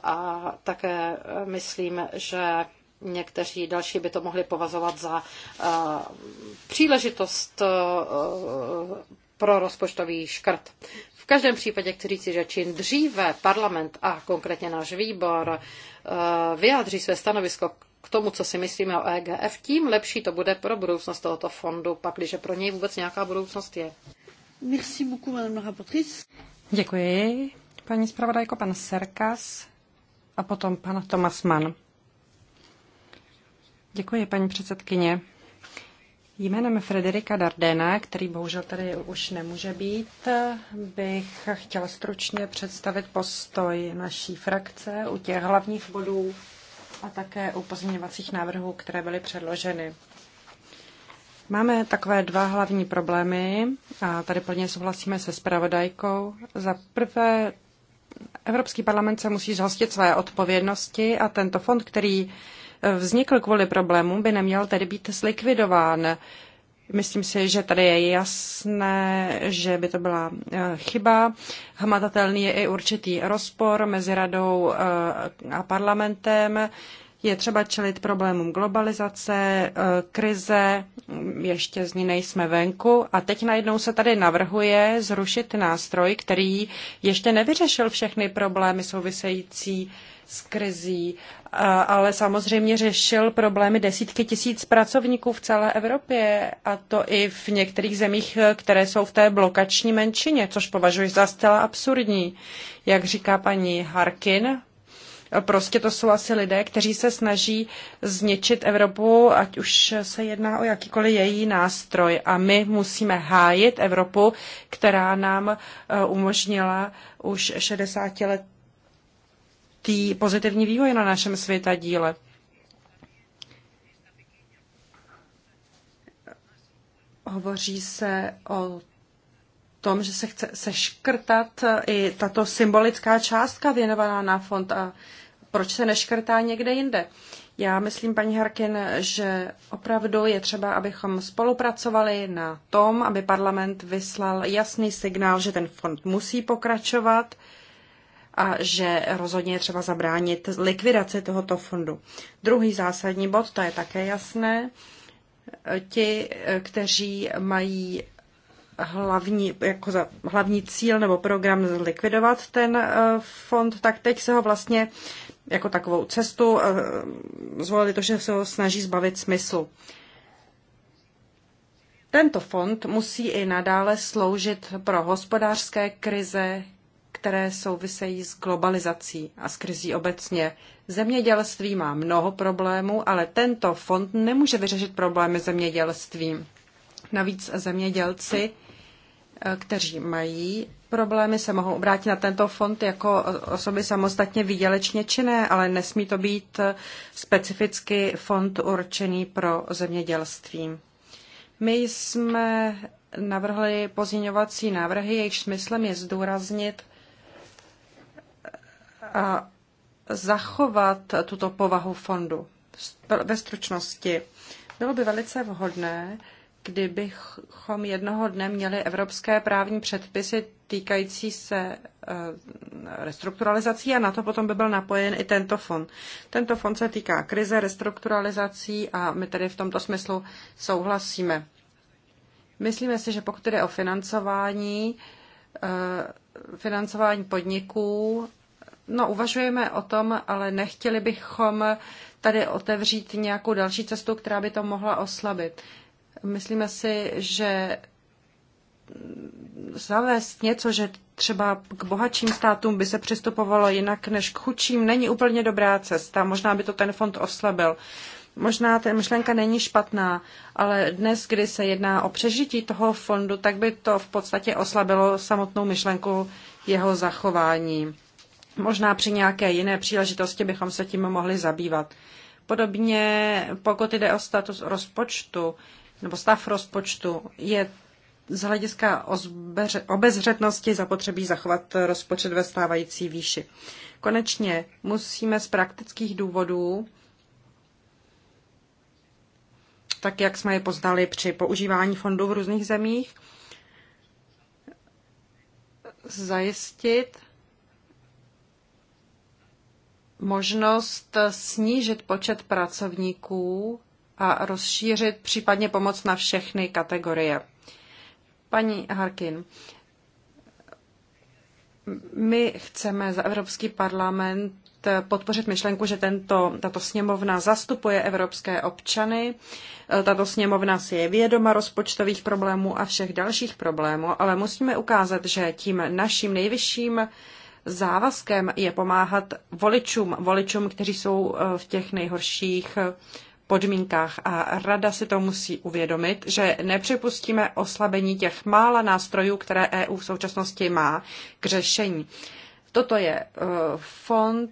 a také myslím, že někteří další by to mohli považovat za příležitost pro rozpočtový škrt. V každém případě chci říci, že čím dříve parlament a konkrétně náš výbor eh, vyjádří své stanovisko k tomu, co si myslíme o EGF, tím lepší to bude pro budoucnost tohoto fondu, pakliže pro něj vůbec nějaká budoucnost je. Merci beaucoup, madame la Děkuji, paní zpravodajko, pan Serkas a potom pan Thomas Mann. Děkuji, paní předsedkyně. Jménem Frederika Dardena, který bohužel tady už nemůže být, bych chtěla stručně představit postoj naší frakce u těch hlavních bodů a také u pozměňovacích návrhů, které byly předloženy. Máme takové dva hlavní problémy a tady plně souhlasíme se zpravodajkou. Za prvé, Evropský parlament se musí zhostit své odpovědnosti a tento fond, který vznikl kvůli problému, by neměl tedy být zlikvidován. Myslím si, že tady je jasné, že by to byla eh, chyba. Hmatatelný je i určitý rozpor mezi radou eh, a parlamentem. Je třeba čelit problémům globalizace, eh, krize, ještě z ní nejsme venku. A teď najednou se tady navrhuje zrušit nástroj, který ještě nevyřešil všechny problémy související s krizí, ale samozřejmě řešil problémy desítky tisíc pracovníků v celé Evropě a to i v některých zemích, které jsou v té blokační menšině, což považuji za zcela absurdní. Jak říká paní Harkin, prostě to jsou asi lidé, kteří se snaží zničit Evropu, ať už se jedná o jakýkoliv její nástroj. A my musíme hájit Evropu, která nám e, umožnila už 60 let tý pozitivní vývoj na našem světa díle. Hovoří se o tom, že se chce seškrtat i tato symbolická částka věnovaná na fond a proč se neškrtá někde jinde. Já myslím, paní Harkin, že opravdu je třeba, abychom spolupracovali na tom, aby parlament vyslal jasný signál, že ten fond musí pokračovat, a že rozhodně je třeba zabránit likvidaci tohoto fondu. Druhý zásadní bod, to je také jasné, ti, kteří mají hlavní, jako za, hlavní cíl nebo program zlikvidovat ten eh, fond, tak teď se ho vlastně jako takovou cestu eh, zvolili to, že se ho snaží zbavit smyslu. Tento fond musí i nadále sloužit pro hospodářské krize, které souvisejí s globalizací a s krizí obecně. Zemědělství má mnoho problémů, ale tento fond nemůže vyřešit problémy zemědělství. Navíc zemědělci, eh, kteří mají problémy, se mohou obrátit na tento fond jako osoby samostatně výdělečně činné, ale nesmí to být eh, specificky fond určený pro zemědělství. My jsme navrhli pozměňovací návrhy, jejich smyslem je zdůraznit a zachovat tuto povahu fondu. Ve stručnosti, bylo by velice vhodné, kdybychom jednoho dne měli evropské právní předpisy týkající se eh, restrukturalizací a na to potom by byl napojen i tento fond. Tento fond se týká krize, restrukturalizací a my tedy v tomto smyslu souhlasíme. Myslíme si, že pokud jde o financování, eh, financování podniků No, uvažujeme o tom, ale nechtěli bychom tady otevřít nějakou další cestu, která by to mohla oslabit. Myslíme si, že zavést něco, že třeba k bohatším státům by se přistupovalo jinak než k chudším, není úplně dobrá cesta. Možná by to ten fond oslabil. Možná ta myšlenka není špatná, ale dnes, kdy se jedná o přežití toho fondu, tak by to v podstatě oslabilo samotnou myšlenku jeho zachování. Možná při nějaké jiné příležitosti bychom se tím mohli zabývat. Podobně, pokud jde o status rozpočtu nebo stav rozpočtu, je z hlediska obezřetnosti zapotřebí zachovat rozpočet ve stávající výši. Konečně musíme z praktických důvodů, tak jak jsme je poznali při používání fondů v různých zemích, zajistit, možnost snížit počet pracovníků a rozšířit případně pomoc na všechny kategorie. Paní Harkin, my chceme za Evropský parlament podpořit myšlenku, že tento, tato sněmovna zastupuje evropské občany. Tato sněmovna si je vědoma rozpočtových problémů a všech dalších problémů, ale musíme ukázat, že tím naším nejvyšším závazkem je pomáhat voličům, voličům, kteří jsou eh, v těch nejhorších eh, podmínkách a rada si to musí uvědomit, že nepřipustíme oslabení těch mála nástrojů, které EU v současnosti má k řešení. Toto je eh, fond,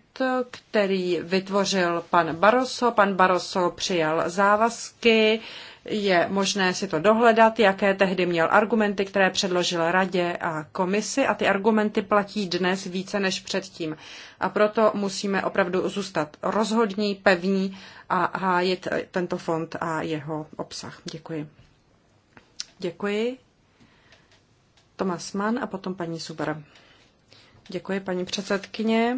který vytvořil pan Barroso. Pan Barroso přijal závazky, je možné si to dohledat, jaké tehdy měl argumenty, které předložil radě a komisi a ty argumenty platí dnes více než předtím. A proto musíme opravdu zůstat rozhodní, pevní a hájit tento fond a jeho obsah. Děkuji. Děkuji. Tomas Mann a potom paní Suber. Děkuji, paní předsedkyně.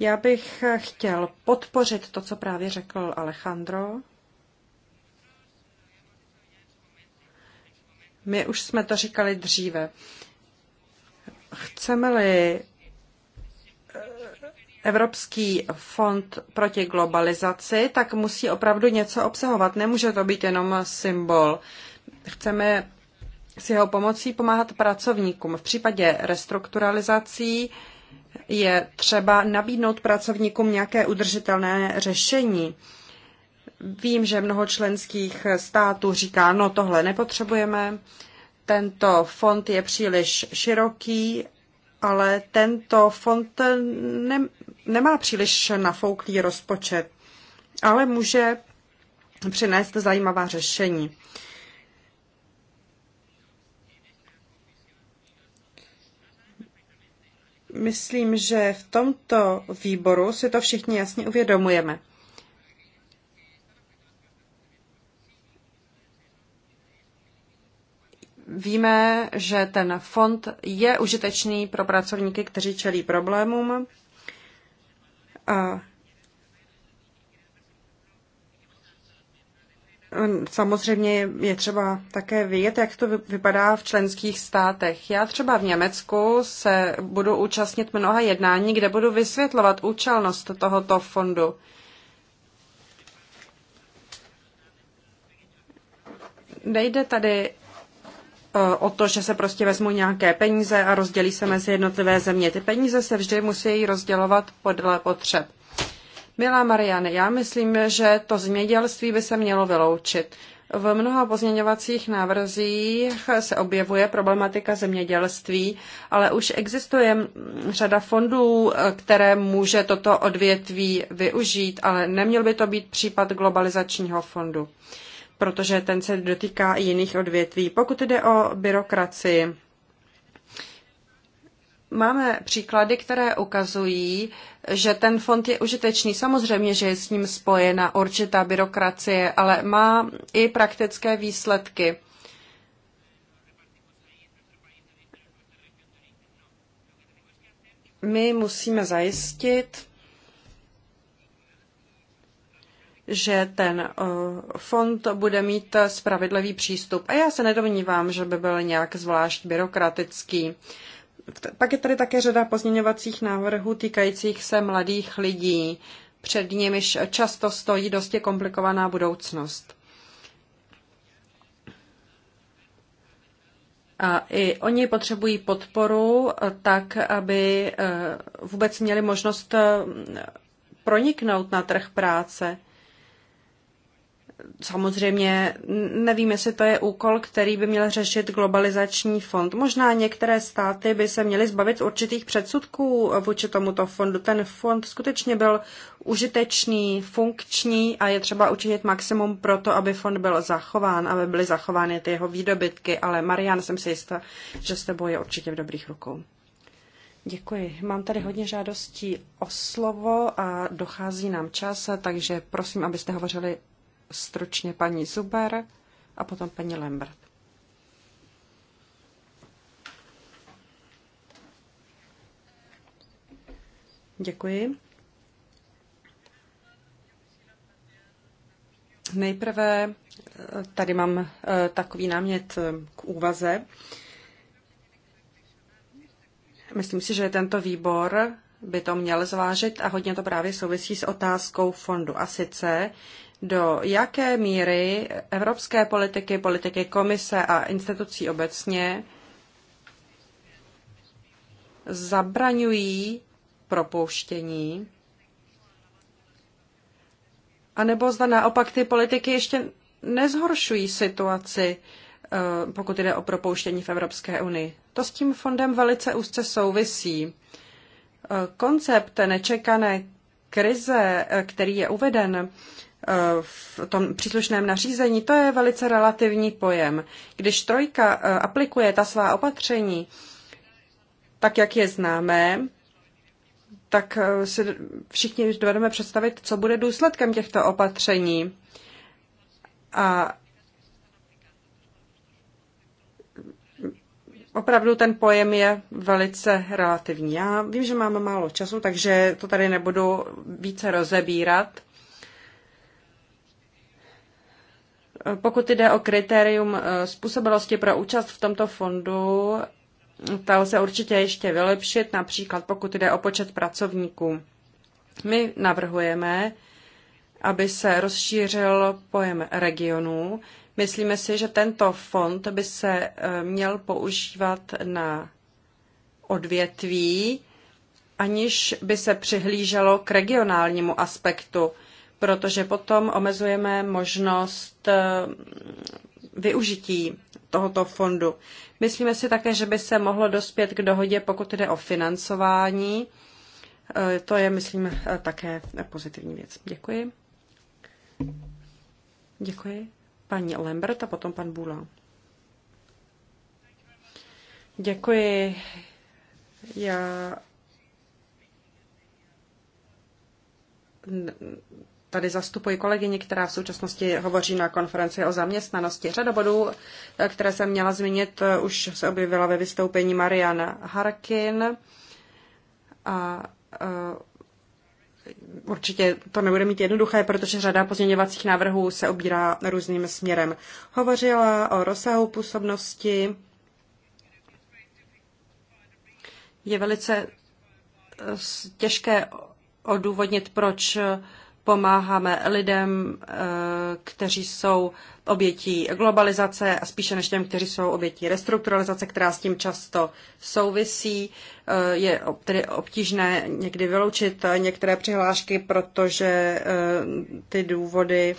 Já bych chtěl podpořit to, co právě řekl Alejandro. My už jsme to říkali dříve. Chceme-li eh, Evropský fond proti globalizaci, tak musí opravdu něco obsahovat. Nemůže to být jenom symbol. Chceme s jeho pomocí pomáhat pracovníkům. V případě restrukturalizací je třeba nabídnout pracovníkům nějaké udržitelné řešení. Vím, že mnoho členských států říká, no tohle nepotřebujeme, tento fond je příliš široký, ale tento fond ne, nemá příliš nafouklý rozpočet, ale může přinést zajímavá řešení. Myslím, že v tomto výboru si to všichni jasně uvědomujeme. Víme, že ten fond je užitečný pro pracovníky, kteří čelí problémům. A Samozřejmě je třeba také vědět, jak to vypadá v členských státech. Já třeba v Německu se budu účastnit mnoha jednání, kde budu vysvětlovat účelnost tohoto fondu. Nejde tady Eh, o to, že se prostě vezmou nějaké peníze a rozdělí se mezi jednotlivé země. Ty peníze se vždy musí rozdělovat podle potřeb. Milá Mariany, já myslím, že to zemědělství by se mělo vyloučit. V mnoha pozměňovacích návrzích se objevuje problematika zemědělství, ale už existuje řada fondů, které může toto odvětví využít, ale neměl by to být případ globalizačního fondu protože ten se dotýká i jiných odvětví. Pokud jde o byrokracii, máme příklady, které ukazují, že ten fond je užitečný. Samozřejmě, že je s ním spojena určitá byrokracie, ale má i praktické výsledky. My musíme zajistit, že ten eh, fond bude mít spravedlivý přístup. A já se nedomnívám, že by byl nějak zvlášť byrokratický. Pak je tady také řada pozměňovacích návrhů týkajících se mladých lidí. Před nimiž často stojí dosti komplikovaná budoucnost. A i oni potřebují podporu eh, tak, aby eh, vůbec měli možnost proniknout na trh práce. Samozřejmě nevím, jestli to je úkol, který by měl řešit globalizační fond. Možná některé státy by se měly zbavit určitých předsudků vůči tomuto fondu. Ten fond skutečně byl užitečný, funkční a je třeba učinit maximum pro to, aby fond byl zachován, aby byly zachovány ty jeho výdobytky. Ale Marian, jsem si jistá, že s tebou je určitě v dobrých rukou. Děkuji. Mám tady hodně žádostí o slovo a dochází nám čas, takže prosím, abyste hovořili stručně paní Zuber a potom paní Lambert. Děkuji. Nejprve eh, tady mám eh, takový námět eh, k úvaze. Myslím si, že tento výbor by to měl zvážit a hodně to právě souvisí s otázkou fondu. A sice, do jaké míry evropské politiky, politiky komise a institucí obecně zabraňují propouštění, anebo zda naopak ty politiky ještě nezhoršují situaci, eh, pokud jde o propouštění v Evropské unii. To s tím fondem velice úzce souvisí. Eh, koncept nečekané krize, eh, který je uveden, Eh, v tom příslušném nařízení, to je velice relativní pojem. Když trojka eh, aplikuje ta svá opatření, tak jak je známé, tak eh, si všichni dovedeme představit, co bude důsledkem těchto opatření. A opravdu ten pojem je velice relativní. Já vím, že máme málo času, takže to tady nebudu více rozebírat. Pokud jde o kritérium eh, způsobilosti pro účast v tomto fondu, ta se určitě ještě vylepšit, například pokud jde o počet pracovníků. My navrhujeme, aby se rozšířil pojem regionů. Myslíme si, že tento fond by se eh, měl používat na odvětví, aniž by se přihlíželo k regionálnímu aspektu protože potom omezujeme možnost eh, využití tohoto fondu. Myslíme si také, že by se mohlo dospět k dohodě, pokud jde o financování. Eh, to je, myslím, eh, také pozitivní věc. Děkuji. Děkuji. Paní Lambert a potom pan Bula. Děkuji. Já tady zastupuji kolegyni, která v současnosti hovoří na konferenci o zaměstnanosti. Řada bodů, které jsem měla zmínit, už se objevila ve vystoupení Mariana Harkin. A eh, určitě to nebude mít jednoduché, protože řada pozměňovacích návrhů se obírá různým směrem. Hovořila o rozsahu působnosti. Je velice eh, těžké odůvodnit, proč pomáháme lidem, eh, kteří jsou obětí globalizace a spíše než těm, kteří jsou obětí restrukturalizace, která s tím často souvisí. Eh, je tedy obtížné někdy vyloučit eh, některé přihlášky, protože ty důvody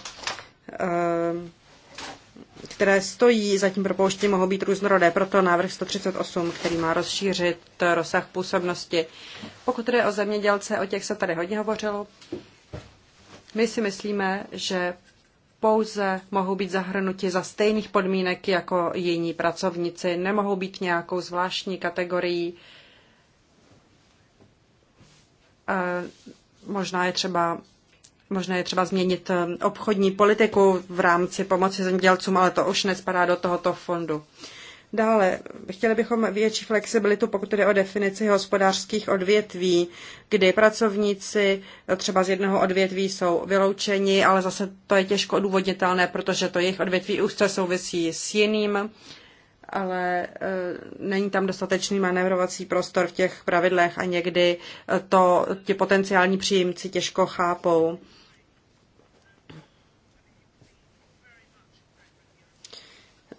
které stojí za tím propouštěním, mohou být různorodé, proto návrh 138, který má rozšířit rozsah působnosti. Pokud jde o zemědělce, o těch se tady hodně hovořilo, my si myslíme, že pouze mohou být zahrnuti za stejných podmínek jako jiní pracovníci, nemohou být nějakou zvláštní kategorií. E, možná je třeba Možná je třeba změnit e, obchodní politiku v rámci pomoci zemědělcům, ale to už nespadá do tohoto fondu. Dále, chtěli bychom větší flexibilitu, pokud jde o definici hospodářských odvětví, kdy pracovníci třeba z jednoho odvětví jsou vyloučeni, ale zase to je těžko odůvodnitelné, protože to jejich odvětví úzce souvisí s jiným ale e, není tam dostatečný manévrovací prostor v těch pravidlech a někdy e, to ti potenciální příjemci těžko chápou.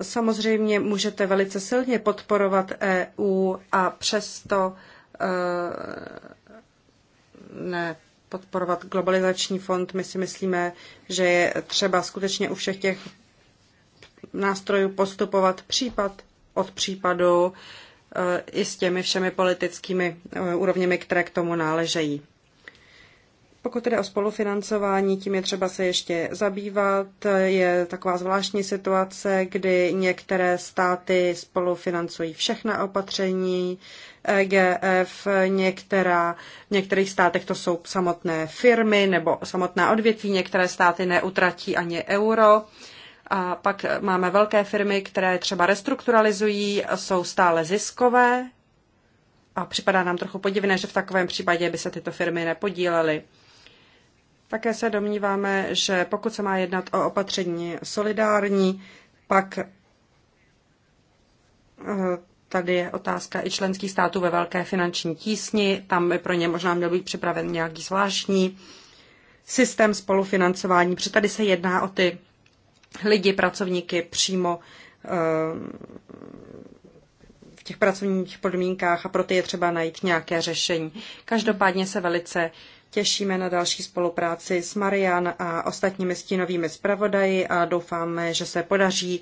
samozřejmě můžete velice silně podporovat EU a přesto eh, ne podporovat globalizační fond. My si myslíme, že je třeba skutečně u všech těch nástrojů postupovat případ od případu eh, i s těmi všemi politickými eh, úrovněmi, které k tomu náležejí. Pokud jde o spolufinancování, tím je třeba se ještě zabývat. Je taková zvláštní situace, kdy některé státy spolufinancují všechna opatření EGF, některá, v některých státech to jsou samotné firmy nebo samotná odvětví, některé státy neutratí ani euro. A pak máme velké firmy, které třeba restrukturalizují, jsou stále ziskové, a připadá nám trochu podivné, že v takovém případě by se tyto firmy nepodílely. Také se domníváme, že pokud se má jednat o opatření solidární, pak eh, tady je otázka i členských států ve velké finanční tísni. Tam by pro ně možná měl být připraven nějaký zvláštní systém spolufinancování, protože tady se jedná o ty lidi, pracovníky přímo eh, v těch pracovních podmínkách a pro ty je třeba najít nějaké řešení. Každopádně se velice těšíme na další spolupráci s Marian a ostatními stínovými zpravodaji a doufáme, že se podaří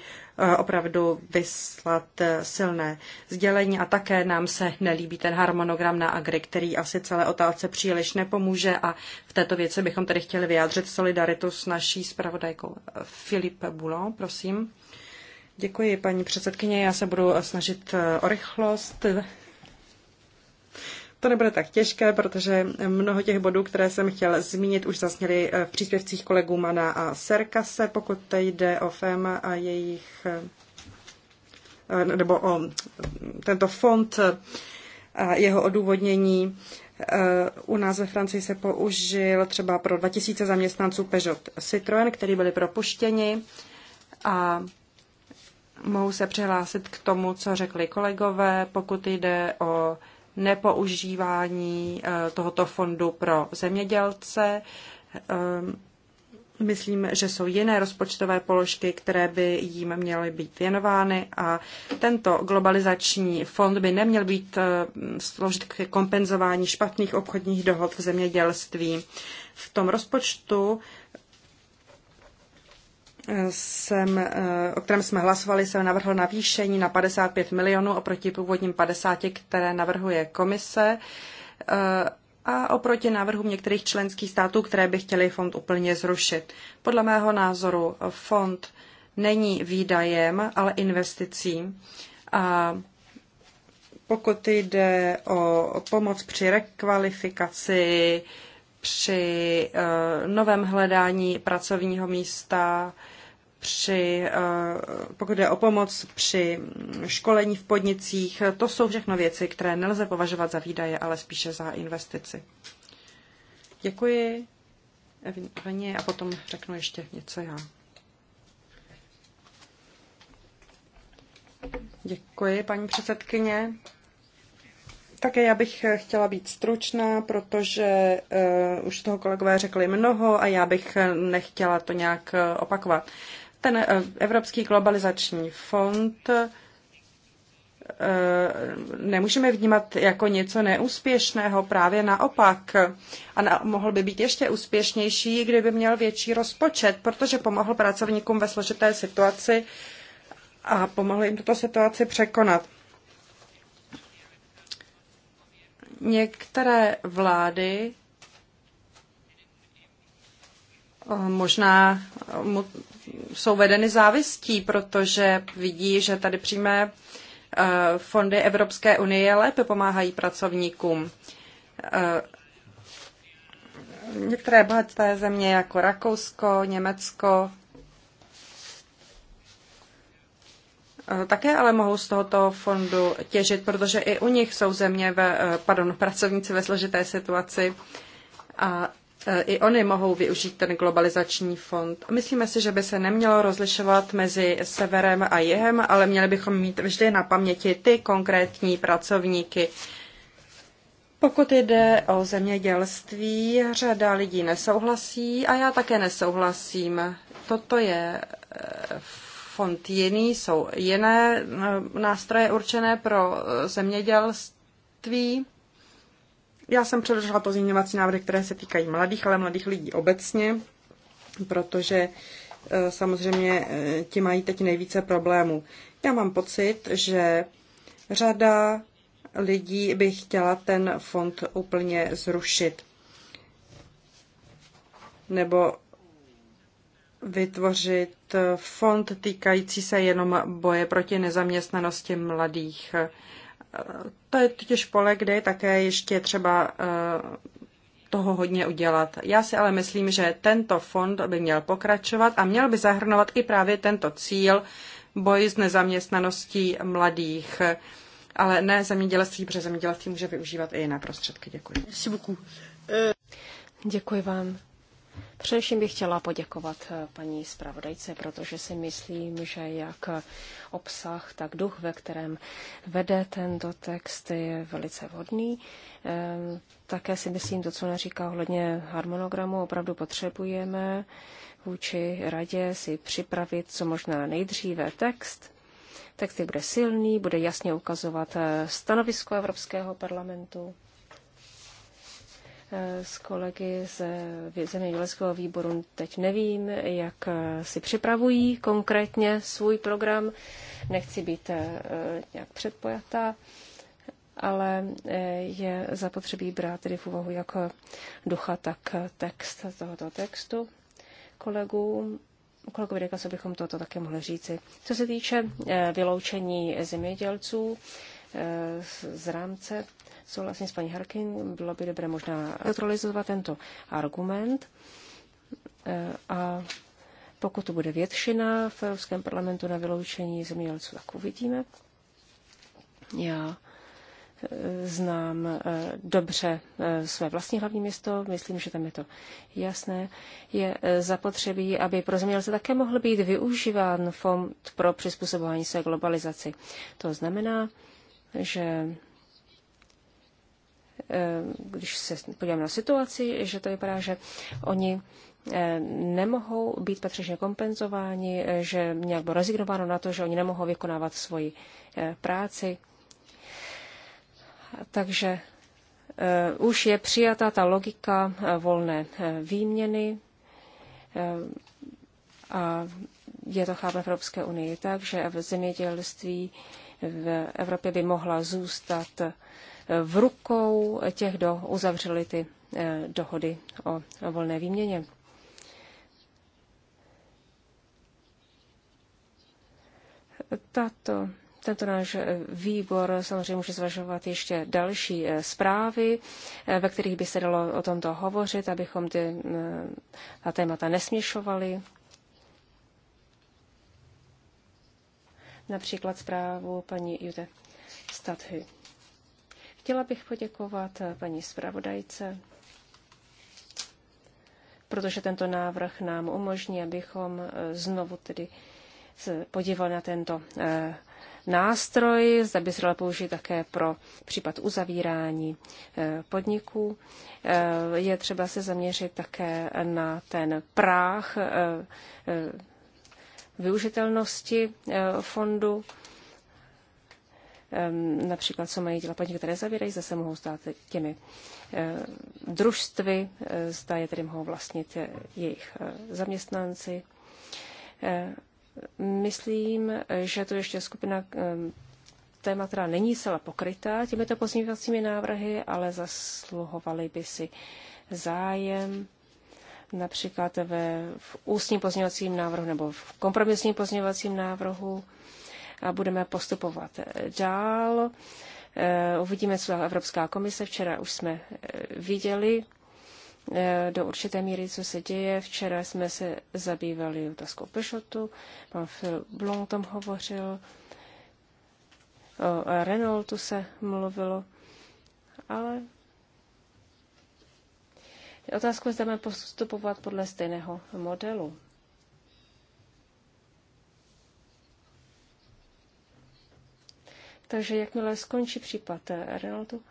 eh, opravdu vyslat eh, silné sdělení a také nám se nelíbí ten harmonogram na Agri, který asi celé otázce příliš nepomůže a v této věci bychom tedy chtěli vyjádřit solidaritu s naší zpravodajkou Filip eh, Boulon, prosím. Děkuji, paní předsedkyně. Já se budu snažit o rychlost. To nebude tak těžké, protože mnoho těch bodů, které jsem chtěl zmínit, už zasněly eh, v příspěvcích kolegů Mana a Serkase, pokud jde o FEM a jejich eh, eh, nebo o mm, tento fond a jeho odůvodnění. U nás ve Francii se použil třeba pro 2000 zaměstnanců Peugeot Citroën, který byli propuštěni a mohou se přihlásit k tomu, co řekli kolegové, pokud jde o nepoužívání eh, tohoto fondu pro zemědělce. Eh, myslím, že jsou jiné rozpočtové položky, které by jim měly být věnovány a tento globalizační fond by neměl být eh, složit k kompenzování špatných obchodních dohod v zemědělství. V tom rozpočtu jsem, eh, o kterém jsme hlasovali, jsem navrhl navýšení na 55 milionů oproti původním 50, které navrhuje komise eh, a oproti návrhům některých členských států, které by chtěli fond úplně zrušit. Podle mého názoru fond není výdajem, ale investicí. A pokud jde o pomoc při rekvalifikaci, při eh, novém hledání pracovního místa, při, eh, pokud jde o pomoc při školení v podnicích, to jsou všechno věci, které nelze považovat za výdaje, ale spíše za investici. Děkuji Evině a potom řeknu ještě něco já. Děkuji, paní předsedkyně. Také já bych chtěla být stručná, protože uh, už toho kolegové řekli mnoho a já bych nechtěla to nějak eh, opakovat. Ten eh, Evropský globalizační fond eh, nemůžeme vnímat jako něco neúspěšného, právě naopak. A na, mohl by být ještě úspěšnější, kdyby měl větší rozpočet, protože pomohl pracovníkům ve složité situaci a pomohl jim tuto situaci překonat. Některé vlády eh, možná jsou vedeny závistí, protože vidí, že tady přímé eh, fondy Evropské unie lépe pomáhají pracovníkům. Eh, některé bohaté země jako Rakousko, Německo, eh, také ale mohou z tohoto fondu těžit, protože i u nich jsou země, ve, pardon, pracovníci ve složité situaci. A i oni mohou využít ten globalizační fond. Myslíme si, že by se nemělo rozlišovat mezi severem a jihem, ale měli bychom mít vždy na paměti ty konkrétní pracovníky. Pokud jde o zemědělství, řada lidí nesouhlasí a já také nesouhlasím. Toto je eh, fond jiný, jsou jiné eh, nástroje určené pro eh, zemědělství. Já jsem předložila pozměňovací návrhy, které se týkají mladých, ale mladých lidí obecně, protože e, samozřejmě e, ti mají teď nejvíce problémů. Já mám pocit, že řada lidí by chtěla ten fond úplně zrušit nebo vytvořit fond týkající se jenom boje proti nezaměstnanosti mladých. To je totiž pole, kde je také ještě třeba eh, toho hodně udělat. Já si ale myslím, že tento fond by měl pokračovat a měl by zahrnovat i právě tento cíl boj s nezaměstnaností mladých, ale ne zemědělství, protože zemědělství může využívat i jiné prostředky. Děkuji. Děkuji vám. Především bych chtěla poděkovat eh, paní zpravodajce, protože si myslím, že jak obsah, tak duch, ve kterém vede tento text, je velice vhodný. Eh, také si myslím, to, co naříká ohledně harmonogramu, opravdu potřebujeme vůči radě si připravit co možná nejdříve text. Text bude silný, bude jasně ukazovat eh, stanovisko Evropského parlamentu Eh, s kolegy z zemědělského výboru. Teď nevím, jak eh, si připravují konkrétně svůj program. Nechci být eh, nějak předpojatá, ale je zapotřebí brát tedy v úvahu jak ducha, tak text tohoto textu kolegům kolegovi Dekasu bychom toto také mohli říci. Co se týče vyloučení zemědělců z rámce Souhlasím s paní Harkin, bylo by dobré možná neutralizovat tento argument. E, a pokud to bude většina v Evropském parlamentu na vyloučení zemědělců, tak uvidíme. Já e, znám e, dobře své vlastní hlavní město, myslím, že tam je to jasné, je zapotřebí, aby pro zemědělce také mohl být využíván fond pro přizpůsobování se globalizaci. To znamená, že Eh, když se podíváme na situaci, že to vypadá, že oni eh, nemohou být patřičně kompenzováni, eh, že nějak bylo rezignováno na to, že oni nemohou vykonávat svoji práci. Takže už je přijatá ta logika volné výměny a je to chápe v Evropské unii tak, že v zemědělství v Evropě by mohla zůstat v rukou těch, kdo uzavřeli ty eh, dohody o volné výměně. Tato, tento náš eh, výbor samozřejmě může zvažovat ještě další eh, zprávy, ve kterých by se dalo o tomto hovořit, abychom ty, ta témata nesměšovali. Například zprávu paní Jute Stathy. Chtěla bych poděkovat eh, paní zpravodajce, protože tento návrh nám umožní, abychom eh, znovu tedy podívali na tento eh, nástroj, zda by se dal použít také pro případ uzavírání podniků. Je třeba se zaměřit také na ten práh využitelnosti fondu například co mají dělat paní, které zavírají, zase mohou stát těmi eh, družstvy, eh, zda je tedy mohou vlastnit eh, jejich zaměstnanci. Myslím, že to ještě skupina téma, která není zcela pokrytá těmito pozměňovacími návrhy, ale zasluhovaly by si zájem například ve, v ústním pozměňovacím návrhu nebo v kompromisním pozměňovacím návrhu a budeme postupovat dál. Eh, uvidíme, co Evropská komise. Včera už jsme eh, viděli eh, do určité míry, co se děje. Včera jsme se zabývali otázkou Pešotu. Pan Phil Blon tam hovořil. O Renaultu se mluvilo. Ale Otázku zda máme postupovat podle stejného modelu. Takže jakmile skončí případ eh, Renaultu,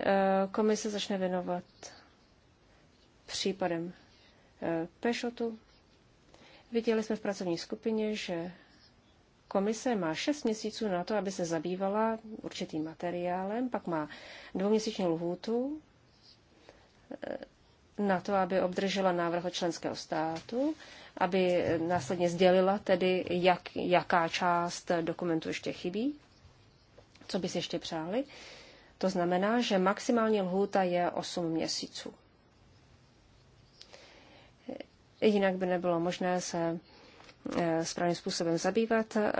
eh, komise začne věnovat případem eh, Pešotu. Viděli jsme v pracovní skupině, že komise má 6 měsíců na to, aby se zabývala určitým materiálem, pak má dvouměsíční lhůtu na to, aby obdržela návrh od členského státu, aby následně sdělila tedy, jak, jaká část dokumentu ještě chybí co by si ještě přáli. To znamená, že maximální lhůta je 8 měsíců. Jinak by nebylo možné se eh, správným způsobem zabývat eh,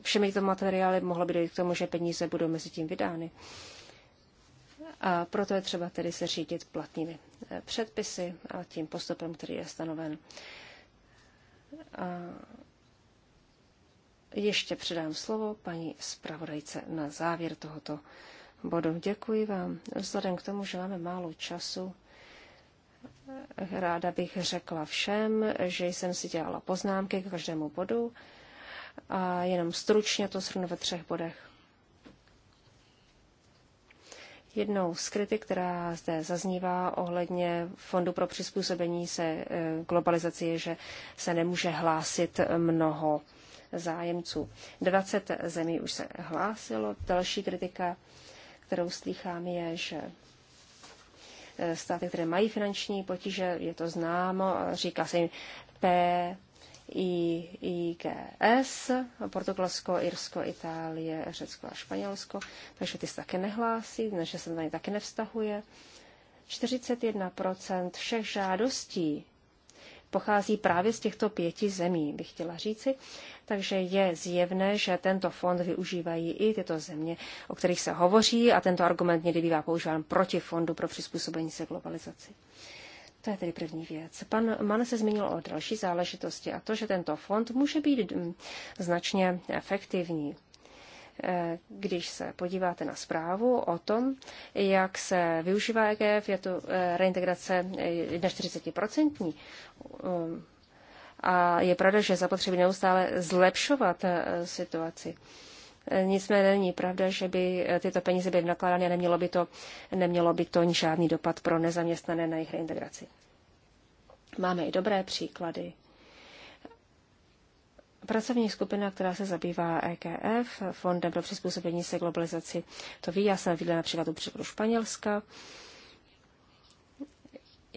všemi to materiály, mohlo by dojít k tomu, že peníze budou mezi tím vydány. A proto je třeba tedy se řídit platnými eh, předpisy a tím postupem, který je stanoven. A ještě předám slovo paní zpravodajce na závěr tohoto bodu. Děkuji vám. Vzhledem k tomu, že máme málo času, ráda bych řekla všem, že jsem si dělala poznámky k každému bodu a jenom stručně to shrnu ve třech bodech. Jednou z kritik, která zde zaznívá ohledně Fondu pro přizpůsobení se eh, globalizaci, je, že se nemůže hlásit mnoho zájemců. 20 zemí už se hlásilo. Další kritika, kterou slychám, je, že eh, státy, které mají finanční potíže, je to známo, říká se jim P, IGS, Portugalsko, Irsko, Itálie, Řecko a Španělsko, takže ty se také nehlásí, takže se na ně také nevztahuje. 41% všech žádostí pochází právě z těchto pěti zemí, bych chtěla říci takže je zjevné, že tento fond využívají i tyto země, o kterých se hovoří a tento argument někdy bývá používán proti fondu pro přizpůsobení se globalizaci. To je tedy první věc. Pan Mane se zmínil o další záležitosti a to, že tento fond může být mm, značně efektivní eh, když se podíváte na zprávu o tom, jak se využívá EGF, je to eh, reintegrace 41% eh, a je pravda, že zapotřebí neustále zlepšovat eh, situaci. Nicméně není pravda, že by eh, tyto peníze byly nakládány a nemělo by to, nemělo by to žádný dopad pro nezaměstnané na jejich reintegraci. Máme i dobré příklady. Pracovní skupina, která se zabývá EKF, Fondem pro přizpůsobení se globalizaci, to ví, já jsem viděla například u příkladu Španělska,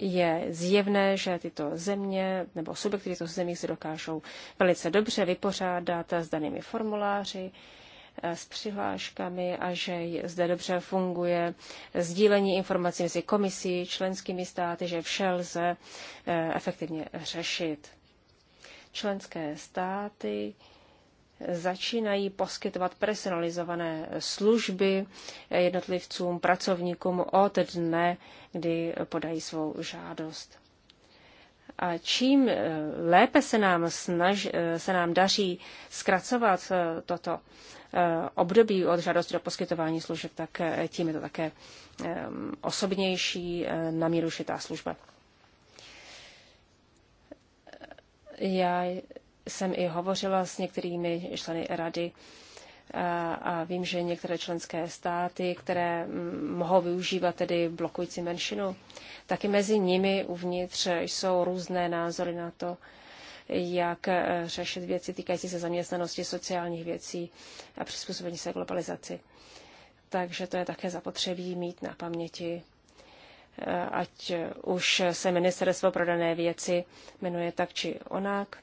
je zjevné, že tyto země nebo subjekty tyto zemí se dokážou velice dobře vypořádat s danými formuláři, eh, s přihláškami a že zde dobře funguje sdílení informací mezi komisí, členskými státy, že vše lze eh, efektivně řešit. Členské státy začínají poskytovat personalizované služby jednotlivcům, pracovníkům od dne, kdy podají svou žádost. A čím eh, lépe se nám, snaž, eh, se nám daří zkracovat eh, toto období od žádosti do poskytování služeb, tak tím je to také osobnější, na míru šitá služba. Já jsem i hovořila s některými členy rady a, a vím, že některé členské státy, které mm, mohou využívat tedy blokující menšinu, taky mezi nimi uvnitř jsou různé názory na to, jak e, řešit věci týkající se zaměstnanosti, sociálních věcí a přizpůsobení se globalizaci. Takže to je také zapotřebí mít na paměti, e, ať už se ministerstvo pro dané věci jmenuje tak či onak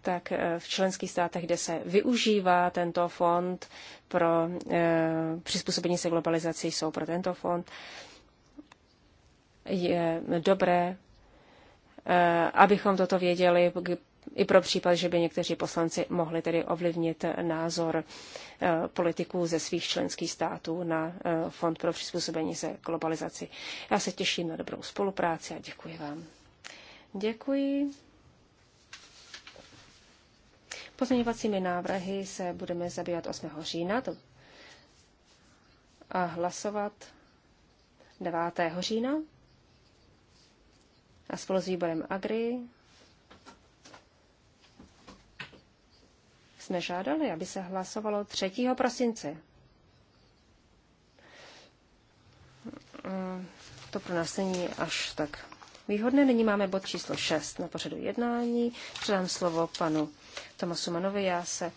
tak eh, v členských státech, kde se využívá tento fond pro eh, přizpůsobení se globalizaci, jsou pro tento fond, je dobré, eh, abychom toto věděli i pro případ, že by někteří poslanci mohli tedy ovlivnit názor politiků ze svých členských států na Fond pro přizpůsobení se globalizaci. Já se těším na dobrou spolupráci a děkuji vám. Děkuji. Pozměňovacími návrhy se budeme zabývat 8. října a hlasovat 9. října a spolu s výborem Agri jsme žádali, aby se hlasovalo 3. prosince. Mm, to pro nás není až tak výhodné. Nyní máme bod číslo 6 na pořadu jednání. Předám slovo panu Tomasu Manovi. Já se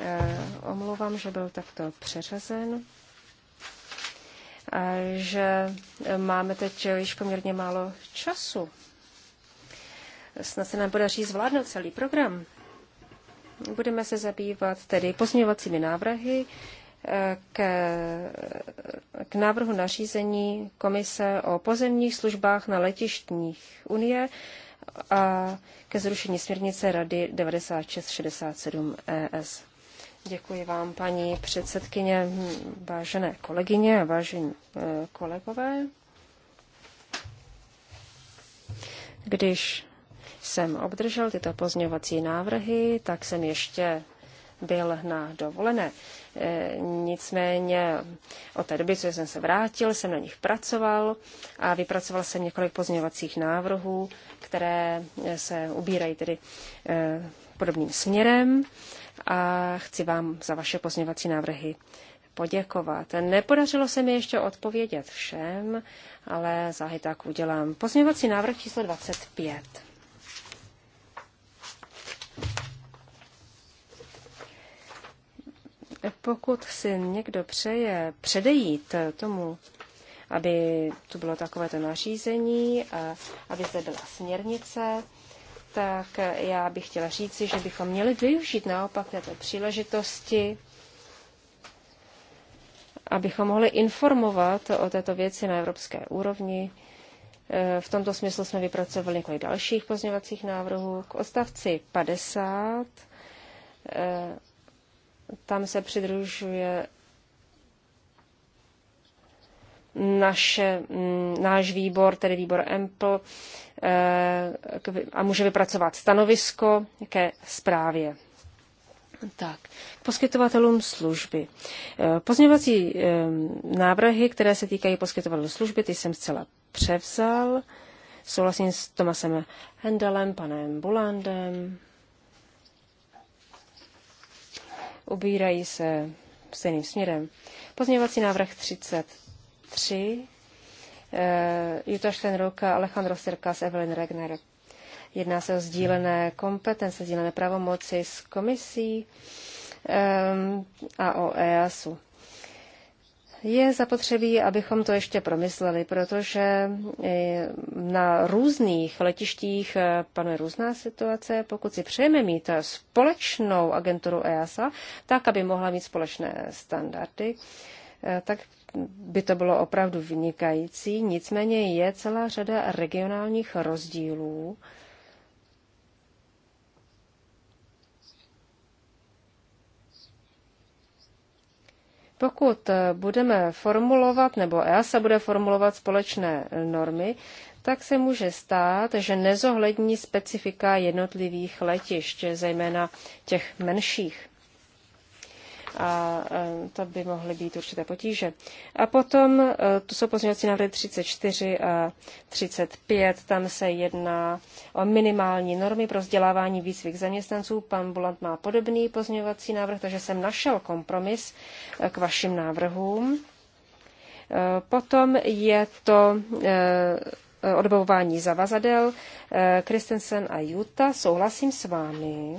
eh, omlouvám, že byl takto přeřazen že eh, máme teď již poměrně málo času. Snad se nám podaří zvládnout celý program. Budeme se zabývat tedy pozměňovacími návrhy, k, k návrhu nařízení Komise o pozemních službách na letištních unie a ke zrušení směrnice Rady 9667 ES. Děkuji vám, paní předsedkyně, vážené kolegyně a vážení eh, kolegové. Když jsem obdržel tyto pozměňovací návrhy, tak jsem ještě byl na dovolené. E, nicméně od té doby, co jsem se vrátil, jsem na nich pracoval a vypracoval jsem několik pozměňovacích návrhů, které se ubírají tedy e, podobným směrem a chci vám za vaše pozměňovací návrhy poděkovat. Nepodařilo se mi ještě odpovědět všem, ale záhy tak udělám. Pozměňovací návrh číslo 25. Pokud si někdo přeje předejít tomu, aby tu bylo takovéto nařízení, a aby zde byla směrnice, tak já bych chtěla říci, že bychom měli využít naopak této příležitosti, abychom mohli informovat o této věci na evropské úrovni. V tomto smyslu jsme vypracovali několik dalších pozměňovacích návrhů. K odstavci 50 tam se přidružuje naše, mm, náš výbor, tedy výbor EMPL, eh, a může vypracovat stanovisko ke zprávě. Tak, poskytovatelům služby. Eh, pozměňovací eh, návrhy, které se týkají poskytovatelů služby, ty jsem zcela převzal. Souhlasím s Tomasem Hendelem, panem Bulandem, ubírají se stejným směrem. Pozměňovací návrh 33, eh, Jutta Štenroka, Alejandro Sirkas, Evelyn Regner. Jedná se o sdílené kompetence, sdílené pravomoci s komisí eh, a o EASu je zapotřebí, abychom to ještě promysleli, protože eh, na různých letištích eh, panuje různá situace. Pokud si přejeme mít eh, společnou agenturu EASA, tak aby mohla mít společné standardy, tak by to bylo opravdu vynikající. Nicméně je celá řada regionálních rozdílů Pokud eh, budeme formulovat, nebo EASA bude formulovat společné normy, tak se může stát, že nezohlední specifika jednotlivých letišť, zejména těch menších a to by mohly být určité potíže. A potom e, tu jsou pozměňovací návrhy 34 a 35, tam se jedná o minimální normy pro vzdělávání výcvik zaměstnanců. Pan Bulant má podobný pozměňovací návrh, takže jsem našel kompromis e, k vašim návrhům. E, potom je to odbavování zavazadel. Kristensen a Juta, souhlasím s vámi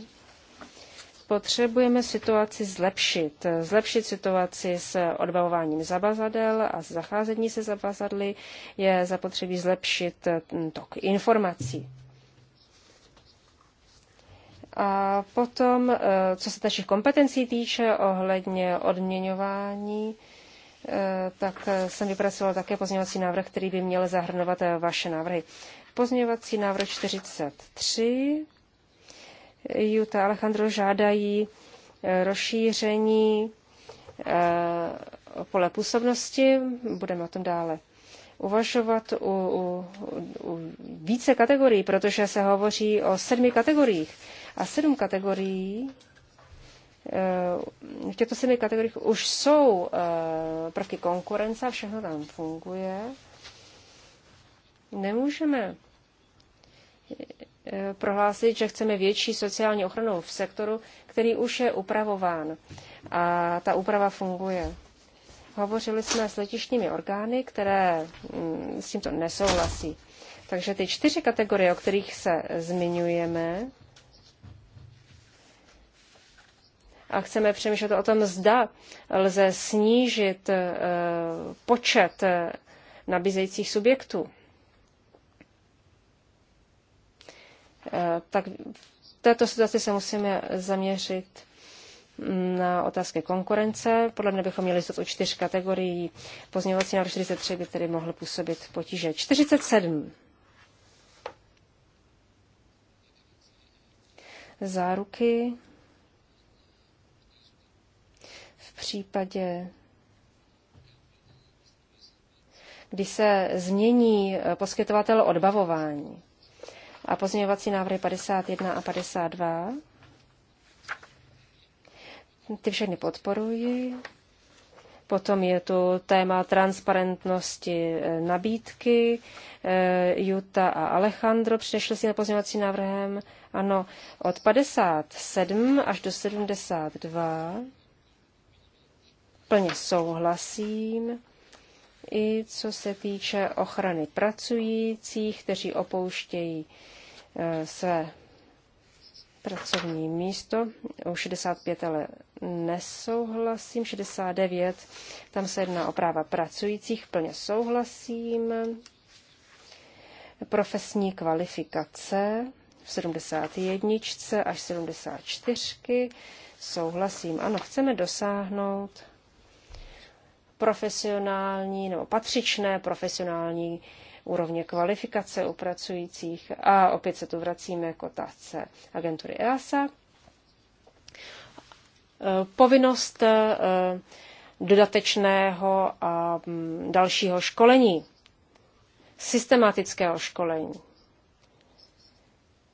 potřebujeme situaci zlepšit. Zlepšit situaci s odbavováním zavazadel a zacházení se zavazadly je zapotřebí zlepšit mm, tok informací. A potom, e, co se našich kompetencí týče ohledně odměňování, e, tak jsem vypracovala také pozměňovací návrh, který by měl zahrnovat e, vaše návrhy. Pozměňovací návrh 43 Juta Alejandro žádají eh, rozšíření eh, pole působnosti. Budeme o tom dále uvažovat u, u, u více kategorií, protože se hovoří o sedmi kategoriích. A sedm kategorií, eh, v těchto sedmi kategoriích už jsou prvky konkurence a všechno tam funguje. Nemůžeme Eh, prohlásit, že chceme větší sociální ochranu v sektoru, který už je upravován a ta úprava funguje. Hovořili jsme s letištními orgány, které mm, s tímto nesouhlasí. Takže ty čtyři kategorie, o kterých se zmiňujeme, a chceme přemýšlet o tom, zda lze snížit eh, počet eh, nabízejících subjektů. Eh, tak v této situaci se musíme zaměřit na otázky konkurence. Podle mě bychom měli jistotu čtyř kategorií. Pozměňovací návrh 43 by tedy mohl působit potíže. 47. Záruky v případě kdy se změní eh, poskytovatel odbavování a pozměňovací návrhy 51 a 52. Ty všechny podporuji. Potom je tu téma transparentnosti eh, nabídky. Eh, Juta a Alejandro přišli si na pozměňovací návrhem. Ano, od 57 až do 72 plně souhlasím i co se týče ochrany pracujících, kteří opouštějí e, své pracovní místo. U 65 ale nesouhlasím. 69, tam se jedná o práva pracujících, plně souhlasím. Profesní kvalifikace v 71 až 74 souhlasím. Ano, chceme dosáhnout profesionální nebo patřičné profesionální úrovně kvalifikace u pracujících. A opět se tu vracíme k otázce agentury EASA. Povinnost eh, dodatečného a mm, dalšího školení, systematického školení.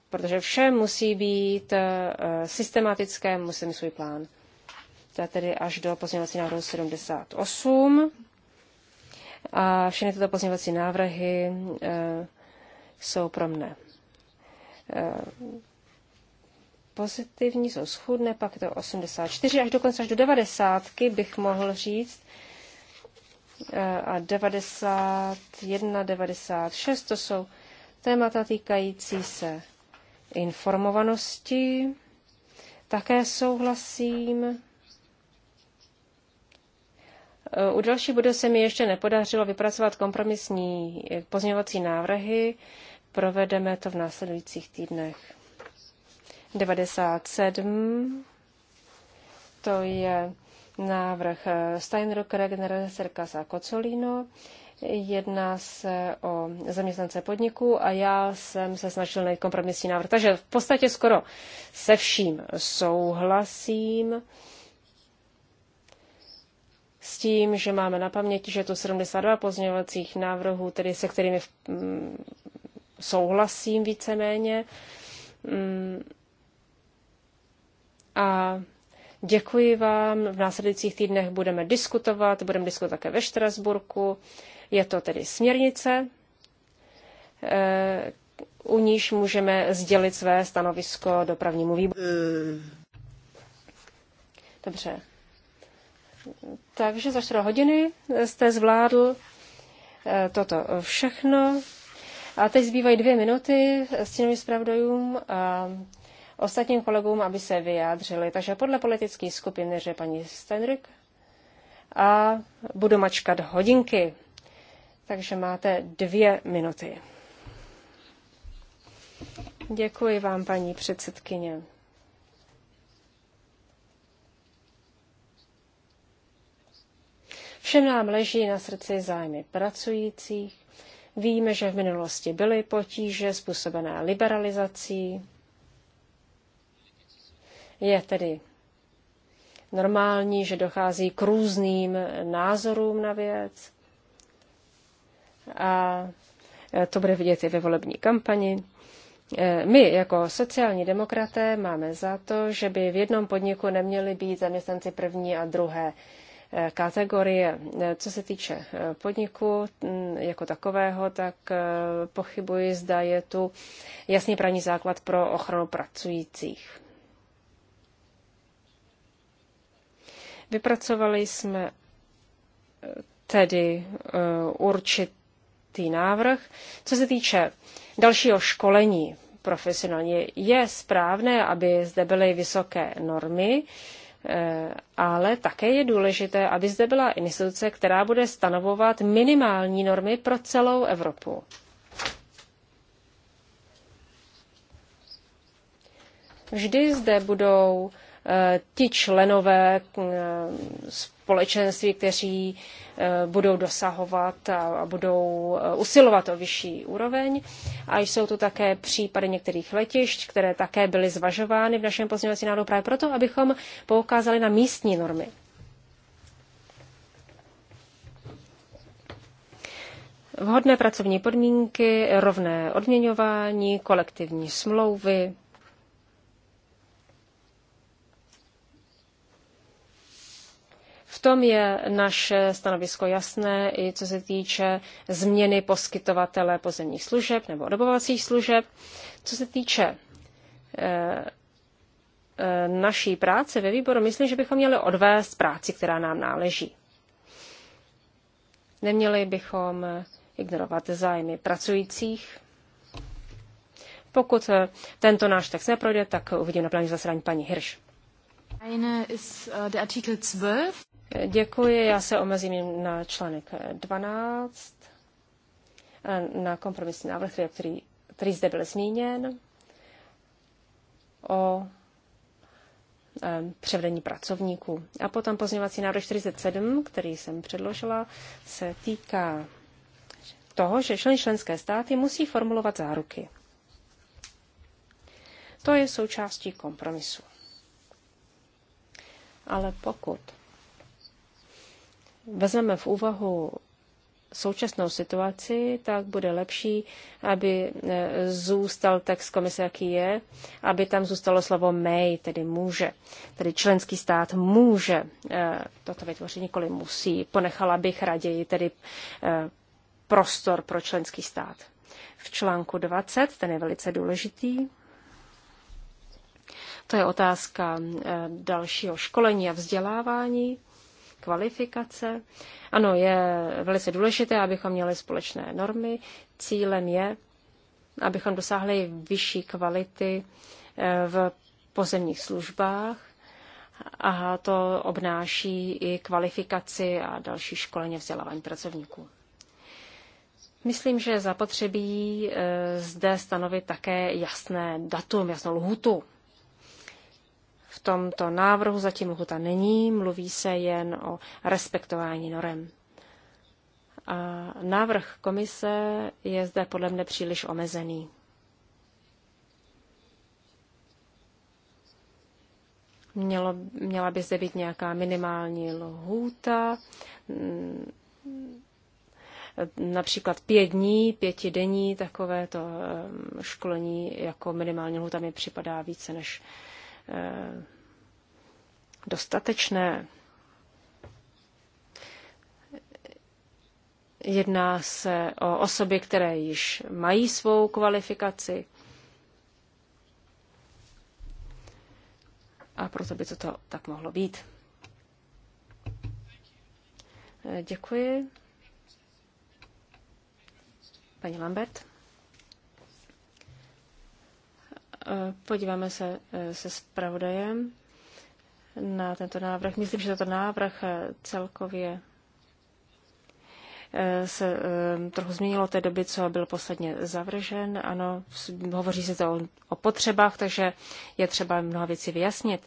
Protože vše musí být eh, systematické, musím svůj plán to je tedy až do pozměňovací návrhu 78. A všechny tyto pozměňovací návrhy e, jsou pro mne e, pozitivní, jsou schudné, pak to 84 až dokonce až do 90 bych mohl říct. E, a 91, 96 to jsou témata týkající se informovanosti. Také souhlasím Eh, u další bodu se mi ještě nepodařilo vypracovat kompromisní eh, pozměňovací návrhy. Provedeme to v následujících týdnech. 97. To je návrh eh, Steinrock, Regner, Serkas a Kocolino. Jedná se o zaměstnance podniku a já jsem se snažil najít kompromisní návrh. Takže v podstatě skoro se vším souhlasím s tím, že máme na paměti, že je to 72 pozměňovacích návrhů, tedy se kterými mm, souhlasím víceméně. Mm. A děkuji vám. V následujících týdnech budeme diskutovat, budeme diskutovat také ve Štrasburku. Je to tedy směrnice, eh, u níž můžeme sdělit své stanovisko dopravnímu výboru. Eh. Dobře. Takže za 4 hodiny jste zvládl eh, toto všechno. A teď zbývají dvě minuty S těmi zpravdojům a ostatním kolegům, aby se vyjádřili. Takže podle politických skupin že paní Steinrück a budu mačkat hodinky. Takže máte dvě minuty. Děkuji vám, paní předsedkyně. Všem nám leží na srdci zájmy pracujících. Víme, že v minulosti byly potíže způsobené liberalizací. Je tedy normální, že dochází k různým názorům na věc. A to bude vidět i ve volební kampani. My jako sociální demokraté máme za to, že by v jednom podniku neměli být zaměstnanci první a druhé kategorie. Co se týče eh, podniku mm, jako takového, tak eh, pochybuji, zda je tu jasný právní základ pro ochranu pracujících. Vypracovali jsme eh, tedy určitý návrh. Co se týče dalšího školení profesionálně, je správné, aby zde byly vysoké normy, Eh, ale také je důležité, aby zde byla instituce, která bude stanovovat minimální normy pro celou Evropu. Vždy zde budou eh, ti členové eh, společenství, kteří eh, budou dosahovat a budou eh, usilovat o vyšší úroveň. A jsou tu také případy některých letišť, které také byly zvažovány v našem pozměňovacím návrhu právě proto, abychom poukázali na místní normy. Vhodné pracovní podmínky, rovné odměňování, kolektivní smlouvy, V tom je naše stanovisko jasné, i co se týče změny poskytovatele pozemních služeb nebo dobovacích služeb. Co se týče eh, eh, naší práce ve výboru, myslím, že bychom měli odvést práci, která nám náleží. Neměli bychom ignorovat zájmy pracujících. Pokud eh, tento náš text neprojde, tak uvidím na plánu zasedání paní Hirš. Eine ist der Artikel 12. Děkuji, já se omezím na článek 12, eh, na kompromisní návrh, který, který zde byl zmíněn, o eh, převedení pracovníků. A potom pozměňovací návrh 47, který jsem předložila, se týká toho, že člen členské státy musí formulovat záruky. To je součástí kompromisu. Ale pokud vezmeme v úvahu současnou situaci, tak bude lepší, aby e, zůstal text komise, jaký je, aby tam zůstalo slovo may, tedy může. Tedy členský stát může e, toto vytvořit, nikoli musí. Ponechala bych raději tedy e, prostor pro členský stát. V článku 20, ten je velice důležitý, to je otázka dalšího školení a vzdělávání kvalifikace. Ano, je velice důležité, abychom měli společné normy. Cílem je, abychom dosáhli vyšší kvality eh, v pozemních službách a to obnáší i kvalifikaci a další školení vzdělávání pracovníků. Myslím, že zapotřebí eh, zde stanovit také jasné datum, jasnou lhutu v tomto návrhu zatím lhuta není, mluví se jen o respektování norem. A návrh komise je zde podle mne příliš omezený. Mělo, měla by zde být nějaká minimální lhůta, mm, například pět dní, denní, takové to ehm, školení jako minimální lhůta mi připadá více než Eh, dostatečné. Jedná se o osoby, které již mají svou kvalifikaci a proto by to tak mohlo být. Eh, děkuji. Paní Lambert. Eh, podíváme se eh, se spravodajem na tento návrh. Myslím, že tento návrh eh, celkově se trochu změnilo té doby, co byl posledně zavržen. Ano, hovoří se to o, o potřebách, takže je třeba mnoha věcí vyjasnit.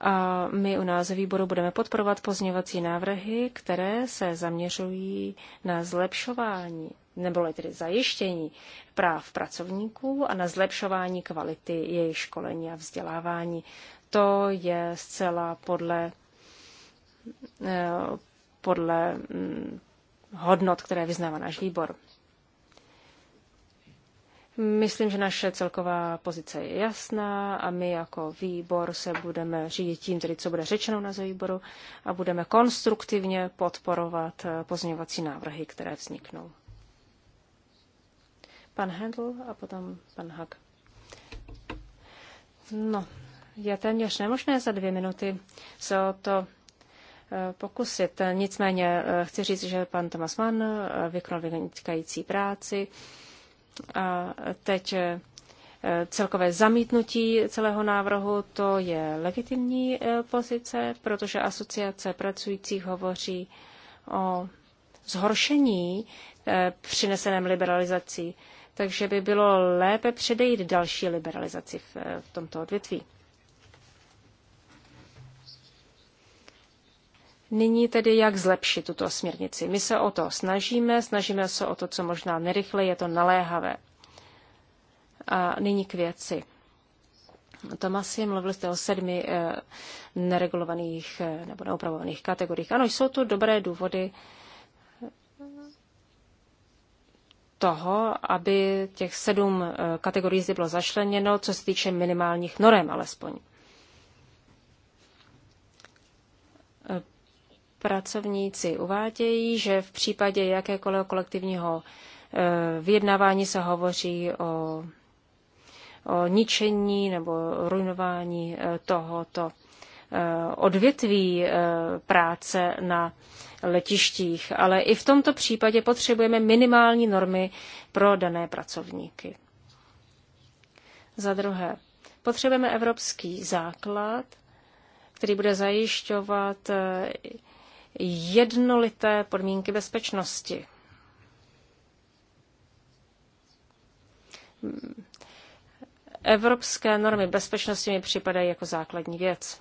A my u nás výboru budeme podporovat pozměňovací návrhy, které se zaměřují na zlepšování nebo tedy zajištění práv pracovníků a na zlepšování kvality jejich školení a vzdělávání. To je zcela podle, eh, podle mm, hodnot, které vyznává náš výbor. Myslím, že naše celková pozice je jasná a my jako výbor se budeme řídit tím, tedy co bude řečeno na výboru a budeme konstruktivně podporovat eh, pozměňovací návrhy, které vzniknou pan Handel a potom pan Hak. No, je téměř nemožné za dvě minuty se o to eh, pokusit. Nicméně eh, chci říct, že pan Thomas Mann eh, vykonal vynikající práci a teď celkové zamítnutí celého návrhu, to je legitimní pozice, protože asociace pracujících hovoří o zhoršení přineseném liberalizací takže by bylo lépe předejít další liberalizaci v, v tomto odvětví. Nyní tedy, jak zlepšit tuto směrnici. My se o to snažíme, snažíme se o to, co možná nerychle, je to naléhavé. A nyní k věci. Tomasi, mluvil jste o sedmi eh, neregulovaných eh, nebo neupravovaných kategoriích. Ano, jsou tu dobré důvody toho, aby těch sedm eh, kategorií bylo zašleněno, co se týče minimálních norem alespoň. Eh, pracovníci uvádějí, že v případě jakékoliv kolektivního eh, vyjednávání se hovoří o, o ničení nebo ruinování tohoto odvětví práce na letištích, ale i v tomto případě potřebujeme minimální normy pro dané pracovníky. Za druhé, potřebujeme evropský základ, který bude zajišťovat eh, jednolité podmínky bezpečnosti. Evropské normy bezpečnosti mi připadají jako základní věc.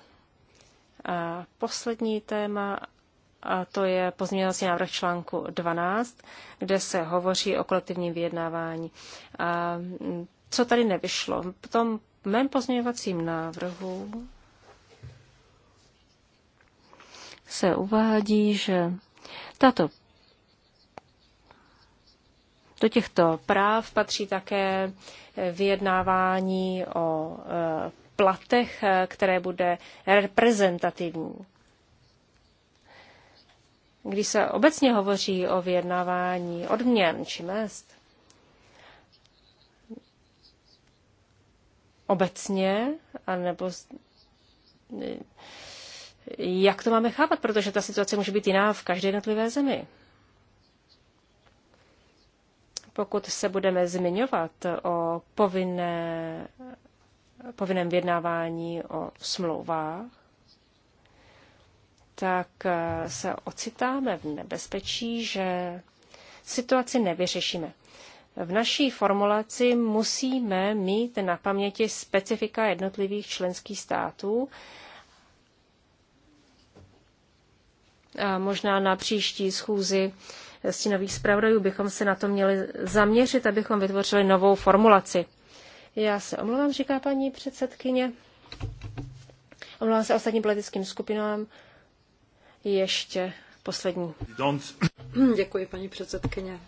A poslední téma a to je pozměňovací návrh článku 12, kde se hovoří o kolektivním vyjednávání. A mm, co tady nevyšlo? V tom mém pozměňovacím návrhu se uvádí, že tato do těchto práv patří také vyjednávání o e, platech, e, které bude reprezentativní. Když se obecně hovoří o vyjednávání odměn či mest, obecně, anebo jak to máme chápat, protože ta situace může být jiná v každé jednotlivé zemi. Pokud se budeme zmiňovat o povinné, povinném vyjednávání o smlouvách, tak eh, se ocitáme v nebezpečí, že situaci nevyřešíme. V naší formulaci musíme mít na paměti specifika jednotlivých členských států. A možná na příští schůzi stínových zpravodajů bychom se na to měli zaměřit, abychom vytvořili novou formulaci. Já se omlouvám, říká paní předsedkyně. Omlouvám se ostatním politickým skupinám ještě poslední. Děkuji, paní předsedkyně.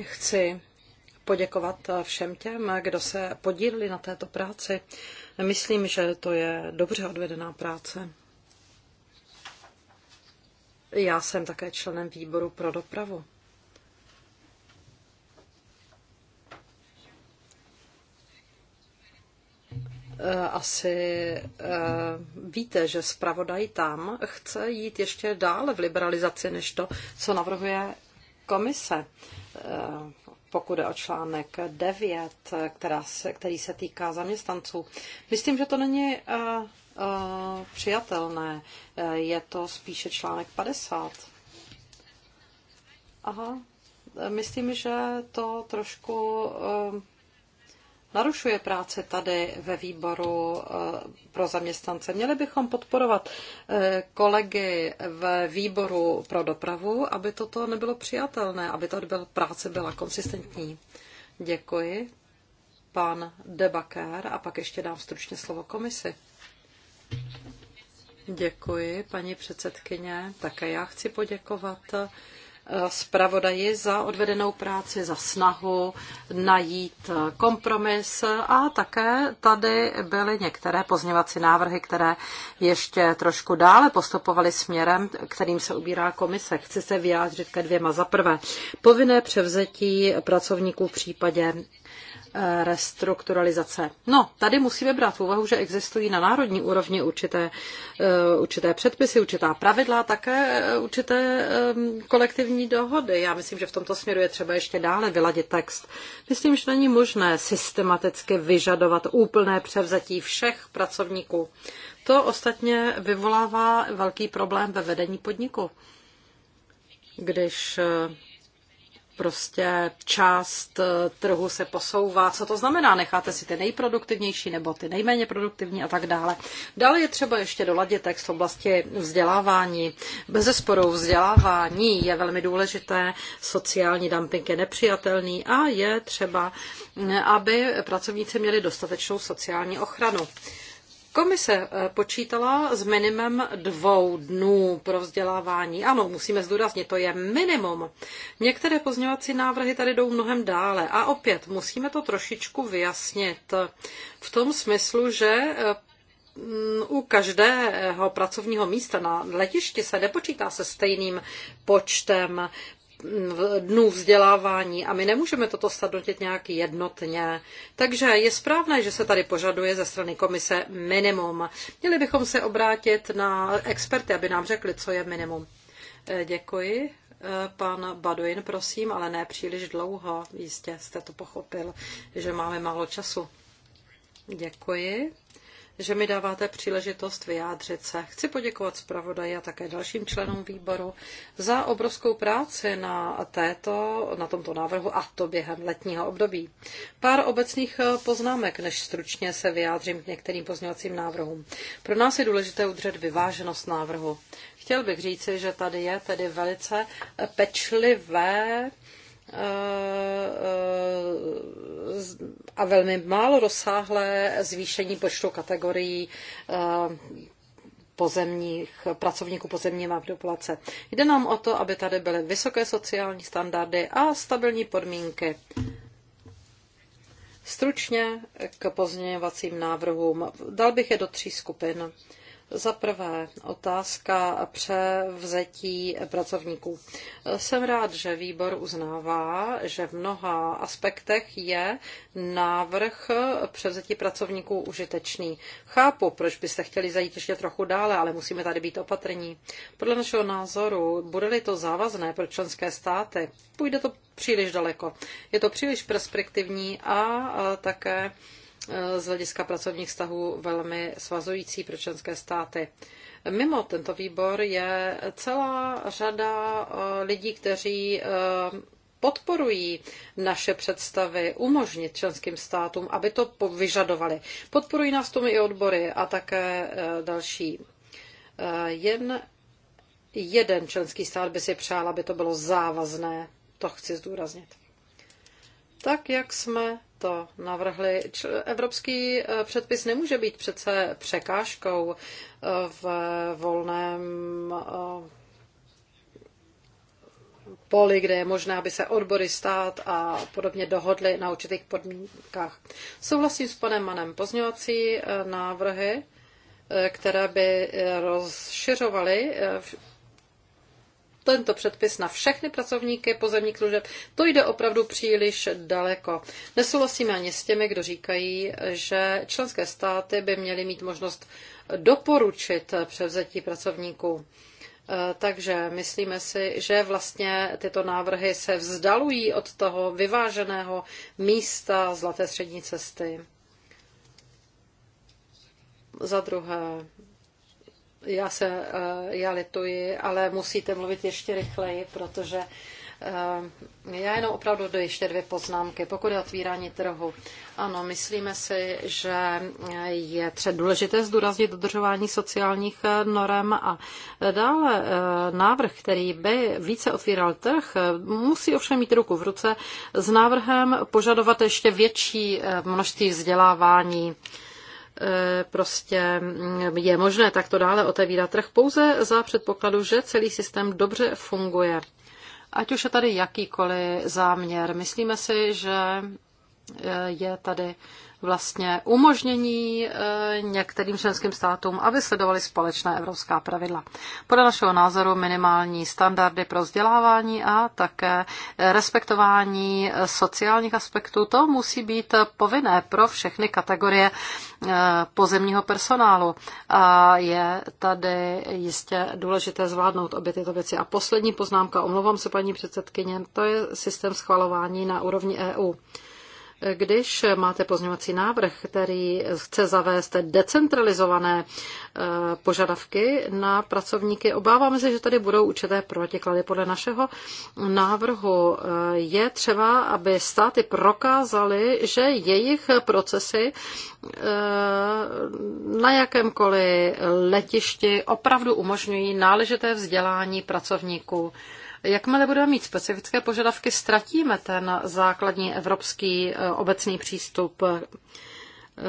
Chci poděkovat všem těm, kdo se podíleli na této práci. Myslím, že to je dobře odvedená práce. Já jsem také členem výboru pro dopravu. Eh, asi eh, víte, že zpravodaj tam chce jít ještě dále v liberalizaci, než to, co navrhuje komise. Eh, pokud je o článek 9, která se, který se týká zaměstnanců, myslím, že to není přijatelné. Je to spíše článek 50. Aha, myslím, že to trošku narušuje práce tady ve výboru eh, pro zaměstnance. Měli bychom podporovat eh, kolegy ve výboru pro dopravu, aby toto nebylo přijatelné, aby tady byla práce byla konsistentní. Děkuji. Pan Debakér a pak ještě dám stručně slovo komisi. Děkuji, paní předsedkyně. Také já chci poděkovat zpravodaji za odvedenou práci, za snahu najít kompromis a také tady byly některé pozněvací návrhy, které ještě trošku dále postupovaly směrem, kterým se ubírá komise. Chci se vyjádřit ke dvěma. Za prvé, povinné převzetí pracovníků v případě restrukturalizace. No, tady musíme brát v úvahu, že existují na národní úrovni určité, eh, určité předpisy, určitá pravidla, také eh, určité ehm, kolektivní dohody. Já myslím, že v tomto směru je třeba ještě dále vyladit text. Myslím, že není možné systematicky vyžadovat úplné převzetí všech pracovníků. To ostatně vyvolává velký problém ve vedení podniku. Když eh, prostě část eh, trhu se posouvá. Co to znamená? Necháte si ty nejproduktivnější nebo ty nejméně produktivní a tak dále. Dále je třeba ještě doladit text v oblasti vzdělávání. Bez zesporu vzdělávání je velmi důležité, sociální dumping je nepřijatelný a je třeba, eh, aby pracovníci měli dostatečnou sociální ochranu. Komise eh, počítala s minimem dvou dnů pro vzdělávání. Ano, musíme zdůraznit, to je minimum. Některé pozměňovací návrhy tady jdou mnohem dále a opět musíme to trošičku vyjasnit v tom smyslu, že eh, u každého pracovního místa na letišti se nepočítá se stejným počtem dnů vzdělávání a my nemůžeme toto stanotit nějak jednotně. Takže je správné, že se tady požaduje ze strany komise minimum. Měli bychom se obrátit na experty, aby nám řekli, co je minimum. Eh, děkuji. Eh, pan Baduin, prosím, ale ne příliš dlouho. Jistě jste to pochopil, že máme málo času. Děkuji že mi dáváte příležitost vyjádřit se. Chci poděkovat zpravodaji a také dalším členům výboru za obrovskou práci na, této, na tomto návrhu a to během letního období. Pár obecných eh, poznámek, než stručně se vyjádřím k některým pozměňovacím návrhům. Pro nás je důležité udržet vyváženost návrhu. Chtěl bych říci, že tady je tedy velice eh, pečlivé a velmi málo rozsáhlé zvýšení počtu kategorií eh, pozemních, pracovníků pozemní populace. Jde nám o to, aby tady byly vysoké sociální standardy a stabilní podmínky. Stručně k pozměňovacím návrhům. Dal bych je do tří skupin. Za prvé, otázka převzetí pracovníků. Jsem rád, že výbor uznává, že v mnoha aspektech je návrh převzetí pracovníků užitečný. Chápu, proč byste chtěli zajít ještě trochu dále, ale musíme tady být opatrní. Podle našeho názoru, bude-li to závazné pro členské státy, půjde to příliš daleko. Je to příliš perspektivní a také z hlediska pracovních vztahů velmi svazující pro členské státy. Mimo tento výbor je celá řada eh, lidí, kteří eh, podporují naše představy umožnit členským státům, aby to vyžadovali. Podporují nás tomu i odbory a také eh, další. Jen jeden členský stát by si přál, aby to bylo závazné. To chci zdůraznit tak jak jsme to navrhli. Evropský eh, předpis nemůže být přece překážkou eh, v volném eh, poli, kde je možné, aby se odbory stát a podobně dohodly na určitých podmínkách. Souhlasím s panem Manem pozňovací návrhy, které by rozšiřovaly tento předpis na všechny pracovníky pozemních služeb, to jde opravdu příliš daleko. Nesouhlasíme ani s těmi, kdo říkají, že členské státy by měly mít možnost doporučit převzetí pracovníků. Eh, takže myslíme si, že vlastně tyto návrhy se vzdalují od toho vyváženého místa zlaté střední cesty. Za druhé, já se, eh, já lituji, ale musíte mluvit ještě rychleji, protože eh, já jenom opravdu do ještě dvě poznámky. Pokud je otvírání trhu, ano, myslíme si, že je třeba důležité zdůraznit dodržování sociálních eh, norem a dále návrh, který by více otvíral trh, musí ovšem mít ruku v ruce s návrhem požadovat ještě větší množství vzdělávání Eh, prostě mm, je možné takto dále otevírat trh pouze za předpokladu, že celý systém dobře funguje. Ať už je tady jakýkoliv záměr, myslíme si, že eh, je tady vlastně umožnění eh, některým členským státům, aby sledovali společná evropská pravidla. Podle našeho názoru minimální standardy pro vzdělávání a také respektování sociálních aspektů, to musí být povinné pro všechny kategorie eh, pozemního personálu. A je tady jistě důležité zvládnout obě tyto věci. A poslední poznámka, omlouvám se paní předsedkyně, to je systém schvalování na úrovni EU. Když máte pozměňovací návrh, který chce zavést decentralizované eh, požadavky na pracovníky, obáváme se, že tady budou určité protiklady. Podle našeho návrhu eh, je třeba, aby státy prokázaly, že jejich procesy eh, na jakémkoliv letišti opravdu umožňují náležité vzdělání pracovníků. Jakmile budeme mít specifické požadavky, ztratíme ten základní evropský eh, obecný přístup. Eh,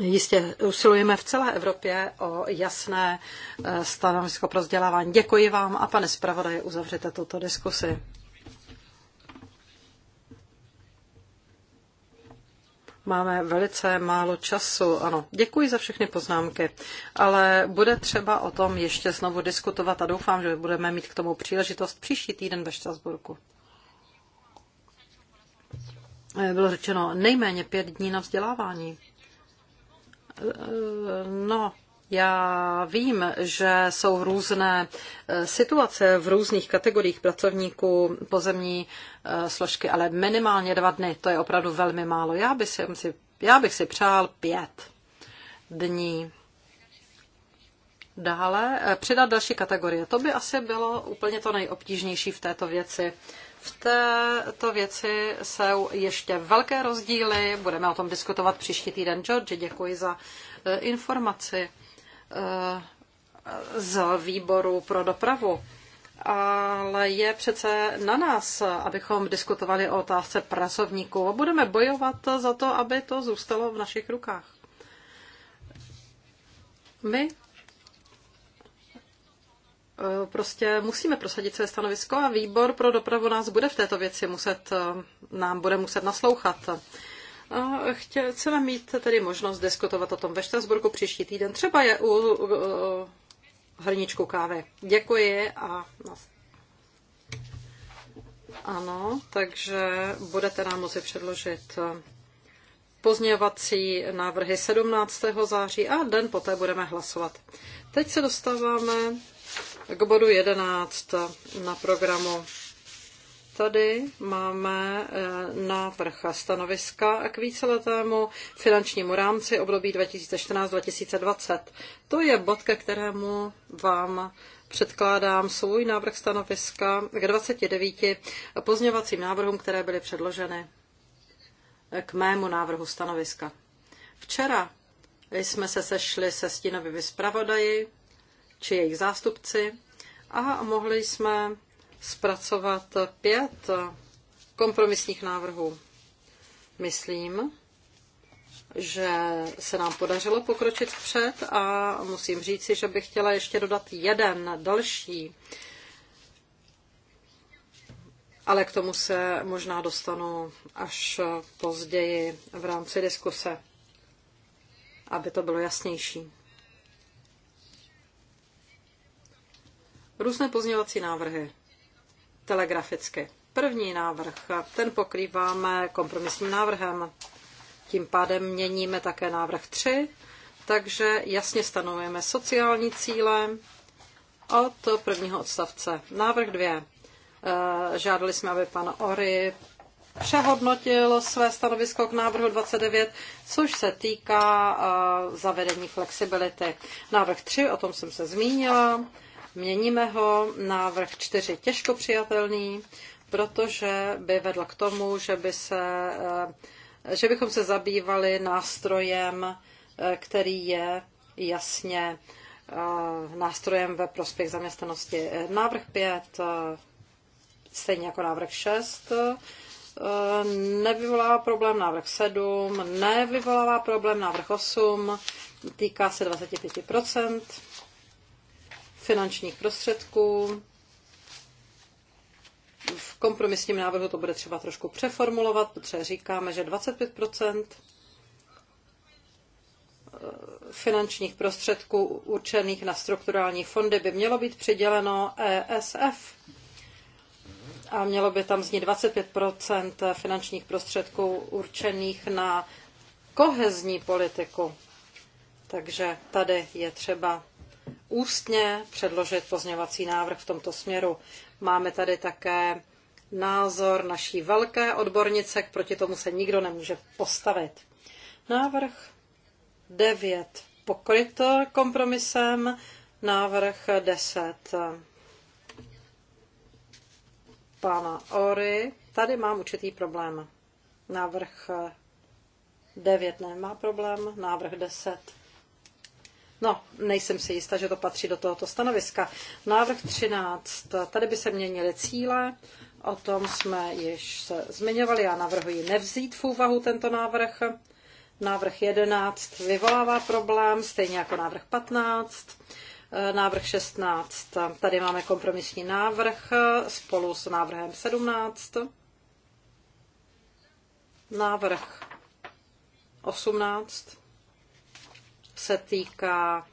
jistě usilujeme v celé Evropě o jasné eh, stanovisko pro vzdělávání. Děkuji vám a pane zpravodaji, uzavřete tuto diskusi. Máme velice málo času, ano. Děkuji za všechny poznámky, ale bude třeba o tom ještě znovu diskutovat a doufám, že budeme mít k tomu příležitost příští týden ve Štrasburku. Eh, bylo řečeno nejméně pět dní na vzdělávání. Eh, no, já vím, že jsou různé eh, situace v různých kategoriích pracovníků pozemní eh, složky, ale minimálně dva dny, to je opravdu velmi málo. Já bych si, já bych si přál pět dní. Dále eh, přidat další kategorie. To by asi bylo úplně to nejobtížnější v této věci. V této věci jsou ještě velké rozdíly. Budeme o tom diskutovat příští týden. George, děkuji za informaci z výboru pro dopravu, ale je přece na nás, abychom diskutovali o otázce pracovníků. Budeme bojovat za to, aby to zůstalo v našich rukách. My eh, prostě musíme prosadit své stanovisko a výbor pro dopravu nás bude v této věci muset, eh, nám bude muset naslouchat. A chtěl, chceme mít tedy možnost diskutovat o tom ve Štrasburku příští týden. Třeba je u, u, u hrničku kávy. Děkuji a ano, takže budete nám moci předložit eh, pozměňovací návrhy 17. září a den poté budeme hlasovat. Teď se dostáváme k bodu 11 na programu Tady máme eh, návrh stanoviska k víceletému finančnímu rámci období 2014-2020. To je bod, ke kterému vám předkládám svůj návrh stanoviska k 29 pozměvacím návrhům, které byly předloženy eh, k mému návrhu stanoviska. Včera jsme se sešli se stínovými zpravodaji či jejich zástupci a mohli jsme zpracovat pět kompromisních návrhů. Myslím, že se nám podařilo pokročit vpřed a musím říci, že bych chtěla ještě dodat jeden další. Ale k tomu se možná dostanu až později v rámci diskuse, aby to bylo jasnější. Různé pozměvací návrhy telegraficky. První návrh, ten pokrýváme kompromisním návrhem. Tím pádem měníme také návrh 3, takže jasně stanovujeme sociální cíle od prvního odstavce. Návrh 2. Eh, žádali jsme, aby pan Ory přehodnotil své stanovisko k návrhu 29, což se týká eh, zavedení flexibility. Návrh 3, o tom jsem se zmínila, Měníme ho, na vrch 4 těžko přijatelný, protože by vedl k tomu, že, by se, eh, že bychom se zabývali nástrojem, eh, který je jasně eh, nástrojem ve prospěch zaměstnanosti. Návrh 5, stejně jako návrh 6, nevyvolává problém návrh 7, nevyvolává problém návrh 8, týká se 25 finančních prostředků. V kompromisním návrhu to bude třeba trošku přeformulovat, protože říkáme, že 25 eh, finančních prostředků určených na strukturální fondy by mělo být přiděleno ESF a mělo by tam znít 25 finančních prostředků určených na kohezní politiku. Takže tady je třeba ústně předložit pozměňovací návrh v tomto směru. Máme tady také názor naší velké odbornice, proti tomu se nikdo nemůže postavit. Návrh 9 pokryt kompromisem, návrh 10 pana Ory. Tady mám určitý problém. Návrh 9 nemá problém, návrh 10 No, nejsem si jistá, že to patří do tohoto stanoviska. Návrh 13. Tady by se měnily cíle. O tom jsme již se zmiňovali. Já navrhuji nevzít v úvahu tento návrh. Návrh 11 vyvolává problém, stejně jako návrh 15. Eh, návrh 16. Tady máme kompromisní návrh eh, spolu s návrhem 17. Návrh 18 se týká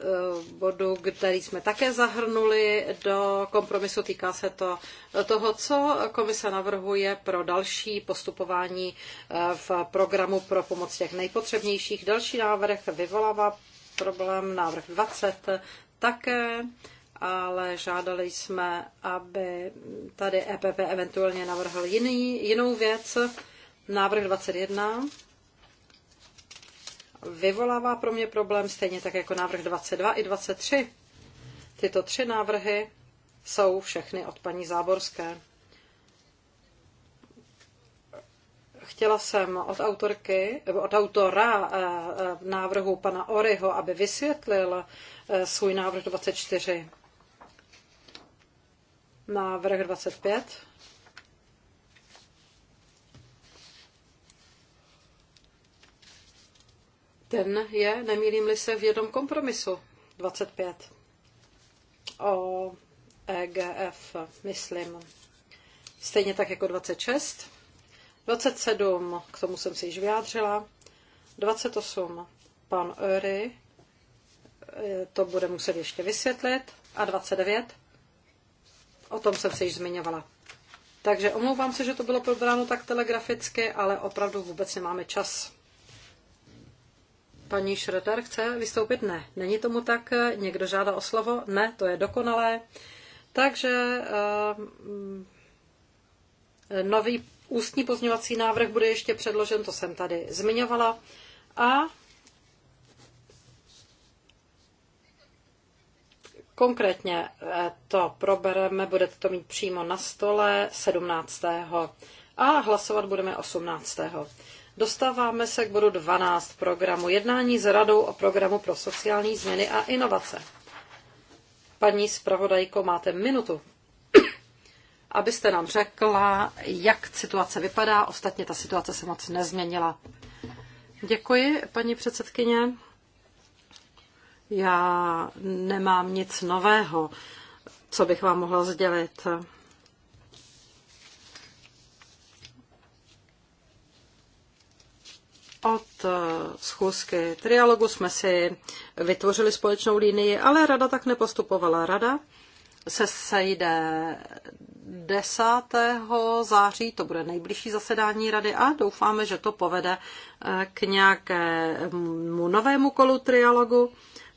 eh, bodu, který jsme také zahrnuli do kompromisu. Týká se to toho, co komise navrhuje pro další postupování eh, v programu pro pomoc těch nejpotřebnějších. Další návrh vyvolává problém, návrh 20 také, ale žádali jsme, aby tady EPP eventuálně navrhl jiný, jinou věc. Návrh 21 vyvolává pro mě problém, stejně tak jako návrh 22 i 23. Tyto tři návrhy jsou všechny od paní Záborské. Chtěla jsem od autorky, od autora eh, eh, návrhu pana Oryho, aby vysvětlil eh, svůj návrh 24. Návrh 25 Ten je, nemýlím-li se, v jednom kompromisu 25 o EGF, myslím. Stejně tak jako 26. 27, k tomu jsem si již vyjádřila. 28, pan Öry, e, to bude muset ještě vysvětlit. A 29, o tom jsem se již zmiňovala. Takže omlouvám se, že to bylo probráno tak telegraficky, ale opravdu vůbec nemáme čas. Paní Schröter chce vystoupit? Ne. Není tomu tak? Někdo žádá o slovo? Ne, to je dokonalé. Takže eh, mm, nový ústní pozměňovací návrh bude ještě předložen, to jsem tady zmiňovala. A Konkrétně eh, to probereme, budete to mít přímo na stole 17. a hlasovat budeme 18. Dostáváme se k bodu 12 programu jednání s radou o programu pro sociální změny a inovace. Paní zpravodajko, máte minutu, abyste nám řekla, jak situace vypadá. Ostatně ta situace se moc nezměnila. Děkuji, paní předsedkyně. Já nemám nic nového, co bych vám mohla sdělit. od eh, schůzky trialogu jsme si vytvořili společnou linii, ale rada tak nepostupovala. Rada se sejde 10. září, to bude nejbližší zasedání rady a doufáme, že to povede eh, k nějakému novému kolu trialogu.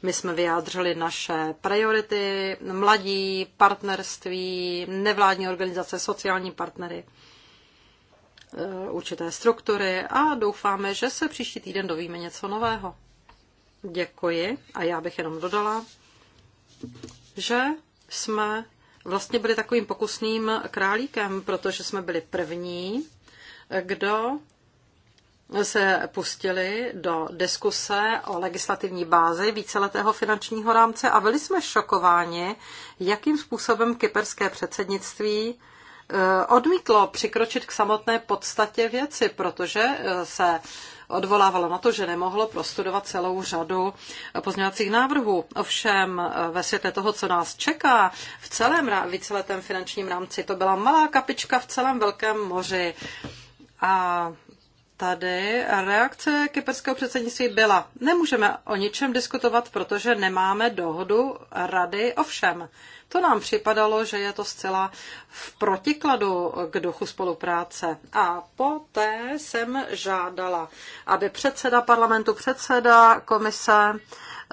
My jsme vyjádřili naše priority, mladí, partnerství, nevládní organizace, sociální partnery. Eh, určité struktury a doufáme, že se příští týden dovíme něco nového. Děkuji a já bych jenom dodala, že jsme vlastně byli takovým pokusným králíkem, protože jsme byli první, kdo se pustili do diskuse o legislativní bázi víceletého finančního rámce a byli jsme šokováni, jakým způsobem kyperské předsednictví Eh, odmítlo přikročit k samotné podstatě věci, protože eh, se odvolávalo na to, že nemohlo prostudovat celou řadu pozměňovacích návrhů. Ovšem eh, ve světle toho, co nás čeká v celém víceletém finančním rámci, to byla malá kapička v celém velkém moři. A tady reakce kyperského předsednictví byla, nemůžeme o ničem diskutovat, protože nemáme dohodu rady o všem. To nám připadalo, že je to zcela v protikladu k duchu spolupráce. A poté jsem žádala, aby předseda parlamentu, předseda komise,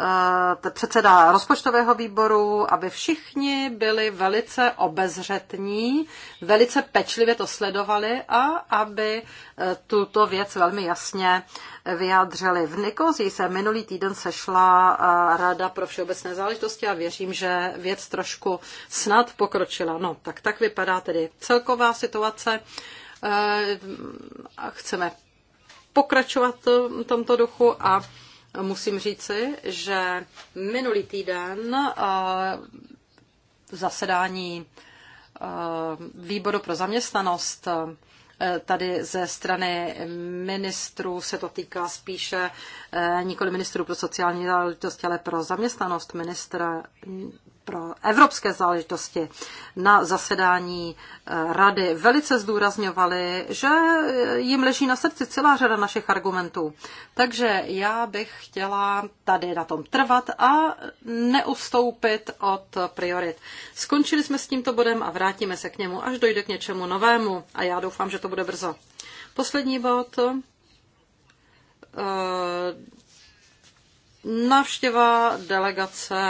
Eh, předseda rozpočtového výboru, aby všichni byli velice obezřetní, velice pečlivě to sledovali a aby eh, tuto věc velmi jasně vyjádřili. V Nikozí se minulý týden sešla eh, Rada pro všeobecné záležitosti a věřím, že věc trošku snad pokročila. No, tak tak vypadá tedy celková situace. Chceme pokračovat v tomto duchu a musím říci, že minulý týden eh, zasedání eh, výboru pro zaměstnanost eh, tady ze strany ministrů se to týká spíše nikoli ministrů pro sociální záležitosti, ale pro zaměstnanost ministra pro evropské záležitosti na zasedání eh, rady velice zdůrazňovali, že eh, jim leží na srdci celá řada našich argumentů. Takže já bych chtěla tady na tom trvat a neustoupit od priorit. Skončili jsme s tímto bodem a vrátíme se k němu, až dojde k něčemu novému. A já doufám, že to bude brzo. Poslední bod eh, Návštěva delegace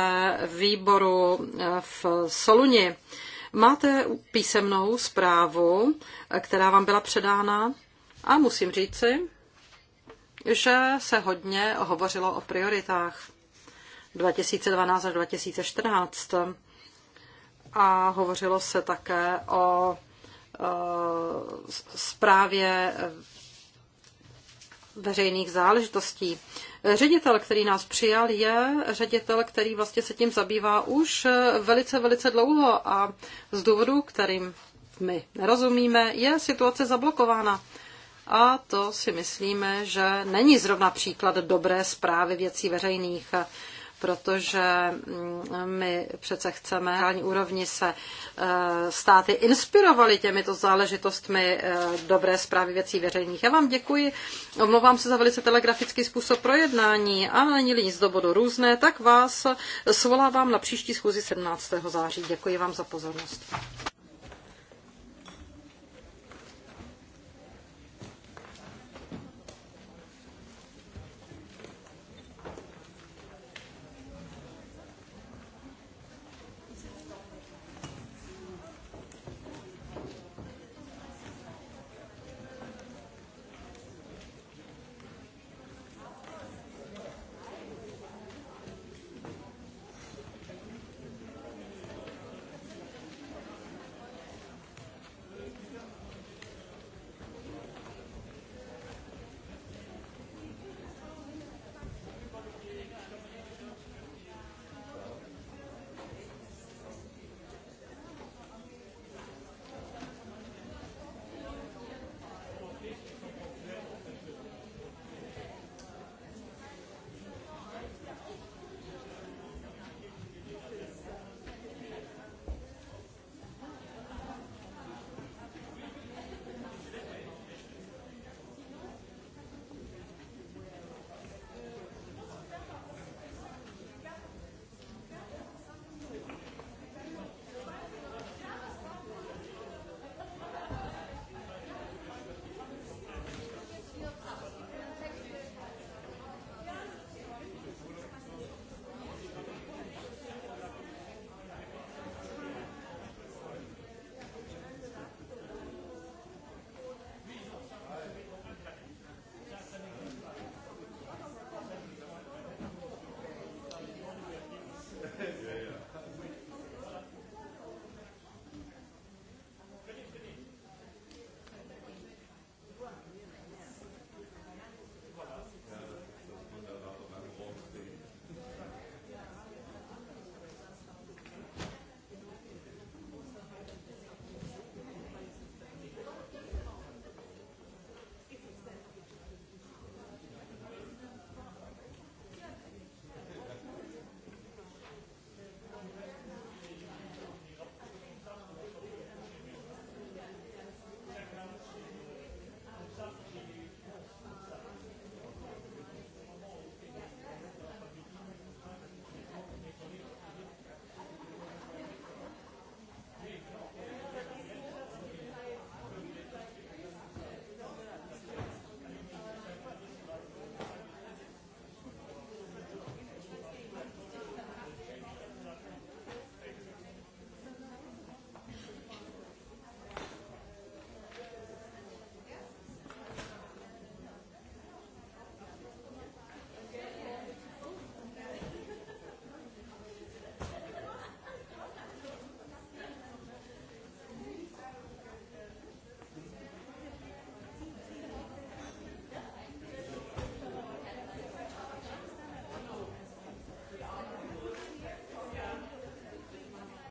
výboru eh, v Soluni. Máte písemnou zprávu, eh, která vám byla předána a musím říci, že se hodně hovořilo o prioritách 2012 až 2014 a hovořilo se také o zprávě eh, veřejných záležitostí. Ředitel, který nás přijal, je ředitel, který vlastně se tím zabývá už velice, velice dlouho a z důvodu, kterým my nerozumíme, je situace zablokována. A to si myslíme, že není zrovna příklad dobré zprávy věcí veřejných protože mm, my přece chceme, na úrovni se eh, státy inspirovaly těmito záležitostmi eh, dobré zprávy věcí veřejných. Já vám děkuji, omlouvám se za velice telegrafický způsob projednání a není-li nic do bodu různé, tak vás svolávám na příští schůzi 17. září. Děkuji vám za pozornost.